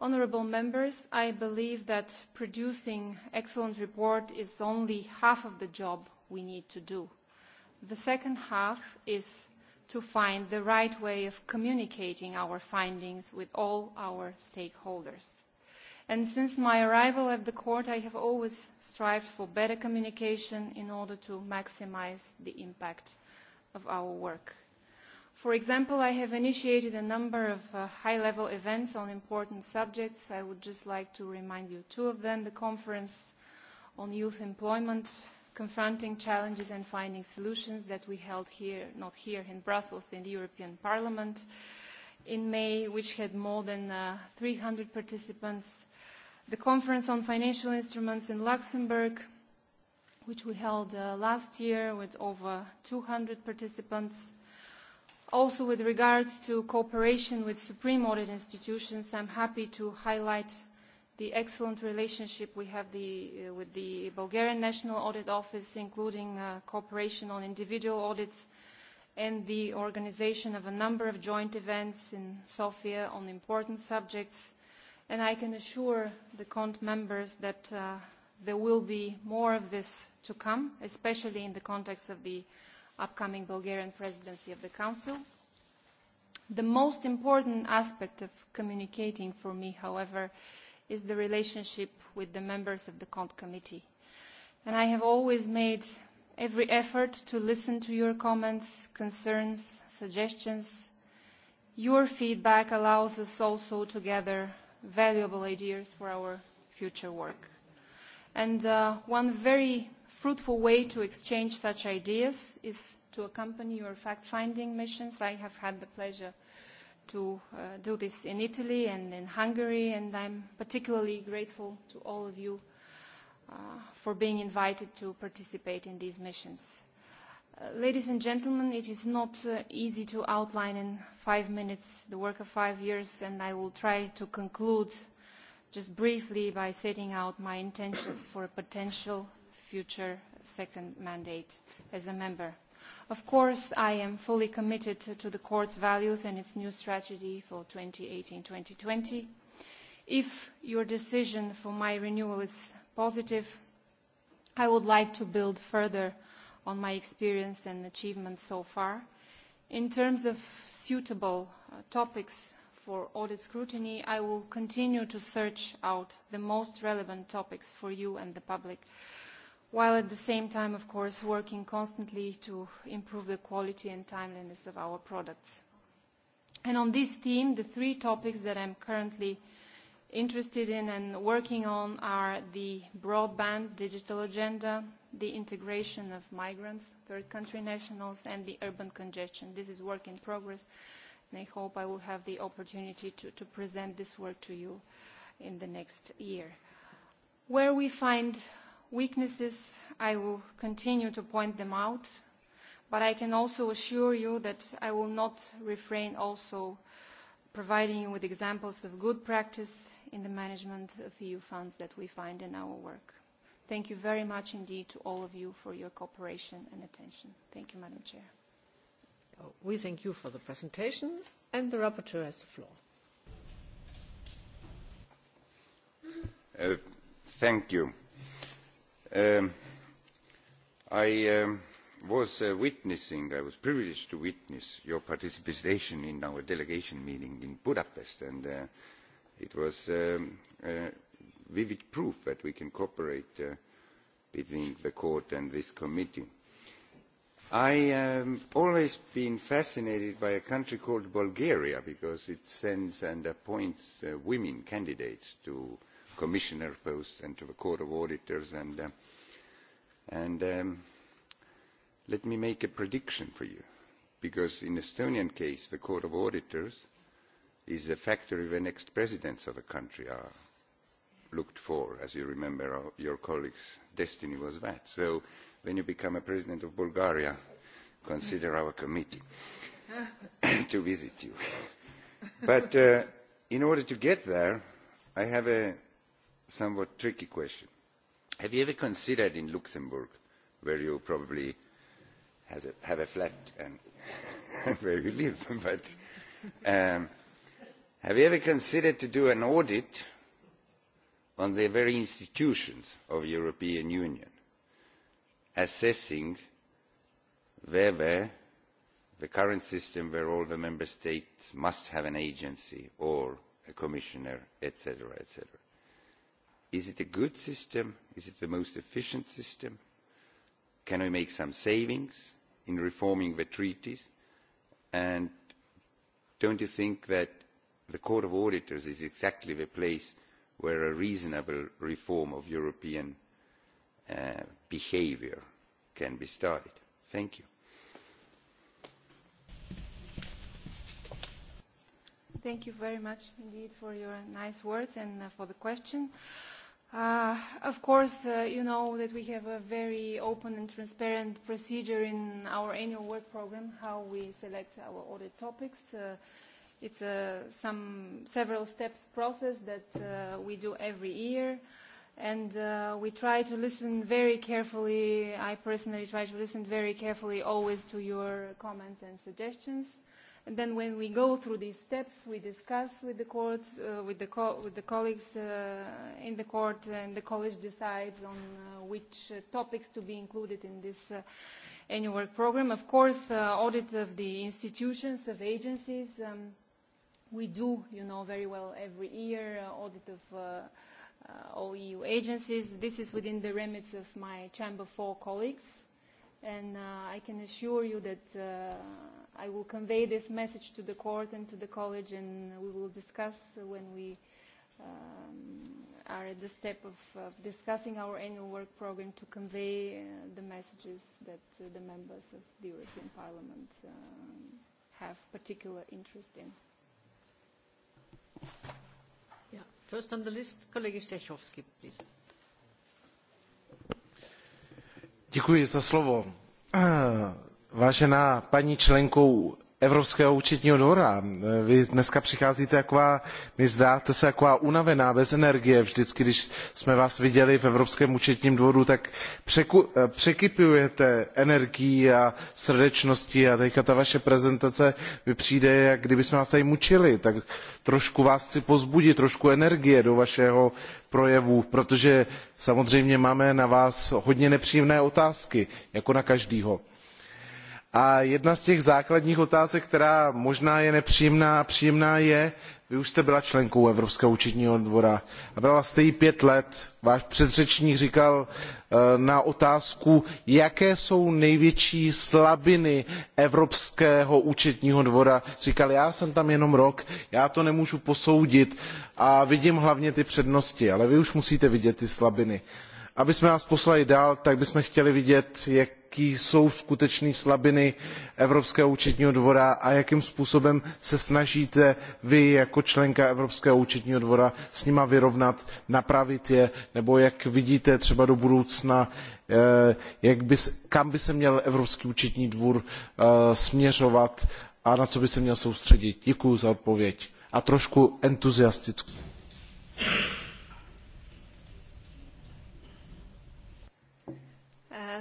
Honourable members, I believe that producing excellent report is only half of the job we need to do. The second half is to find the right way of communicating our findings with all our stakeholders. And since my arrival at the court, I have always strived for better communication in order to maximize the impact of our work. For example, I have initiated a number of uh, high-level events on important subjects. I would just like to remind you two of them, the conference on youth employment confronting challenges and finding solutions that we held here, not here in Brussels, in the European Parliament in May, which had more than uh, 300 participants. The Conference on Financial Instruments in Luxembourg, which we held uh, last year with over 200 participants. Also with regards to cooperation with supreme audit institutions, I'm happy to highlight the excellent relationship we have uh, with the Bulgarian National Audit Office, including uh, cooperation on individual audits and the organization of a number of joint events in Sofia on important subjects. And I can assure the CONT members that uh, there will be more of this to come, especially in the context of the upcoming Bulgarian presidency of the Council. The most important aspect of communicating for me, however, is the relationship with the members of the Cont Committee. And I have always made every effort to listen to your comments, concerns, suggestions. Your feedback allows us also to gather valuable ideas for our future work. And uh, one very fruitful way to exchange such ideas is to accompany your fact-finding missions. I have had the pleasure to uh, do this in Italy and in Hungary, and I'm particularly grateful to all of you uh, for being invited to participate in these missions. Uh, ladies and gentlemen, it is not uh, easy to outline in five minutes the work of five years, and I will try to conclude just briefly by setting out my intentions for a potential future second mandate as a member Of course, I am fully committed to the Court's values and its new strategy for 2018-2020. If your decision for my renewal is positive, I would like to build further on my experience and achievements so far. In terms of suitable uh, topics for audit scrutiny, I will continue to search out the most relevant topics for you and the public while at the same time, of course, working constantly to improve the quality and timeliness of our products. And on this theme, the three topics that I'm currently interested in and working on are the broadband digital agenda, the integration of migrants, third country nationals, and the urban congestion. This is work in progress, and I hope I will have the opportunity to, to present this work to you in the next year. Where we find weaknesses, I will continue to point them out, but I can also assure you that I will not refrain also providing you with examples of good practice in the management of EU funds that we find in our work. Thank you very much indeed to all of you for your cooperation and attention. Thank you, Madam Chair. Oh, we thank you for the presentation and the rapporteur has the floor. Uh, thank you. Um, i um, was uh, witnessing i was privileged to witness your participation in our delegation meeting in budapest and uh, it was um, vivid proof that we can cooperate uh, between the court and this committee. i have always been fascinated by a country called bulgaria because it sends and appoints women candidates to commissioner post and to the court of auditors and uh, and um, let me make a prediction for you because in estonian case the court of auditors is the factory the next presidents of the country are looked for as you remember your colleagues destiny was that so when you become a president of bulgaria consider our committee to visit you but uh, in order to get there i have a somewhat tricky question. Have you ever considered in Luxembourg, where you probably have a flat and where you live, but um, have you ever considered to do an audit on the very institutions of the European Union, assessing whether the current system where all the member states must have an agency or a commissioner, etc., etc.? is it a good system? Is it the most efficient system? Can we make some savings in reforming the treaties? And don't you think that the Court of Auditors is exactly the place where a reasonable reform of European uh, behaviour can be started? Thank you. Thank you very much indeed for your nice words and uh, for the question. Uh, of course, uh, you know that we have a very open and transparent procedure in our annual work program, how we select our audit topics. Uh, it's a some several steps process that we do every year, and we try to listen very carefully. I personally try to listen very carefully always to your comments and suggestions then when we go through these steps, we discuss with the courts, uh, with, the co with the colleagues uh, in the court, and the college decides on uh, which uh, topics to be included in this uh, annual work program. Of course, uh, audit of the institutions, of agencies, um, we do, you know, very well every year, uh, audit of uh, uh, all EU agencies. This is within the remits of my Chamber 4 colleagues, and uh, I can assure you that uh, i will convey this message to the court and to the college and we will discuss when we um, are at the step of, discussing our annual work program to convey uh, the messages that uh, the members of the European Parliament uh, have particular interest in. Yeah. First on the list, colleague Stechowski, please. Děkuji za slovo Vážená paní členkou Evropského účetního dvora, vy dneska přicházíte taková, mi zdáte se taková unavená, bez energie. Vždycky, když jsme vás viděli v Evropském účetním dvoru, tak překypujete energií a srdečností a teďka ta vaše prezentace mi přijde, jak kdybychom vás tady mučili, tak trošku vás chci pozbudit, trošku energie do vašeho projevu, protože samozřejmě máme na vás hodně nepříjemné otázky, jako na každého a jedna z těch základních otázek která možná je nepříjemná a příjemná je vy už jste byla členkou evropského účetního dvora a byla jste jí pět let váš předřečník říkal eh, na otázku jaké jsou největší slabiny evropského účetního dvora říkal já jsem tam jenom rok já to nemůžu posoudit a vidím hlavně ty přednosti ale vy už musíte vidět ty slabiny. abychom vás poslali dál tak bychom chtěli vidět jak jaké jsou skutečné slabiny evropského účetního dvora a jakým způsobem se snažíte vy jako členka evropského účetního dvora s nimi vyrovnat napravit je nebo jak vidíte třeba do budoucna eh, kam by se měl evropský účetní dvůr eh, směřovat a na co by se měl soustředit. děkuji za odpověď a trošku entuziastickou.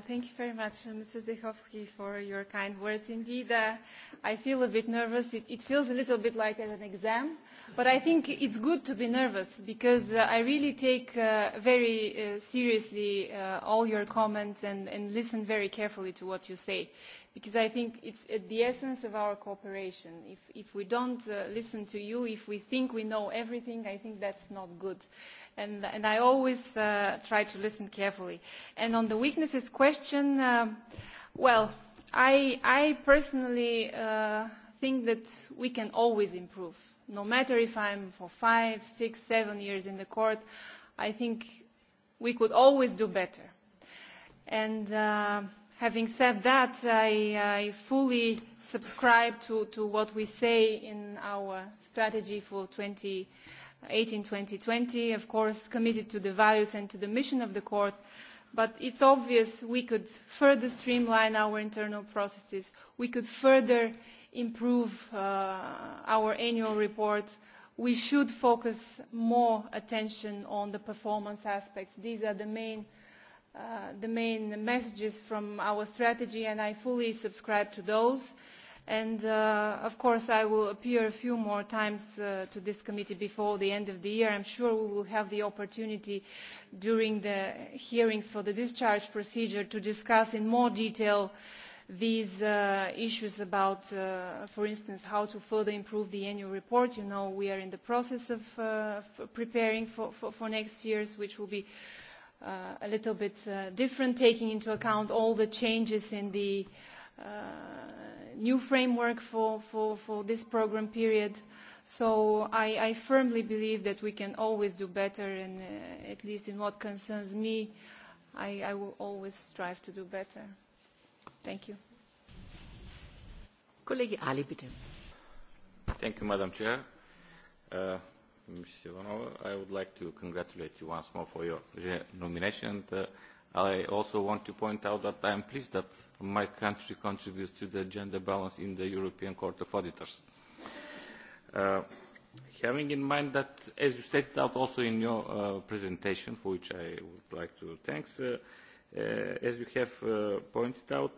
Thank you very much, uh, Mrs. Zdechovsky, for your kind words. Indeed, uh, I feel a bit nervous. It, it feels a little bit like an exam, but I think it's good to be nervous because uh, I really take uh, very uh, seriously uh, all your comments and, and listen very carefully to what you say because I think it's at the essence of our cooperation. If, if we don't uh, listen to you, if we think we know everything, I think that's not good and, and I always uh, try to listen carefully. And on the weaknesses question, uh, well, I, I personally uh, think that we can always improve. No matter if I'm for five, six, seven years in the court, I think we could always do better. And uh, having said that, I, I fully subscribe to, to what we say in our strategy for 2020 18-2020, of course, committed to the values and to the mission of the court, but it's obvious we could further streamline our internal processes. We could further improve uh, our annual report. We should focus more attention on the performance aspects. These are the main, uh, the main messages from our strategy, and I fully subscribe to those. Uh, And uh, of course, I will appear a few more times uh, to this committee before the end of the year. I'm sure we will have the opportunity during the hearings for the discharge procedure to discuss in more detail these uh, issues about, uh, for instance, how to further improve the annual report. You know, we are in the process of uh, preparing for, for, for next year's, which will be uh, a little bit uh, different, taking into account all the changes in the uh, new framework for, for, for this program period. So I, I firmly believe that we can always do better, and uh, at least in what concerns me, I, I will always strive to do better. Thank you. Colleague Ali, bitte. Thank you, Madam Chair. Uh, Ivanova, I would like to congratulate you once more for your nomination. And, uh, i also want to point out that I am pleased that my country contributes to the gender balance in the European Court of Auditors. Uh, having in mind that, as you stated out also in your uh, presentation, for which I would like to thank, uh, as you have pointed out,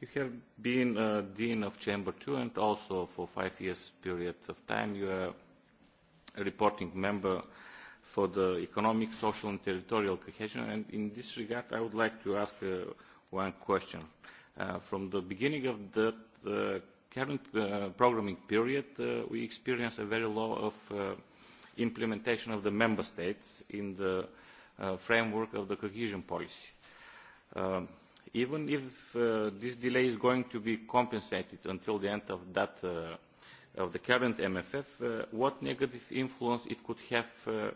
you have been Dean of Chamber 2 and also for five years period of time you are a reporting member for the economic, social and territorial cohesion. And in this regard, I would like to ask uh, one question. Uh, from the beginning of the uh, current uh, programming period, uh, we experience a very low of uh, implementation of the member states in the uh, framework of the cohesion policy. Um, even if uh, this delay is going to be compensated until the end of that uh, of the current MFF, uh, what negative influence it could have uh,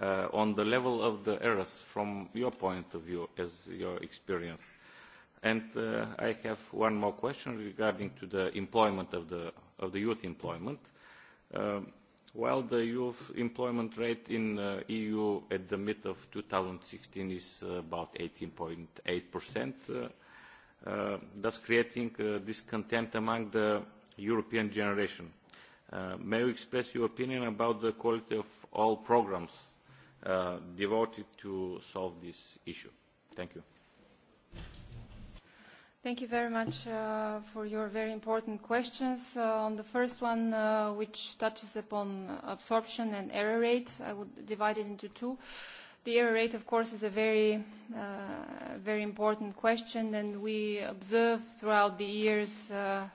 Uh, on the level of the errors from your point of view as your experience. And uh, I have one more question regarding to the employment of the, of the youth employment. Um, while the youth employment rate in the uh, EU at the mid of 2016 is uh, about 18.8%, uh, uh, thus creating uh, discontent among the European generation. Uh, may you express your opinion about the quality of all programs Uh, devoted to solve this issue. Thank you. Thank you very much uh, for your very important questions. Uh, on the first one, uh, which touches upon absorption and error rate, I would divide it into two. The error rate, of course, is a very, uh, very important question, and we observed throughout the years uh,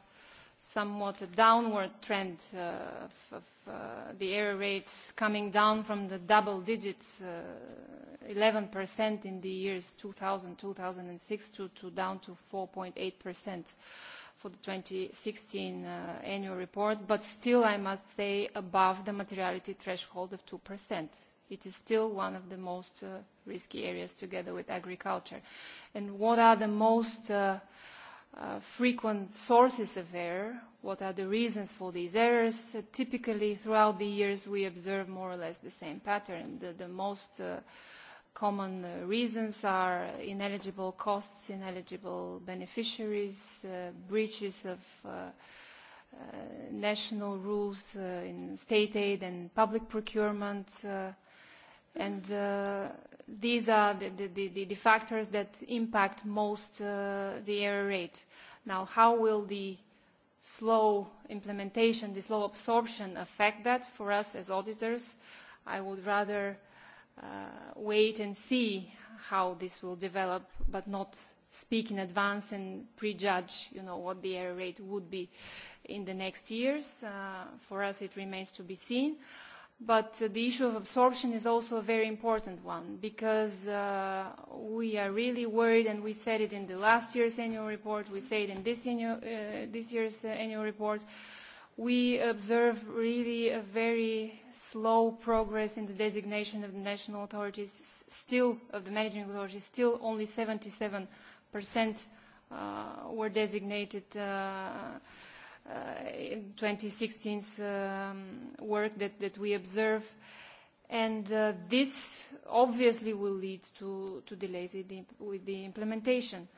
somewhat a downward trend uh, of, uh, the error rates coming down from the double digits, 11% uh, in the years 2000, 2006 to, to down to 4.8% for the 2016 uh, annual report, but still, I must say, above the materiality threshold of 2%. It is still one of the most risky areas together with agriculture. And what are the most Uh, frequent sources of error, what are the reasons for these errors. Uh, typically, throughout the years, we observe more or less the same pattern. The, most uh, common reasons are ineligible costs, ineligible beneficiaries, breaches of national rules in state aid and public procurement, And uh, these are the, the, the, the factors that impact most uh, the error rate. Now, how will the slow implementation, the slow absorption affect that for us as auditors? I would rather uh, wait and see how this will develop, but not speak in advance and prejudge you know, what the error rate would be in the next years. Uh, for us, it remains to be seen. Uh, But the issue of absorption is also a very important one because uh, we are really worried, and we said it in the last year's annual report, we say it in this, annual, uh, this year's uh, annual report. We observe really a very slow progress in the designation of the national authorities, still of the managing authorities, still only 77% uh, were designated uh, Uh, in 2016's um, work that, that we observe. And uh, this obviously will lead to, to delays in the, with the implementation.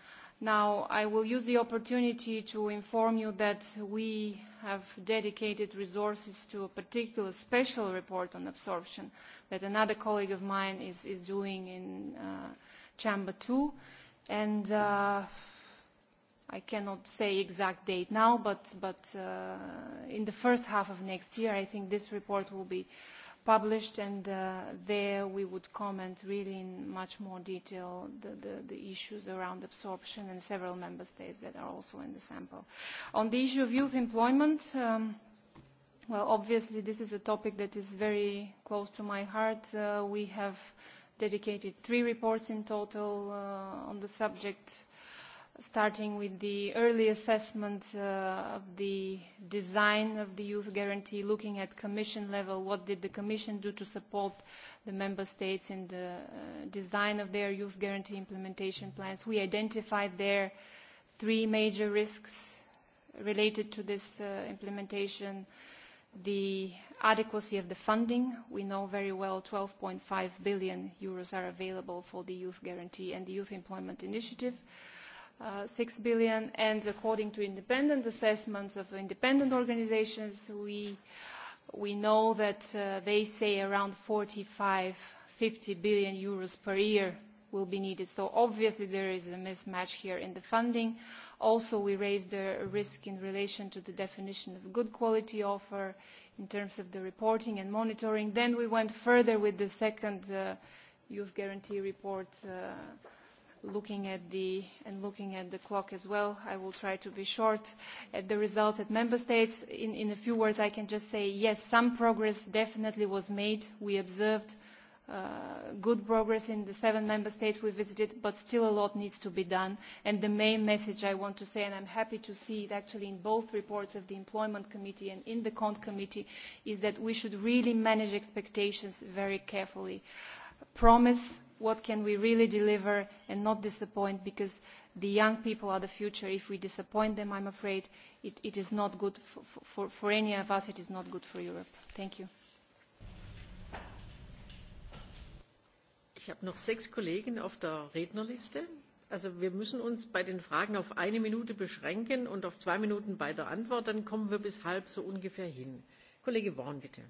Now, I will use the opportunity to inform you that we have dedicated resources to a particular special report on absorption that another colleague of mine is, is doing in uh, Chamber 2. And uh, i cannot say exact date now, but, but uh, in the first half of next year, I think this report will be published, and uh, there we would comment really in much more detail the, the, the issues around absorption and several member states that are also in the sample. On the issue of youth employment, um, well, obviously this is a topic that is very close to my heart. Uh, we have dedicated three reports in total on the subject starting with the early assessment uh, of the design of the youth guarantee, looking at commission level, what did the commission do to support the member states in the uh, design of their youth guarantee implementation plans. We identified there three major risks related to this uh, implementation. The adequacy of the funding. We know very well 12.5 billion euros are available for the youth guarantee and the youth employment initiative. 6 uh, billion and according to independent assessments of independent organizations we we know that uh, they say around 45 50 billion euros per year will be needed so obviously there is a mismatch here in the funding also we raised the risk in relation to the definition of good quality offer in terms of the reporting and monitoring then we went further with the second uh, youth guarantee report uh, looking at the and looking at the clock as well. I will try to be short at the results at member states. In, a few words, I can just say, yes, some progress definitely was made. We observed uh, good progress in the seven member states we visited, but still a lot needs to be done. And the main message I want to say, and I'm happy to see it actually in both reports of the Employment Committee and in the CONT Committee, is that we should really manage expectations very carefully. Promise what can we really deliver and not disappoint because the young people are the future. If we disappoint them, I'm afraid it, is not good for, for, for any of us. It is not good for Europe. Thank you. Ich habe noch sechs Kollegen auf der Rednerliste. Also wir müssen uns bei den Fragen auf eine Minute beschränken und auf zwei Minuten bei der Antwort. Dann kommen wir bis halb so ungefähr hin. Kollege Worn, bitte.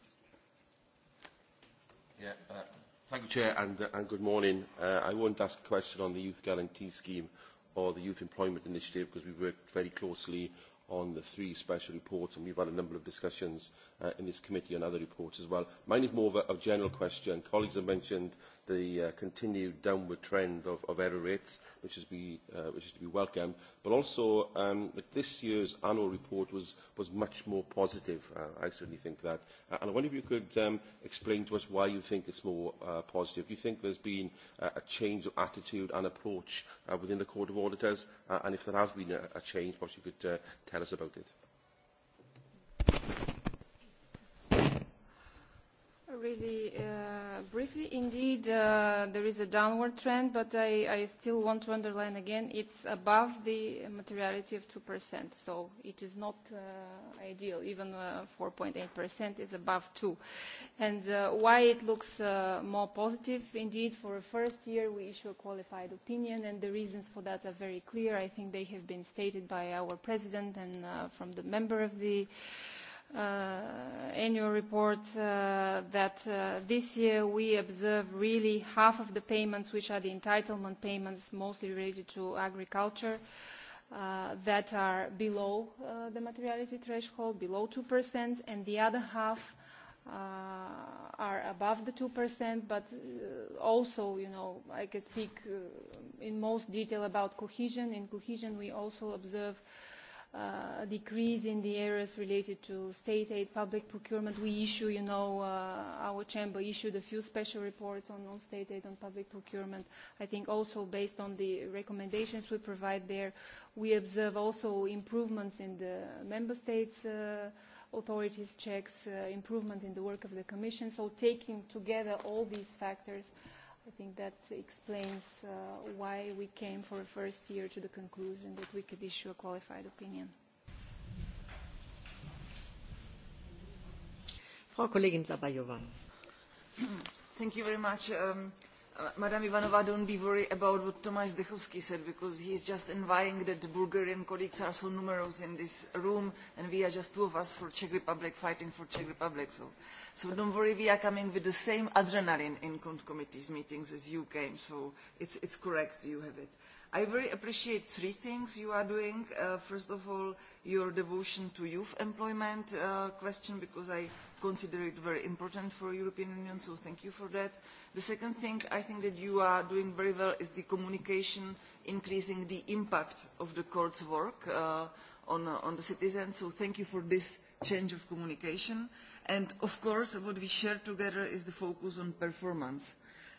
Yeah, äh, Thank you, Chair, and, uh, and good morning. Uh, I won't ask a question on the Youth Guarantee Scheme or the Youth Employment Initiative because we've worked very closely on the three special reports and we've had a number of discussions uh, in this committee on other reports as well. Mine is more of a, a general question. Colleagues have mentioned the uh, continued downward trend of, of error rates, which is, be, uh, which is to be welcome. But also, um, that this year's annual report was, was much more positive. Uh, I certainly think that. Uh, and I wonder if you could um, explain to us why you think it's more uh, positive. Do you think there's been uh, a change of attitude and approach uh, within the Court of Auditors? Uh, and if there has been a, a change, perhaps you could uh, tell us about it. really uh, briefly. Indeed, uh, there is a downward trend, but I, I still want to underline again, it's above the materiality of 2%, so it is not uh, ideal. Even 4.8% uh, is above 2. And uh, why it looks uh, more positive? Indeed, for a first year, we issue a qualified opinion, and the reasons for that are very clear. I think they have been stated by our president and from the member of the Uh, annual report uh, that uh, this year we observe really half of the payments, which are the entitlement payments, mostly related to agriculture, that are below the materiality threshold, below 2%, and the other half are above the 2%, but also, you know, I can speak in most detail about cohesion. In cohesion, we also observe uh, decrease in the areas related to state aid, public procurement. We issue, you know, uh, our chamber issued a few special reports on, non state aid and public procurement. I think also based on the recommendations we provide there, we observe also improvements in the member states' uh, authorities checks, uh, improvement in the work of the Commission. So taking together all these factors, i think that explains uh, why we came for the first year to the conclusion that we could issue a qualified opinion. Frau Kollegin Thank you very much. Um, Uh, Madam Ivanova, don't be worried about what Tomáš Zdechovský said, because he is just inviting that Bulgarian colleagues are so numerous in this room, and we are just two of us for Czech Republic, fighting for Czech Republic. So, so don't worry, we are coming with the same adrenaline in committees meetings as you came, so it's, it's correct, you have it. I very appreciate three things you are doing. Uh, first of all, your devotion to youth employment uh, question, because I consider it very important for the European Union, so thank you for that. The second thing I think that you are doing very well is the communication, increasing the impact of the court's work uh, uh, on, the citizens, so thank you for this change of communication. And of course, what we share together is the focus on performance.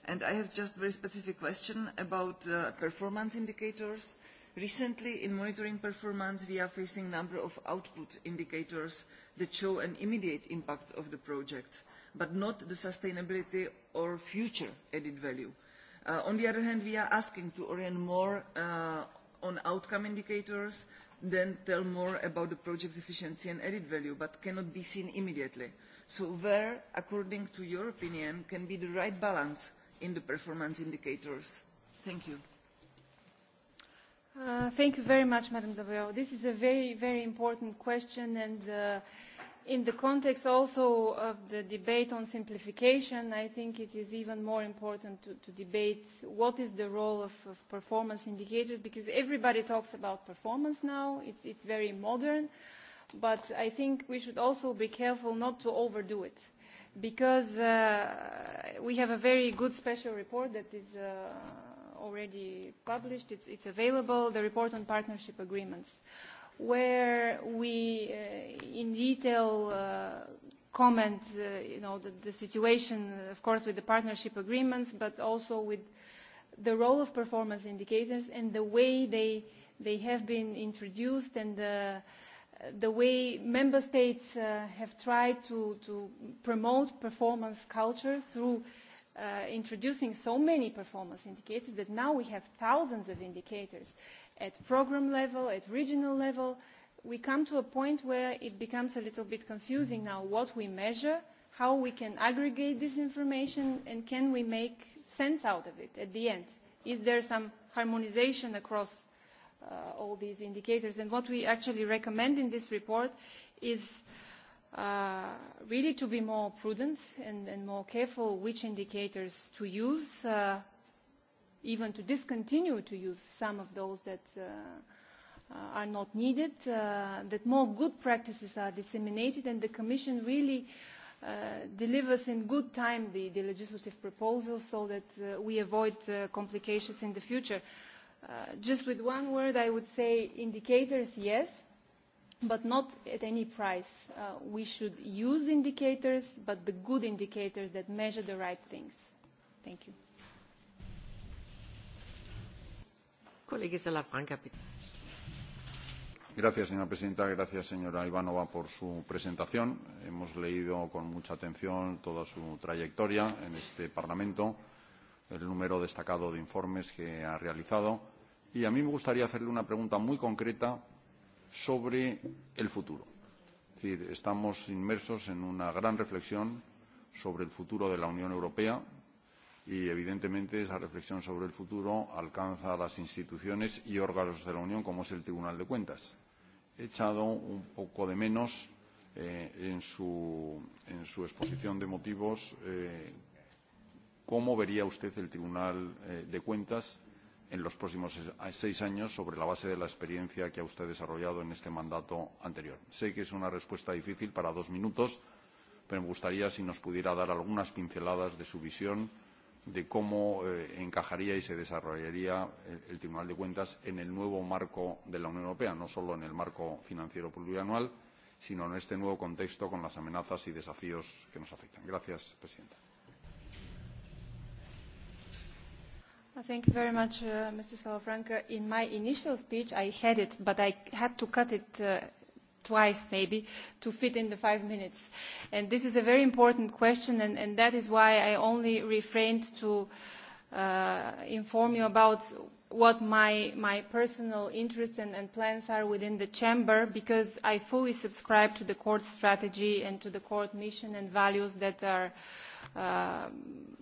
And I have just a very specific question about uh, performance indicators. Recently, in monitoring performance, we are facing a number of output indicators that show an immediate impact of the project, but not the sustainability or future added value. Uh, on the other hand, we are asking to orient more uh, on outcome indicators, than tell more about the project's efficiency and added value, but cannot be seen immediately. So where, according to your opinion, can be the right balance in the performance indicators? Thank you. Uh, thank you very much, Madam Gabriel. This is a very, very important question, and uh, in the context also of the debate on simplification, I think it is even more important to, to debate what is the role of, of performance indicators, because everybody talks about performance now. It's, it's very modern, but I think we should also be careful not to overdo it because uh, we have a very good special report that is uh, already published. It's, it's available, the report on partnership agreements, where we uh, in detail uh, comment uh, you know, the, the situation, of course, with the partnership agreements, but also with the role of performance indicators and the way they, they have been introduced and the, the way member states uh, have tried to, to promote performance culture through uh, uh, introducing so many performance indicators that now we have thousands of indicators at program level, at regional level. We come to a point where it becomes a little bit confusing now what we measure, how we can aggregate this information, and can we make sense out of it at the end? Is there some harmonization across uh, all these indicators? And what we actually recommend in this report is Uh, really to be more prudent and, and more careful which indicators to use, uh, even to discontinue to use some of those that uh, uh are not needed, uh, that more good practices are disseminated and the Commission really uh, delivers in good time the, the legislative proposal so that we avoid complications in the future. Just with one word, I would say indicators, yes, but not at any price. Uh, we should use indicators, but the good indicators that measure the right things. Thank you. Gracias, señora presidenta. Gracias, señora Ivanova, por su presentación. Hemos leído con mucha atención toda su trayectoria en este Parlamento, el número destacado de informes que ha realizado. Y a mí me gustaría hacerle una pregunta muy concreta sobre el futuro. Es decir, estamos inmersos en una gran reflexión sobre el futuro de la Unión Europea y, evidentemente, esa reflexión sobre el futuro alcanza a las instituciones y órganos de la Unión, como es el Tribunal de Cuentas. He echado un poco de menos eh, en, su, exposición de motivos eh, cómo vería usted el Tribunal eh, de Cuentas en los próximos seis años sobre la base de la experiencia que ha usted desarrollado en este mandato anterior. Sé que es una respuesta difícil para dos minutos, pero me gustaría si nos pudiera dar algunas pinceladas de su visión de cómo eh, encajaría y se desarrollaría el, eh, el Tribunal de Cuentas en el nuevo marco de la Unión Europea, no solo en el marco financiero plurianual, sino en este nuevo contexto con las amenazas y desafíos que nos afectan. Gracias, Presidenta. Thank you very much, uh, Mr. Salafranca. In my initial speech, I had it, but I had to cut it uh, twice maybe to fit in the five minutes. And this is a very important question, and, and that is why I only refrained to uh, inform you about what my, my personal interests and, and plans are within the chamber, because I fully subscribe to the court strategy and to the court mission and values that are uh, Uh,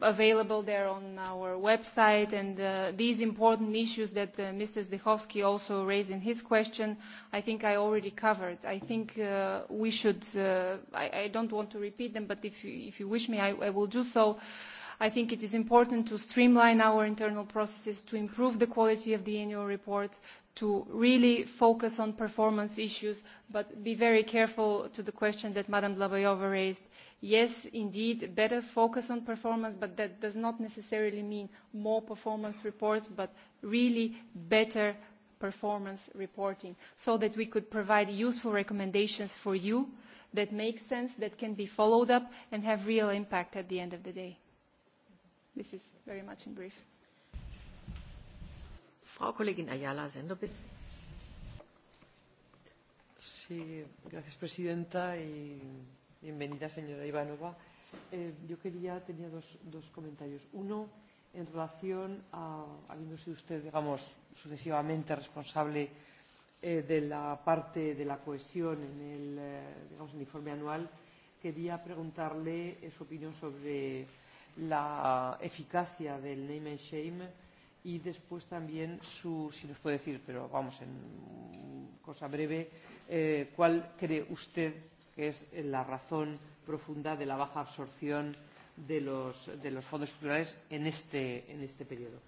available there on our website. And uh, these important issues that uh, Mr. Zdechovsky also raised in his question, I think I already covered. I think we should, I, I don't want to repeat them, but if you, if you wish me, I, I will do so. I think it is important to streamline our internal processes, to improve the quality of the annual report, to really focus on performance issues, but be very careful to the question that Madam Dlabajova raised yes, indeed, better focus on performance, but that does not necessarily mean more performance reports, but really better performance reporting so that we could provide useful recommendations for you that make sense, that can be followed up and have real impact at the end of the day. This is very much in brief. Frau Kollegin Ayala Sender, bitte. Sí, gracias, Presidenta. Y Bienvenida, señora Ivanova. Eh, yo quería, tenía dos, dos comentarios. Uno, en relación a, habiendo sido usted, digamos, sucesivamente responsable eh, de la parte de la cohesión en el, eh, digamos, en el informe anual, quería preguntarle eh, su opinión sobre la eficacia del name and shame y después también su, si nos puede decir, pero vamos, en cosa breve, eh, cuál cree usted que es la razón profunda de la baja absorción de los, de los fondos estructurales en este, en este periodo.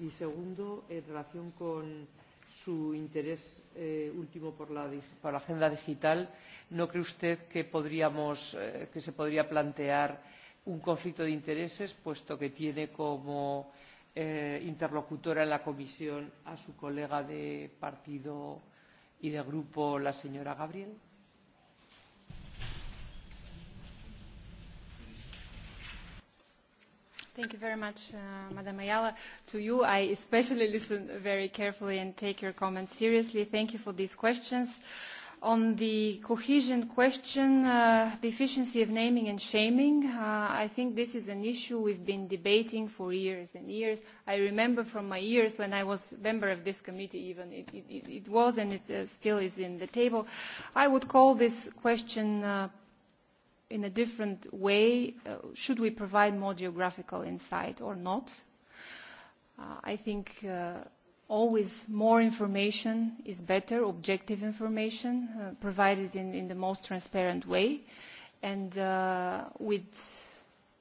Y segundo, en relación con su interés eh, último por la, por la agenda digital, ¿no cree usted que, podríamos, eh, que se podría plantear un conflicto de intereses, puesto que tiene como eh, interlocutora en la comisión a su colega de partido y de grupo, la señora Gabriel? Thank you very much, uh, Madam Ayala. To you, I especially listen very carefully and take your comments seriously. Thank you for these questions. On the cohesion question, uh, the efficiency of naming and shaming, uh, I think this is an issue we've been debating for years and years. I remember from my years when I was member of this committee even, it, it, it was and it uh, still is in the table. I would call this question uh, in a different way, uh, should we provide more geographical insight or not? Uh, I think uh, always more information is better, objective information, provided in, the most transparent way. And with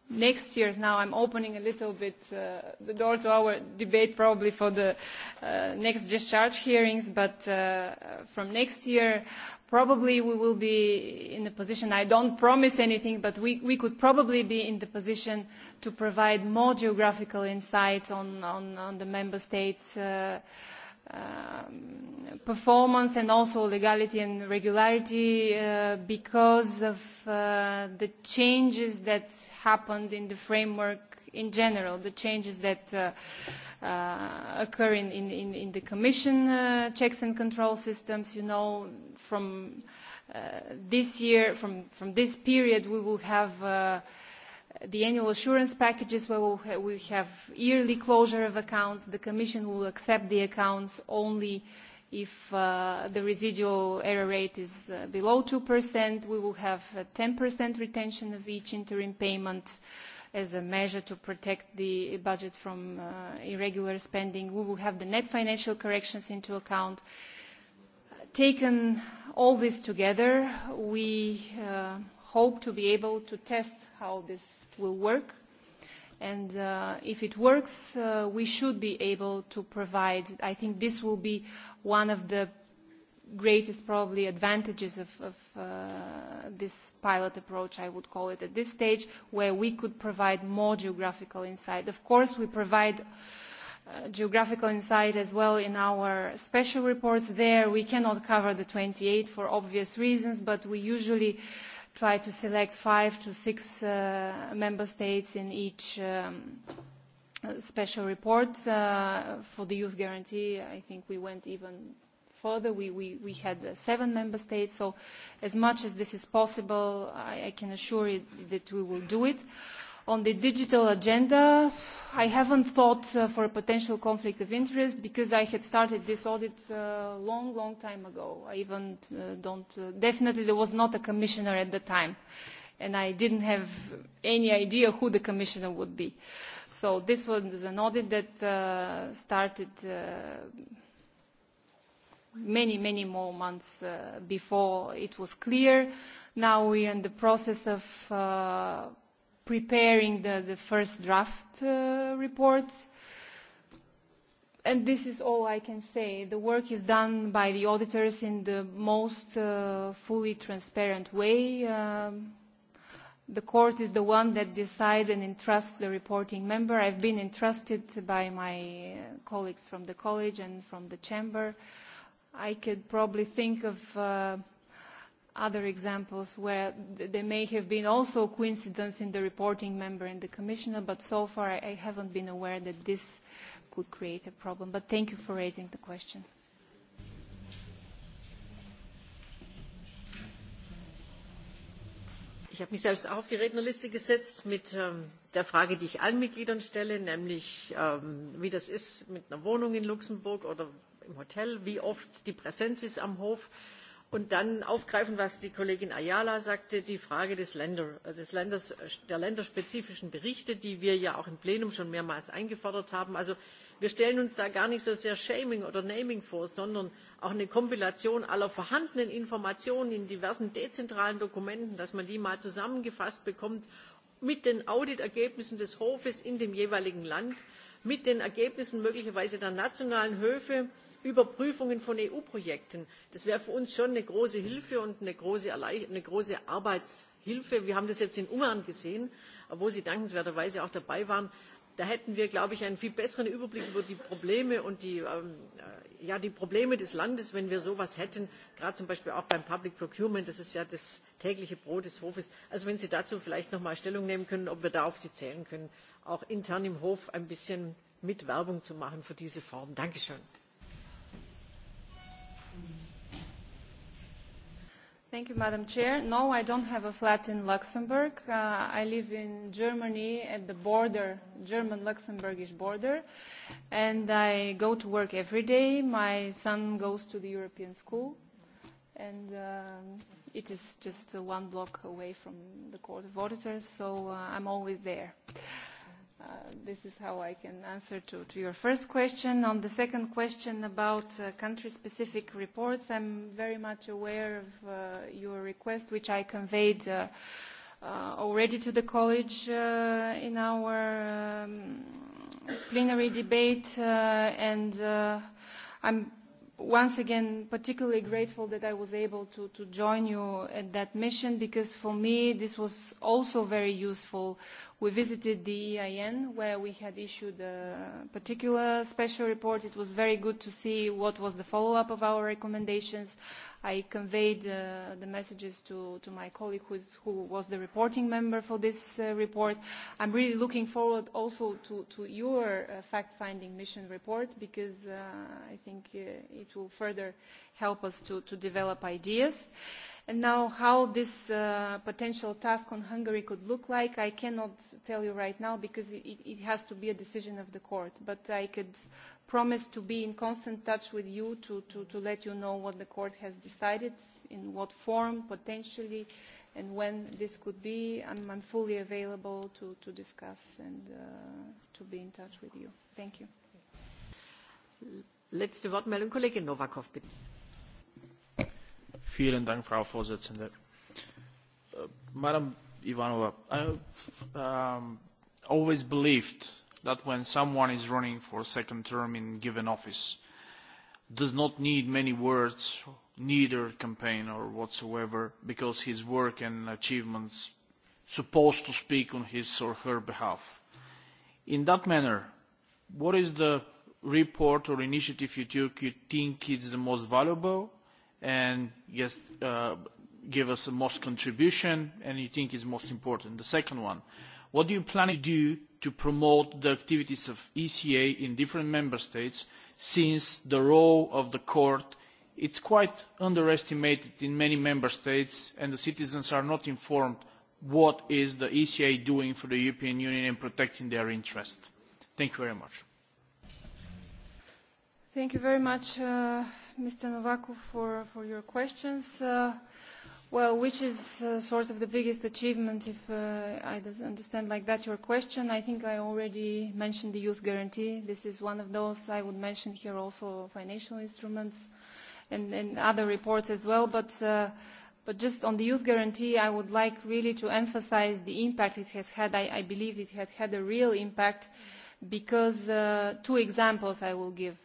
next year's now, I'm opening a little bit the door to our debate probably for the next discharge hearings, but from next year, probably we will be in a position, I don't promise anything, but we, we could probably be in the position to provide more geographical insight on, on, on the member states' uh, um, performance and also legality and regularity uh, because of uh, the changes that happened in the framework in general, the changes that uh, uh, occur in, in, in the Commission uh, checks and control systems, you know, from uh, this year, from, this period, we will have uh, the annual assurance packages where we have yearly closure of accounts. The Commission will accept the accounts only if uh, the residual error rate is below 2%. We will have a 10% retention of each interim payment as a measure to protect the budget from uh, irregular spending. We will have the net financial corrections into account taken all this together, we uh, hope to be able to test how this will work. And uh, if it works, uh, we should be able to provide. I think this will be one of the greatest probably advantages of, of uh, this pilot approach, I would call it at this stage, where we could provide more geographical insight. Of course, we provide uh, Uh, geographical insight as well in our special reports there. We cannot cover the 28 for obvious reasons, but we usually try to select five to six uh, member states in each um, special report. Uh, for the youth guarantee, I think we went even further. We, we, we had seven member states, so as much as this is possible, I, can assure you that we will do it. On the digital agenda, I haven't thought uh, for a potential conflict of interest because I had started this audit a uh, long, long time ago. I even uh, don't, uh, definitely there was not a commissioner at the time and I didn't have any idea who the commissioner would be. So this was an audit that uh, started uh, many, many more months uh, before it was clear. Now we are in the process of uh, preparing the, the first draft uh, report. And this is all I can say. The work is done by the auditors in the most uh, fully transparent way. Um, the court is the one that decides and entrusts the reporting member. I've been entrusted by my uh, colleagues from the college and from the chamber. I could probably think of... Uh, other examples where there may have been also coincidence in the reporting member and the commissioner, but so far I haven't been aware that this could create a problem. But thank you for raising the question. Ich habe mich selbst auch auf die Rednerliste gesetzt mit ähm, der Frage, die ich allen Mitgliedern stelle, nämlich ähm, wie das ist mit einer Wohnung in Luxemburg oder im Hotel, wie oft die Präsenz ist am Hof und dann aufgreifen was die kollegin ayala sagte die frage des Länder, äh, des der länderspezifischen berichte die wir ja auch im plenum schon mehrmals eingefordert haben. also wir stellen uns da gar nicht so sehr shaming oder naming vor sondern auch eine kompilation aller vorhandenen informationen in diversen dezentralen dokumenten dass man die mal zusammengefasst bekommt mit den auditergebnissen des hofes in dem jeweiligen land mit den ergebnissen möglicherweise der nationalen höfe überprüfungen von eu projekten das wäre für uns schon eine große hilfe und eine große, arbeitshilfe. wir haben das jetzt in ungarn gesehen wo sie dankenswerterweise auch dabei waren. da hätten wir glaube ich einen viel besseren überblick über die probleme und die, ähm, äh, die probleme des landes wenn wir so etwas hätten gerade zum beispiel auch beim public procurement das ist ja das tägliche brot des hofes. also wenn sie dazu vielleicht noch mal stellung nehmen können ob wir da auf sie zählen können auch intern im hof ein bisschen mit werbung zu machen für diese form. danke schön! Thank you, Madam Chair. No, I don't have a flat in Luxembourg. Uh, I live in Germany at the border, German-Luxembourgish border, and I go to work every day. My son goes to the European school, and uh, it is just uh, one block away from the Court of Auditors, so uh, I'm always there. Uh, Uh, this is how I can answer to, to your first question. On the second question about uh, country-specific reports, I'm very much aware of uh, your request, which I conveyed already to the college in our um, plenary debate, and I'm once again particularly grateful that I was able to, to join you at that mission because for me this was also very useful. We visited the EIN where we had issued a particular special report. It was very good to see what was the follow-up of our recommendations, i conveyed uh, the messages to, to my colleague who, is, who was the reporting member for this uh, report. I'm really looking forward also to, to your uh, fact-finding mission report because uh, I think uh, it will further help us to, to develop ideas. And now how this uh, potential task on Hungary could look like, I cannot tell you right now because it, it has to be a decision of the court. But I could promise to be in constant touch with you to, to, to let you know what the court has decided, in what form potentially, and when this could be. I'm, I'm fully available to, to discuss and uh, to be in touch with you. Thank you. Letzte Wortmeldung, Kollegin Novakov, bitte. Vielen Dank, Frau Vorsitzende. Uh, Madam Ivanova, I've um, always believed that when someone is running for a second term in given office, does not need many words, neither campaign or whatsoever, because his work and achievements supposed to speak on his or her behalf. In that manner, what is the report or initiative you took you think is the most valuable and yes, uh, give us the most contribution and you think is most important? The second one, what do you plan to do to promote the activities of ECA in different member states since the role of the court is quite underestimated in many member states and the citizens are not informed what is the ECA doing for the European Union in protecting their interests. Thank you very much. Thank you very much, uh, Mr. Novakov, for, for your questions. Uh, Well, which is uh, sort of the biggest achievement, if uh, I understand like that your question. I think I already mentioned the youth guarantee. This is one of those. I would mention here also financial instruments and, and other reports as well. But, uh, but just on the youth guarantee, I would like really to emphasize the impact it has had. I, I believe it has had a real impact because uh, two examples I will give.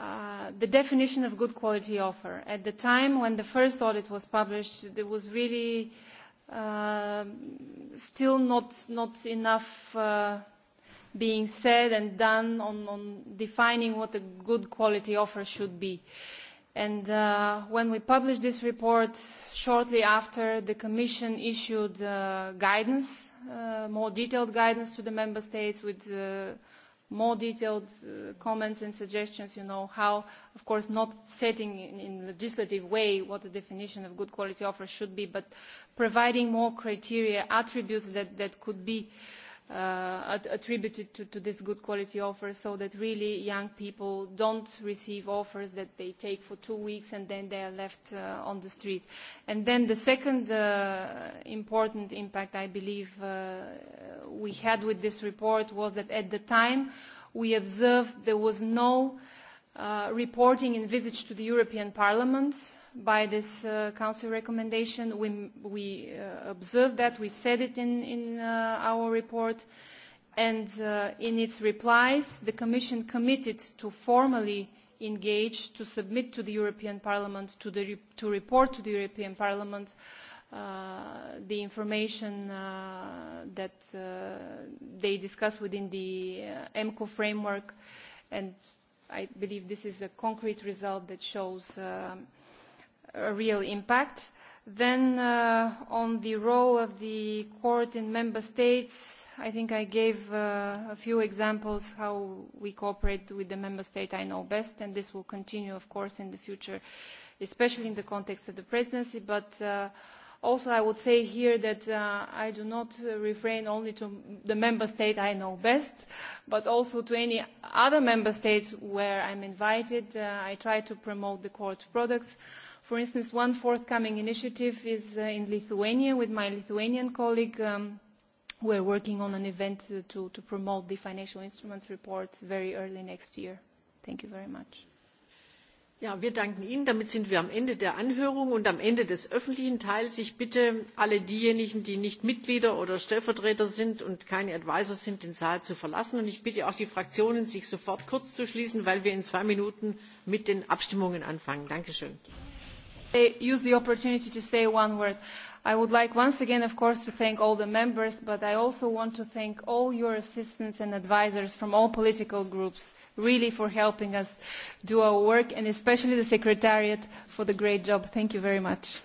Uh, the definition of good quality offer. At the time when the first audit was published, there was really uh, still not, not enough uh, being said and done on, defining what a good quality offer should be. And when we published this report, shortly after, the Commission issued uh, guidance, more detailed guidance to the Member States with uh, more detailed uh, comments and suggestions, you know, how, of course, not setting in, in legislative way what the definition of good quality offer should be, but providing more criteria, attributes that, that could be uh, attributed to, to this good quality offer so that really young people don't receive offers that they take for two weeks and then they are left uh, on the street. And then the second uh, important impact I believe uh, we had with this report was that at the time we observed there was no uh, reporting envisaged to the European Parliament by this uh, Council recommendation. We, we uh, observed that. We said it in, in uh, our report. And uh, in its replies, the Commission committed to formally engage to submit to the European Parliament, to, the re to report to the European Parliament uh, the information uh, that uh, they discuss within the uh, EMCO framework. And I believe this is a concrete result that shows uh, a real impact. Then uh, on the role of the court in member states, I think I gave uh, a few examples how we cooperate with the member state I know best, and this will continue, of course, in the future, especially in the context of the presidency. But uh, also I would say here that I do not refrain only to the member state I know best, but also to any other member states where I'm invited. I try to promote the court products. For instance, one forthcoming initiative is uh, in Lithuania with my Lithuanian colleague. Um, are working on an event to, to promote the financial instruments report very early next year. Thank you very much. Ja, wir danken Ihnen. Damit sind wir am Ende der Anhörung und am Ende des öffentlichen Teils. Ich bitte alle diejenigen, die nicht Mitglieder oder Stellvertreter sind und keine Advisor sind, den Saal zu verlassen. Und ich bitte auch die Fraktionen, sich sofort kurz zu schließen, weil wir in zwei Minuten mit den Abstimmungen anfangen. Dankeschön use the opportunity to say one word. I would like once again, of course, to thank all the members, but I also want to thank all your assistants and advisors from all political groups, really for helping us do our work, and especially the Secretariat for the great job. Thank you very much.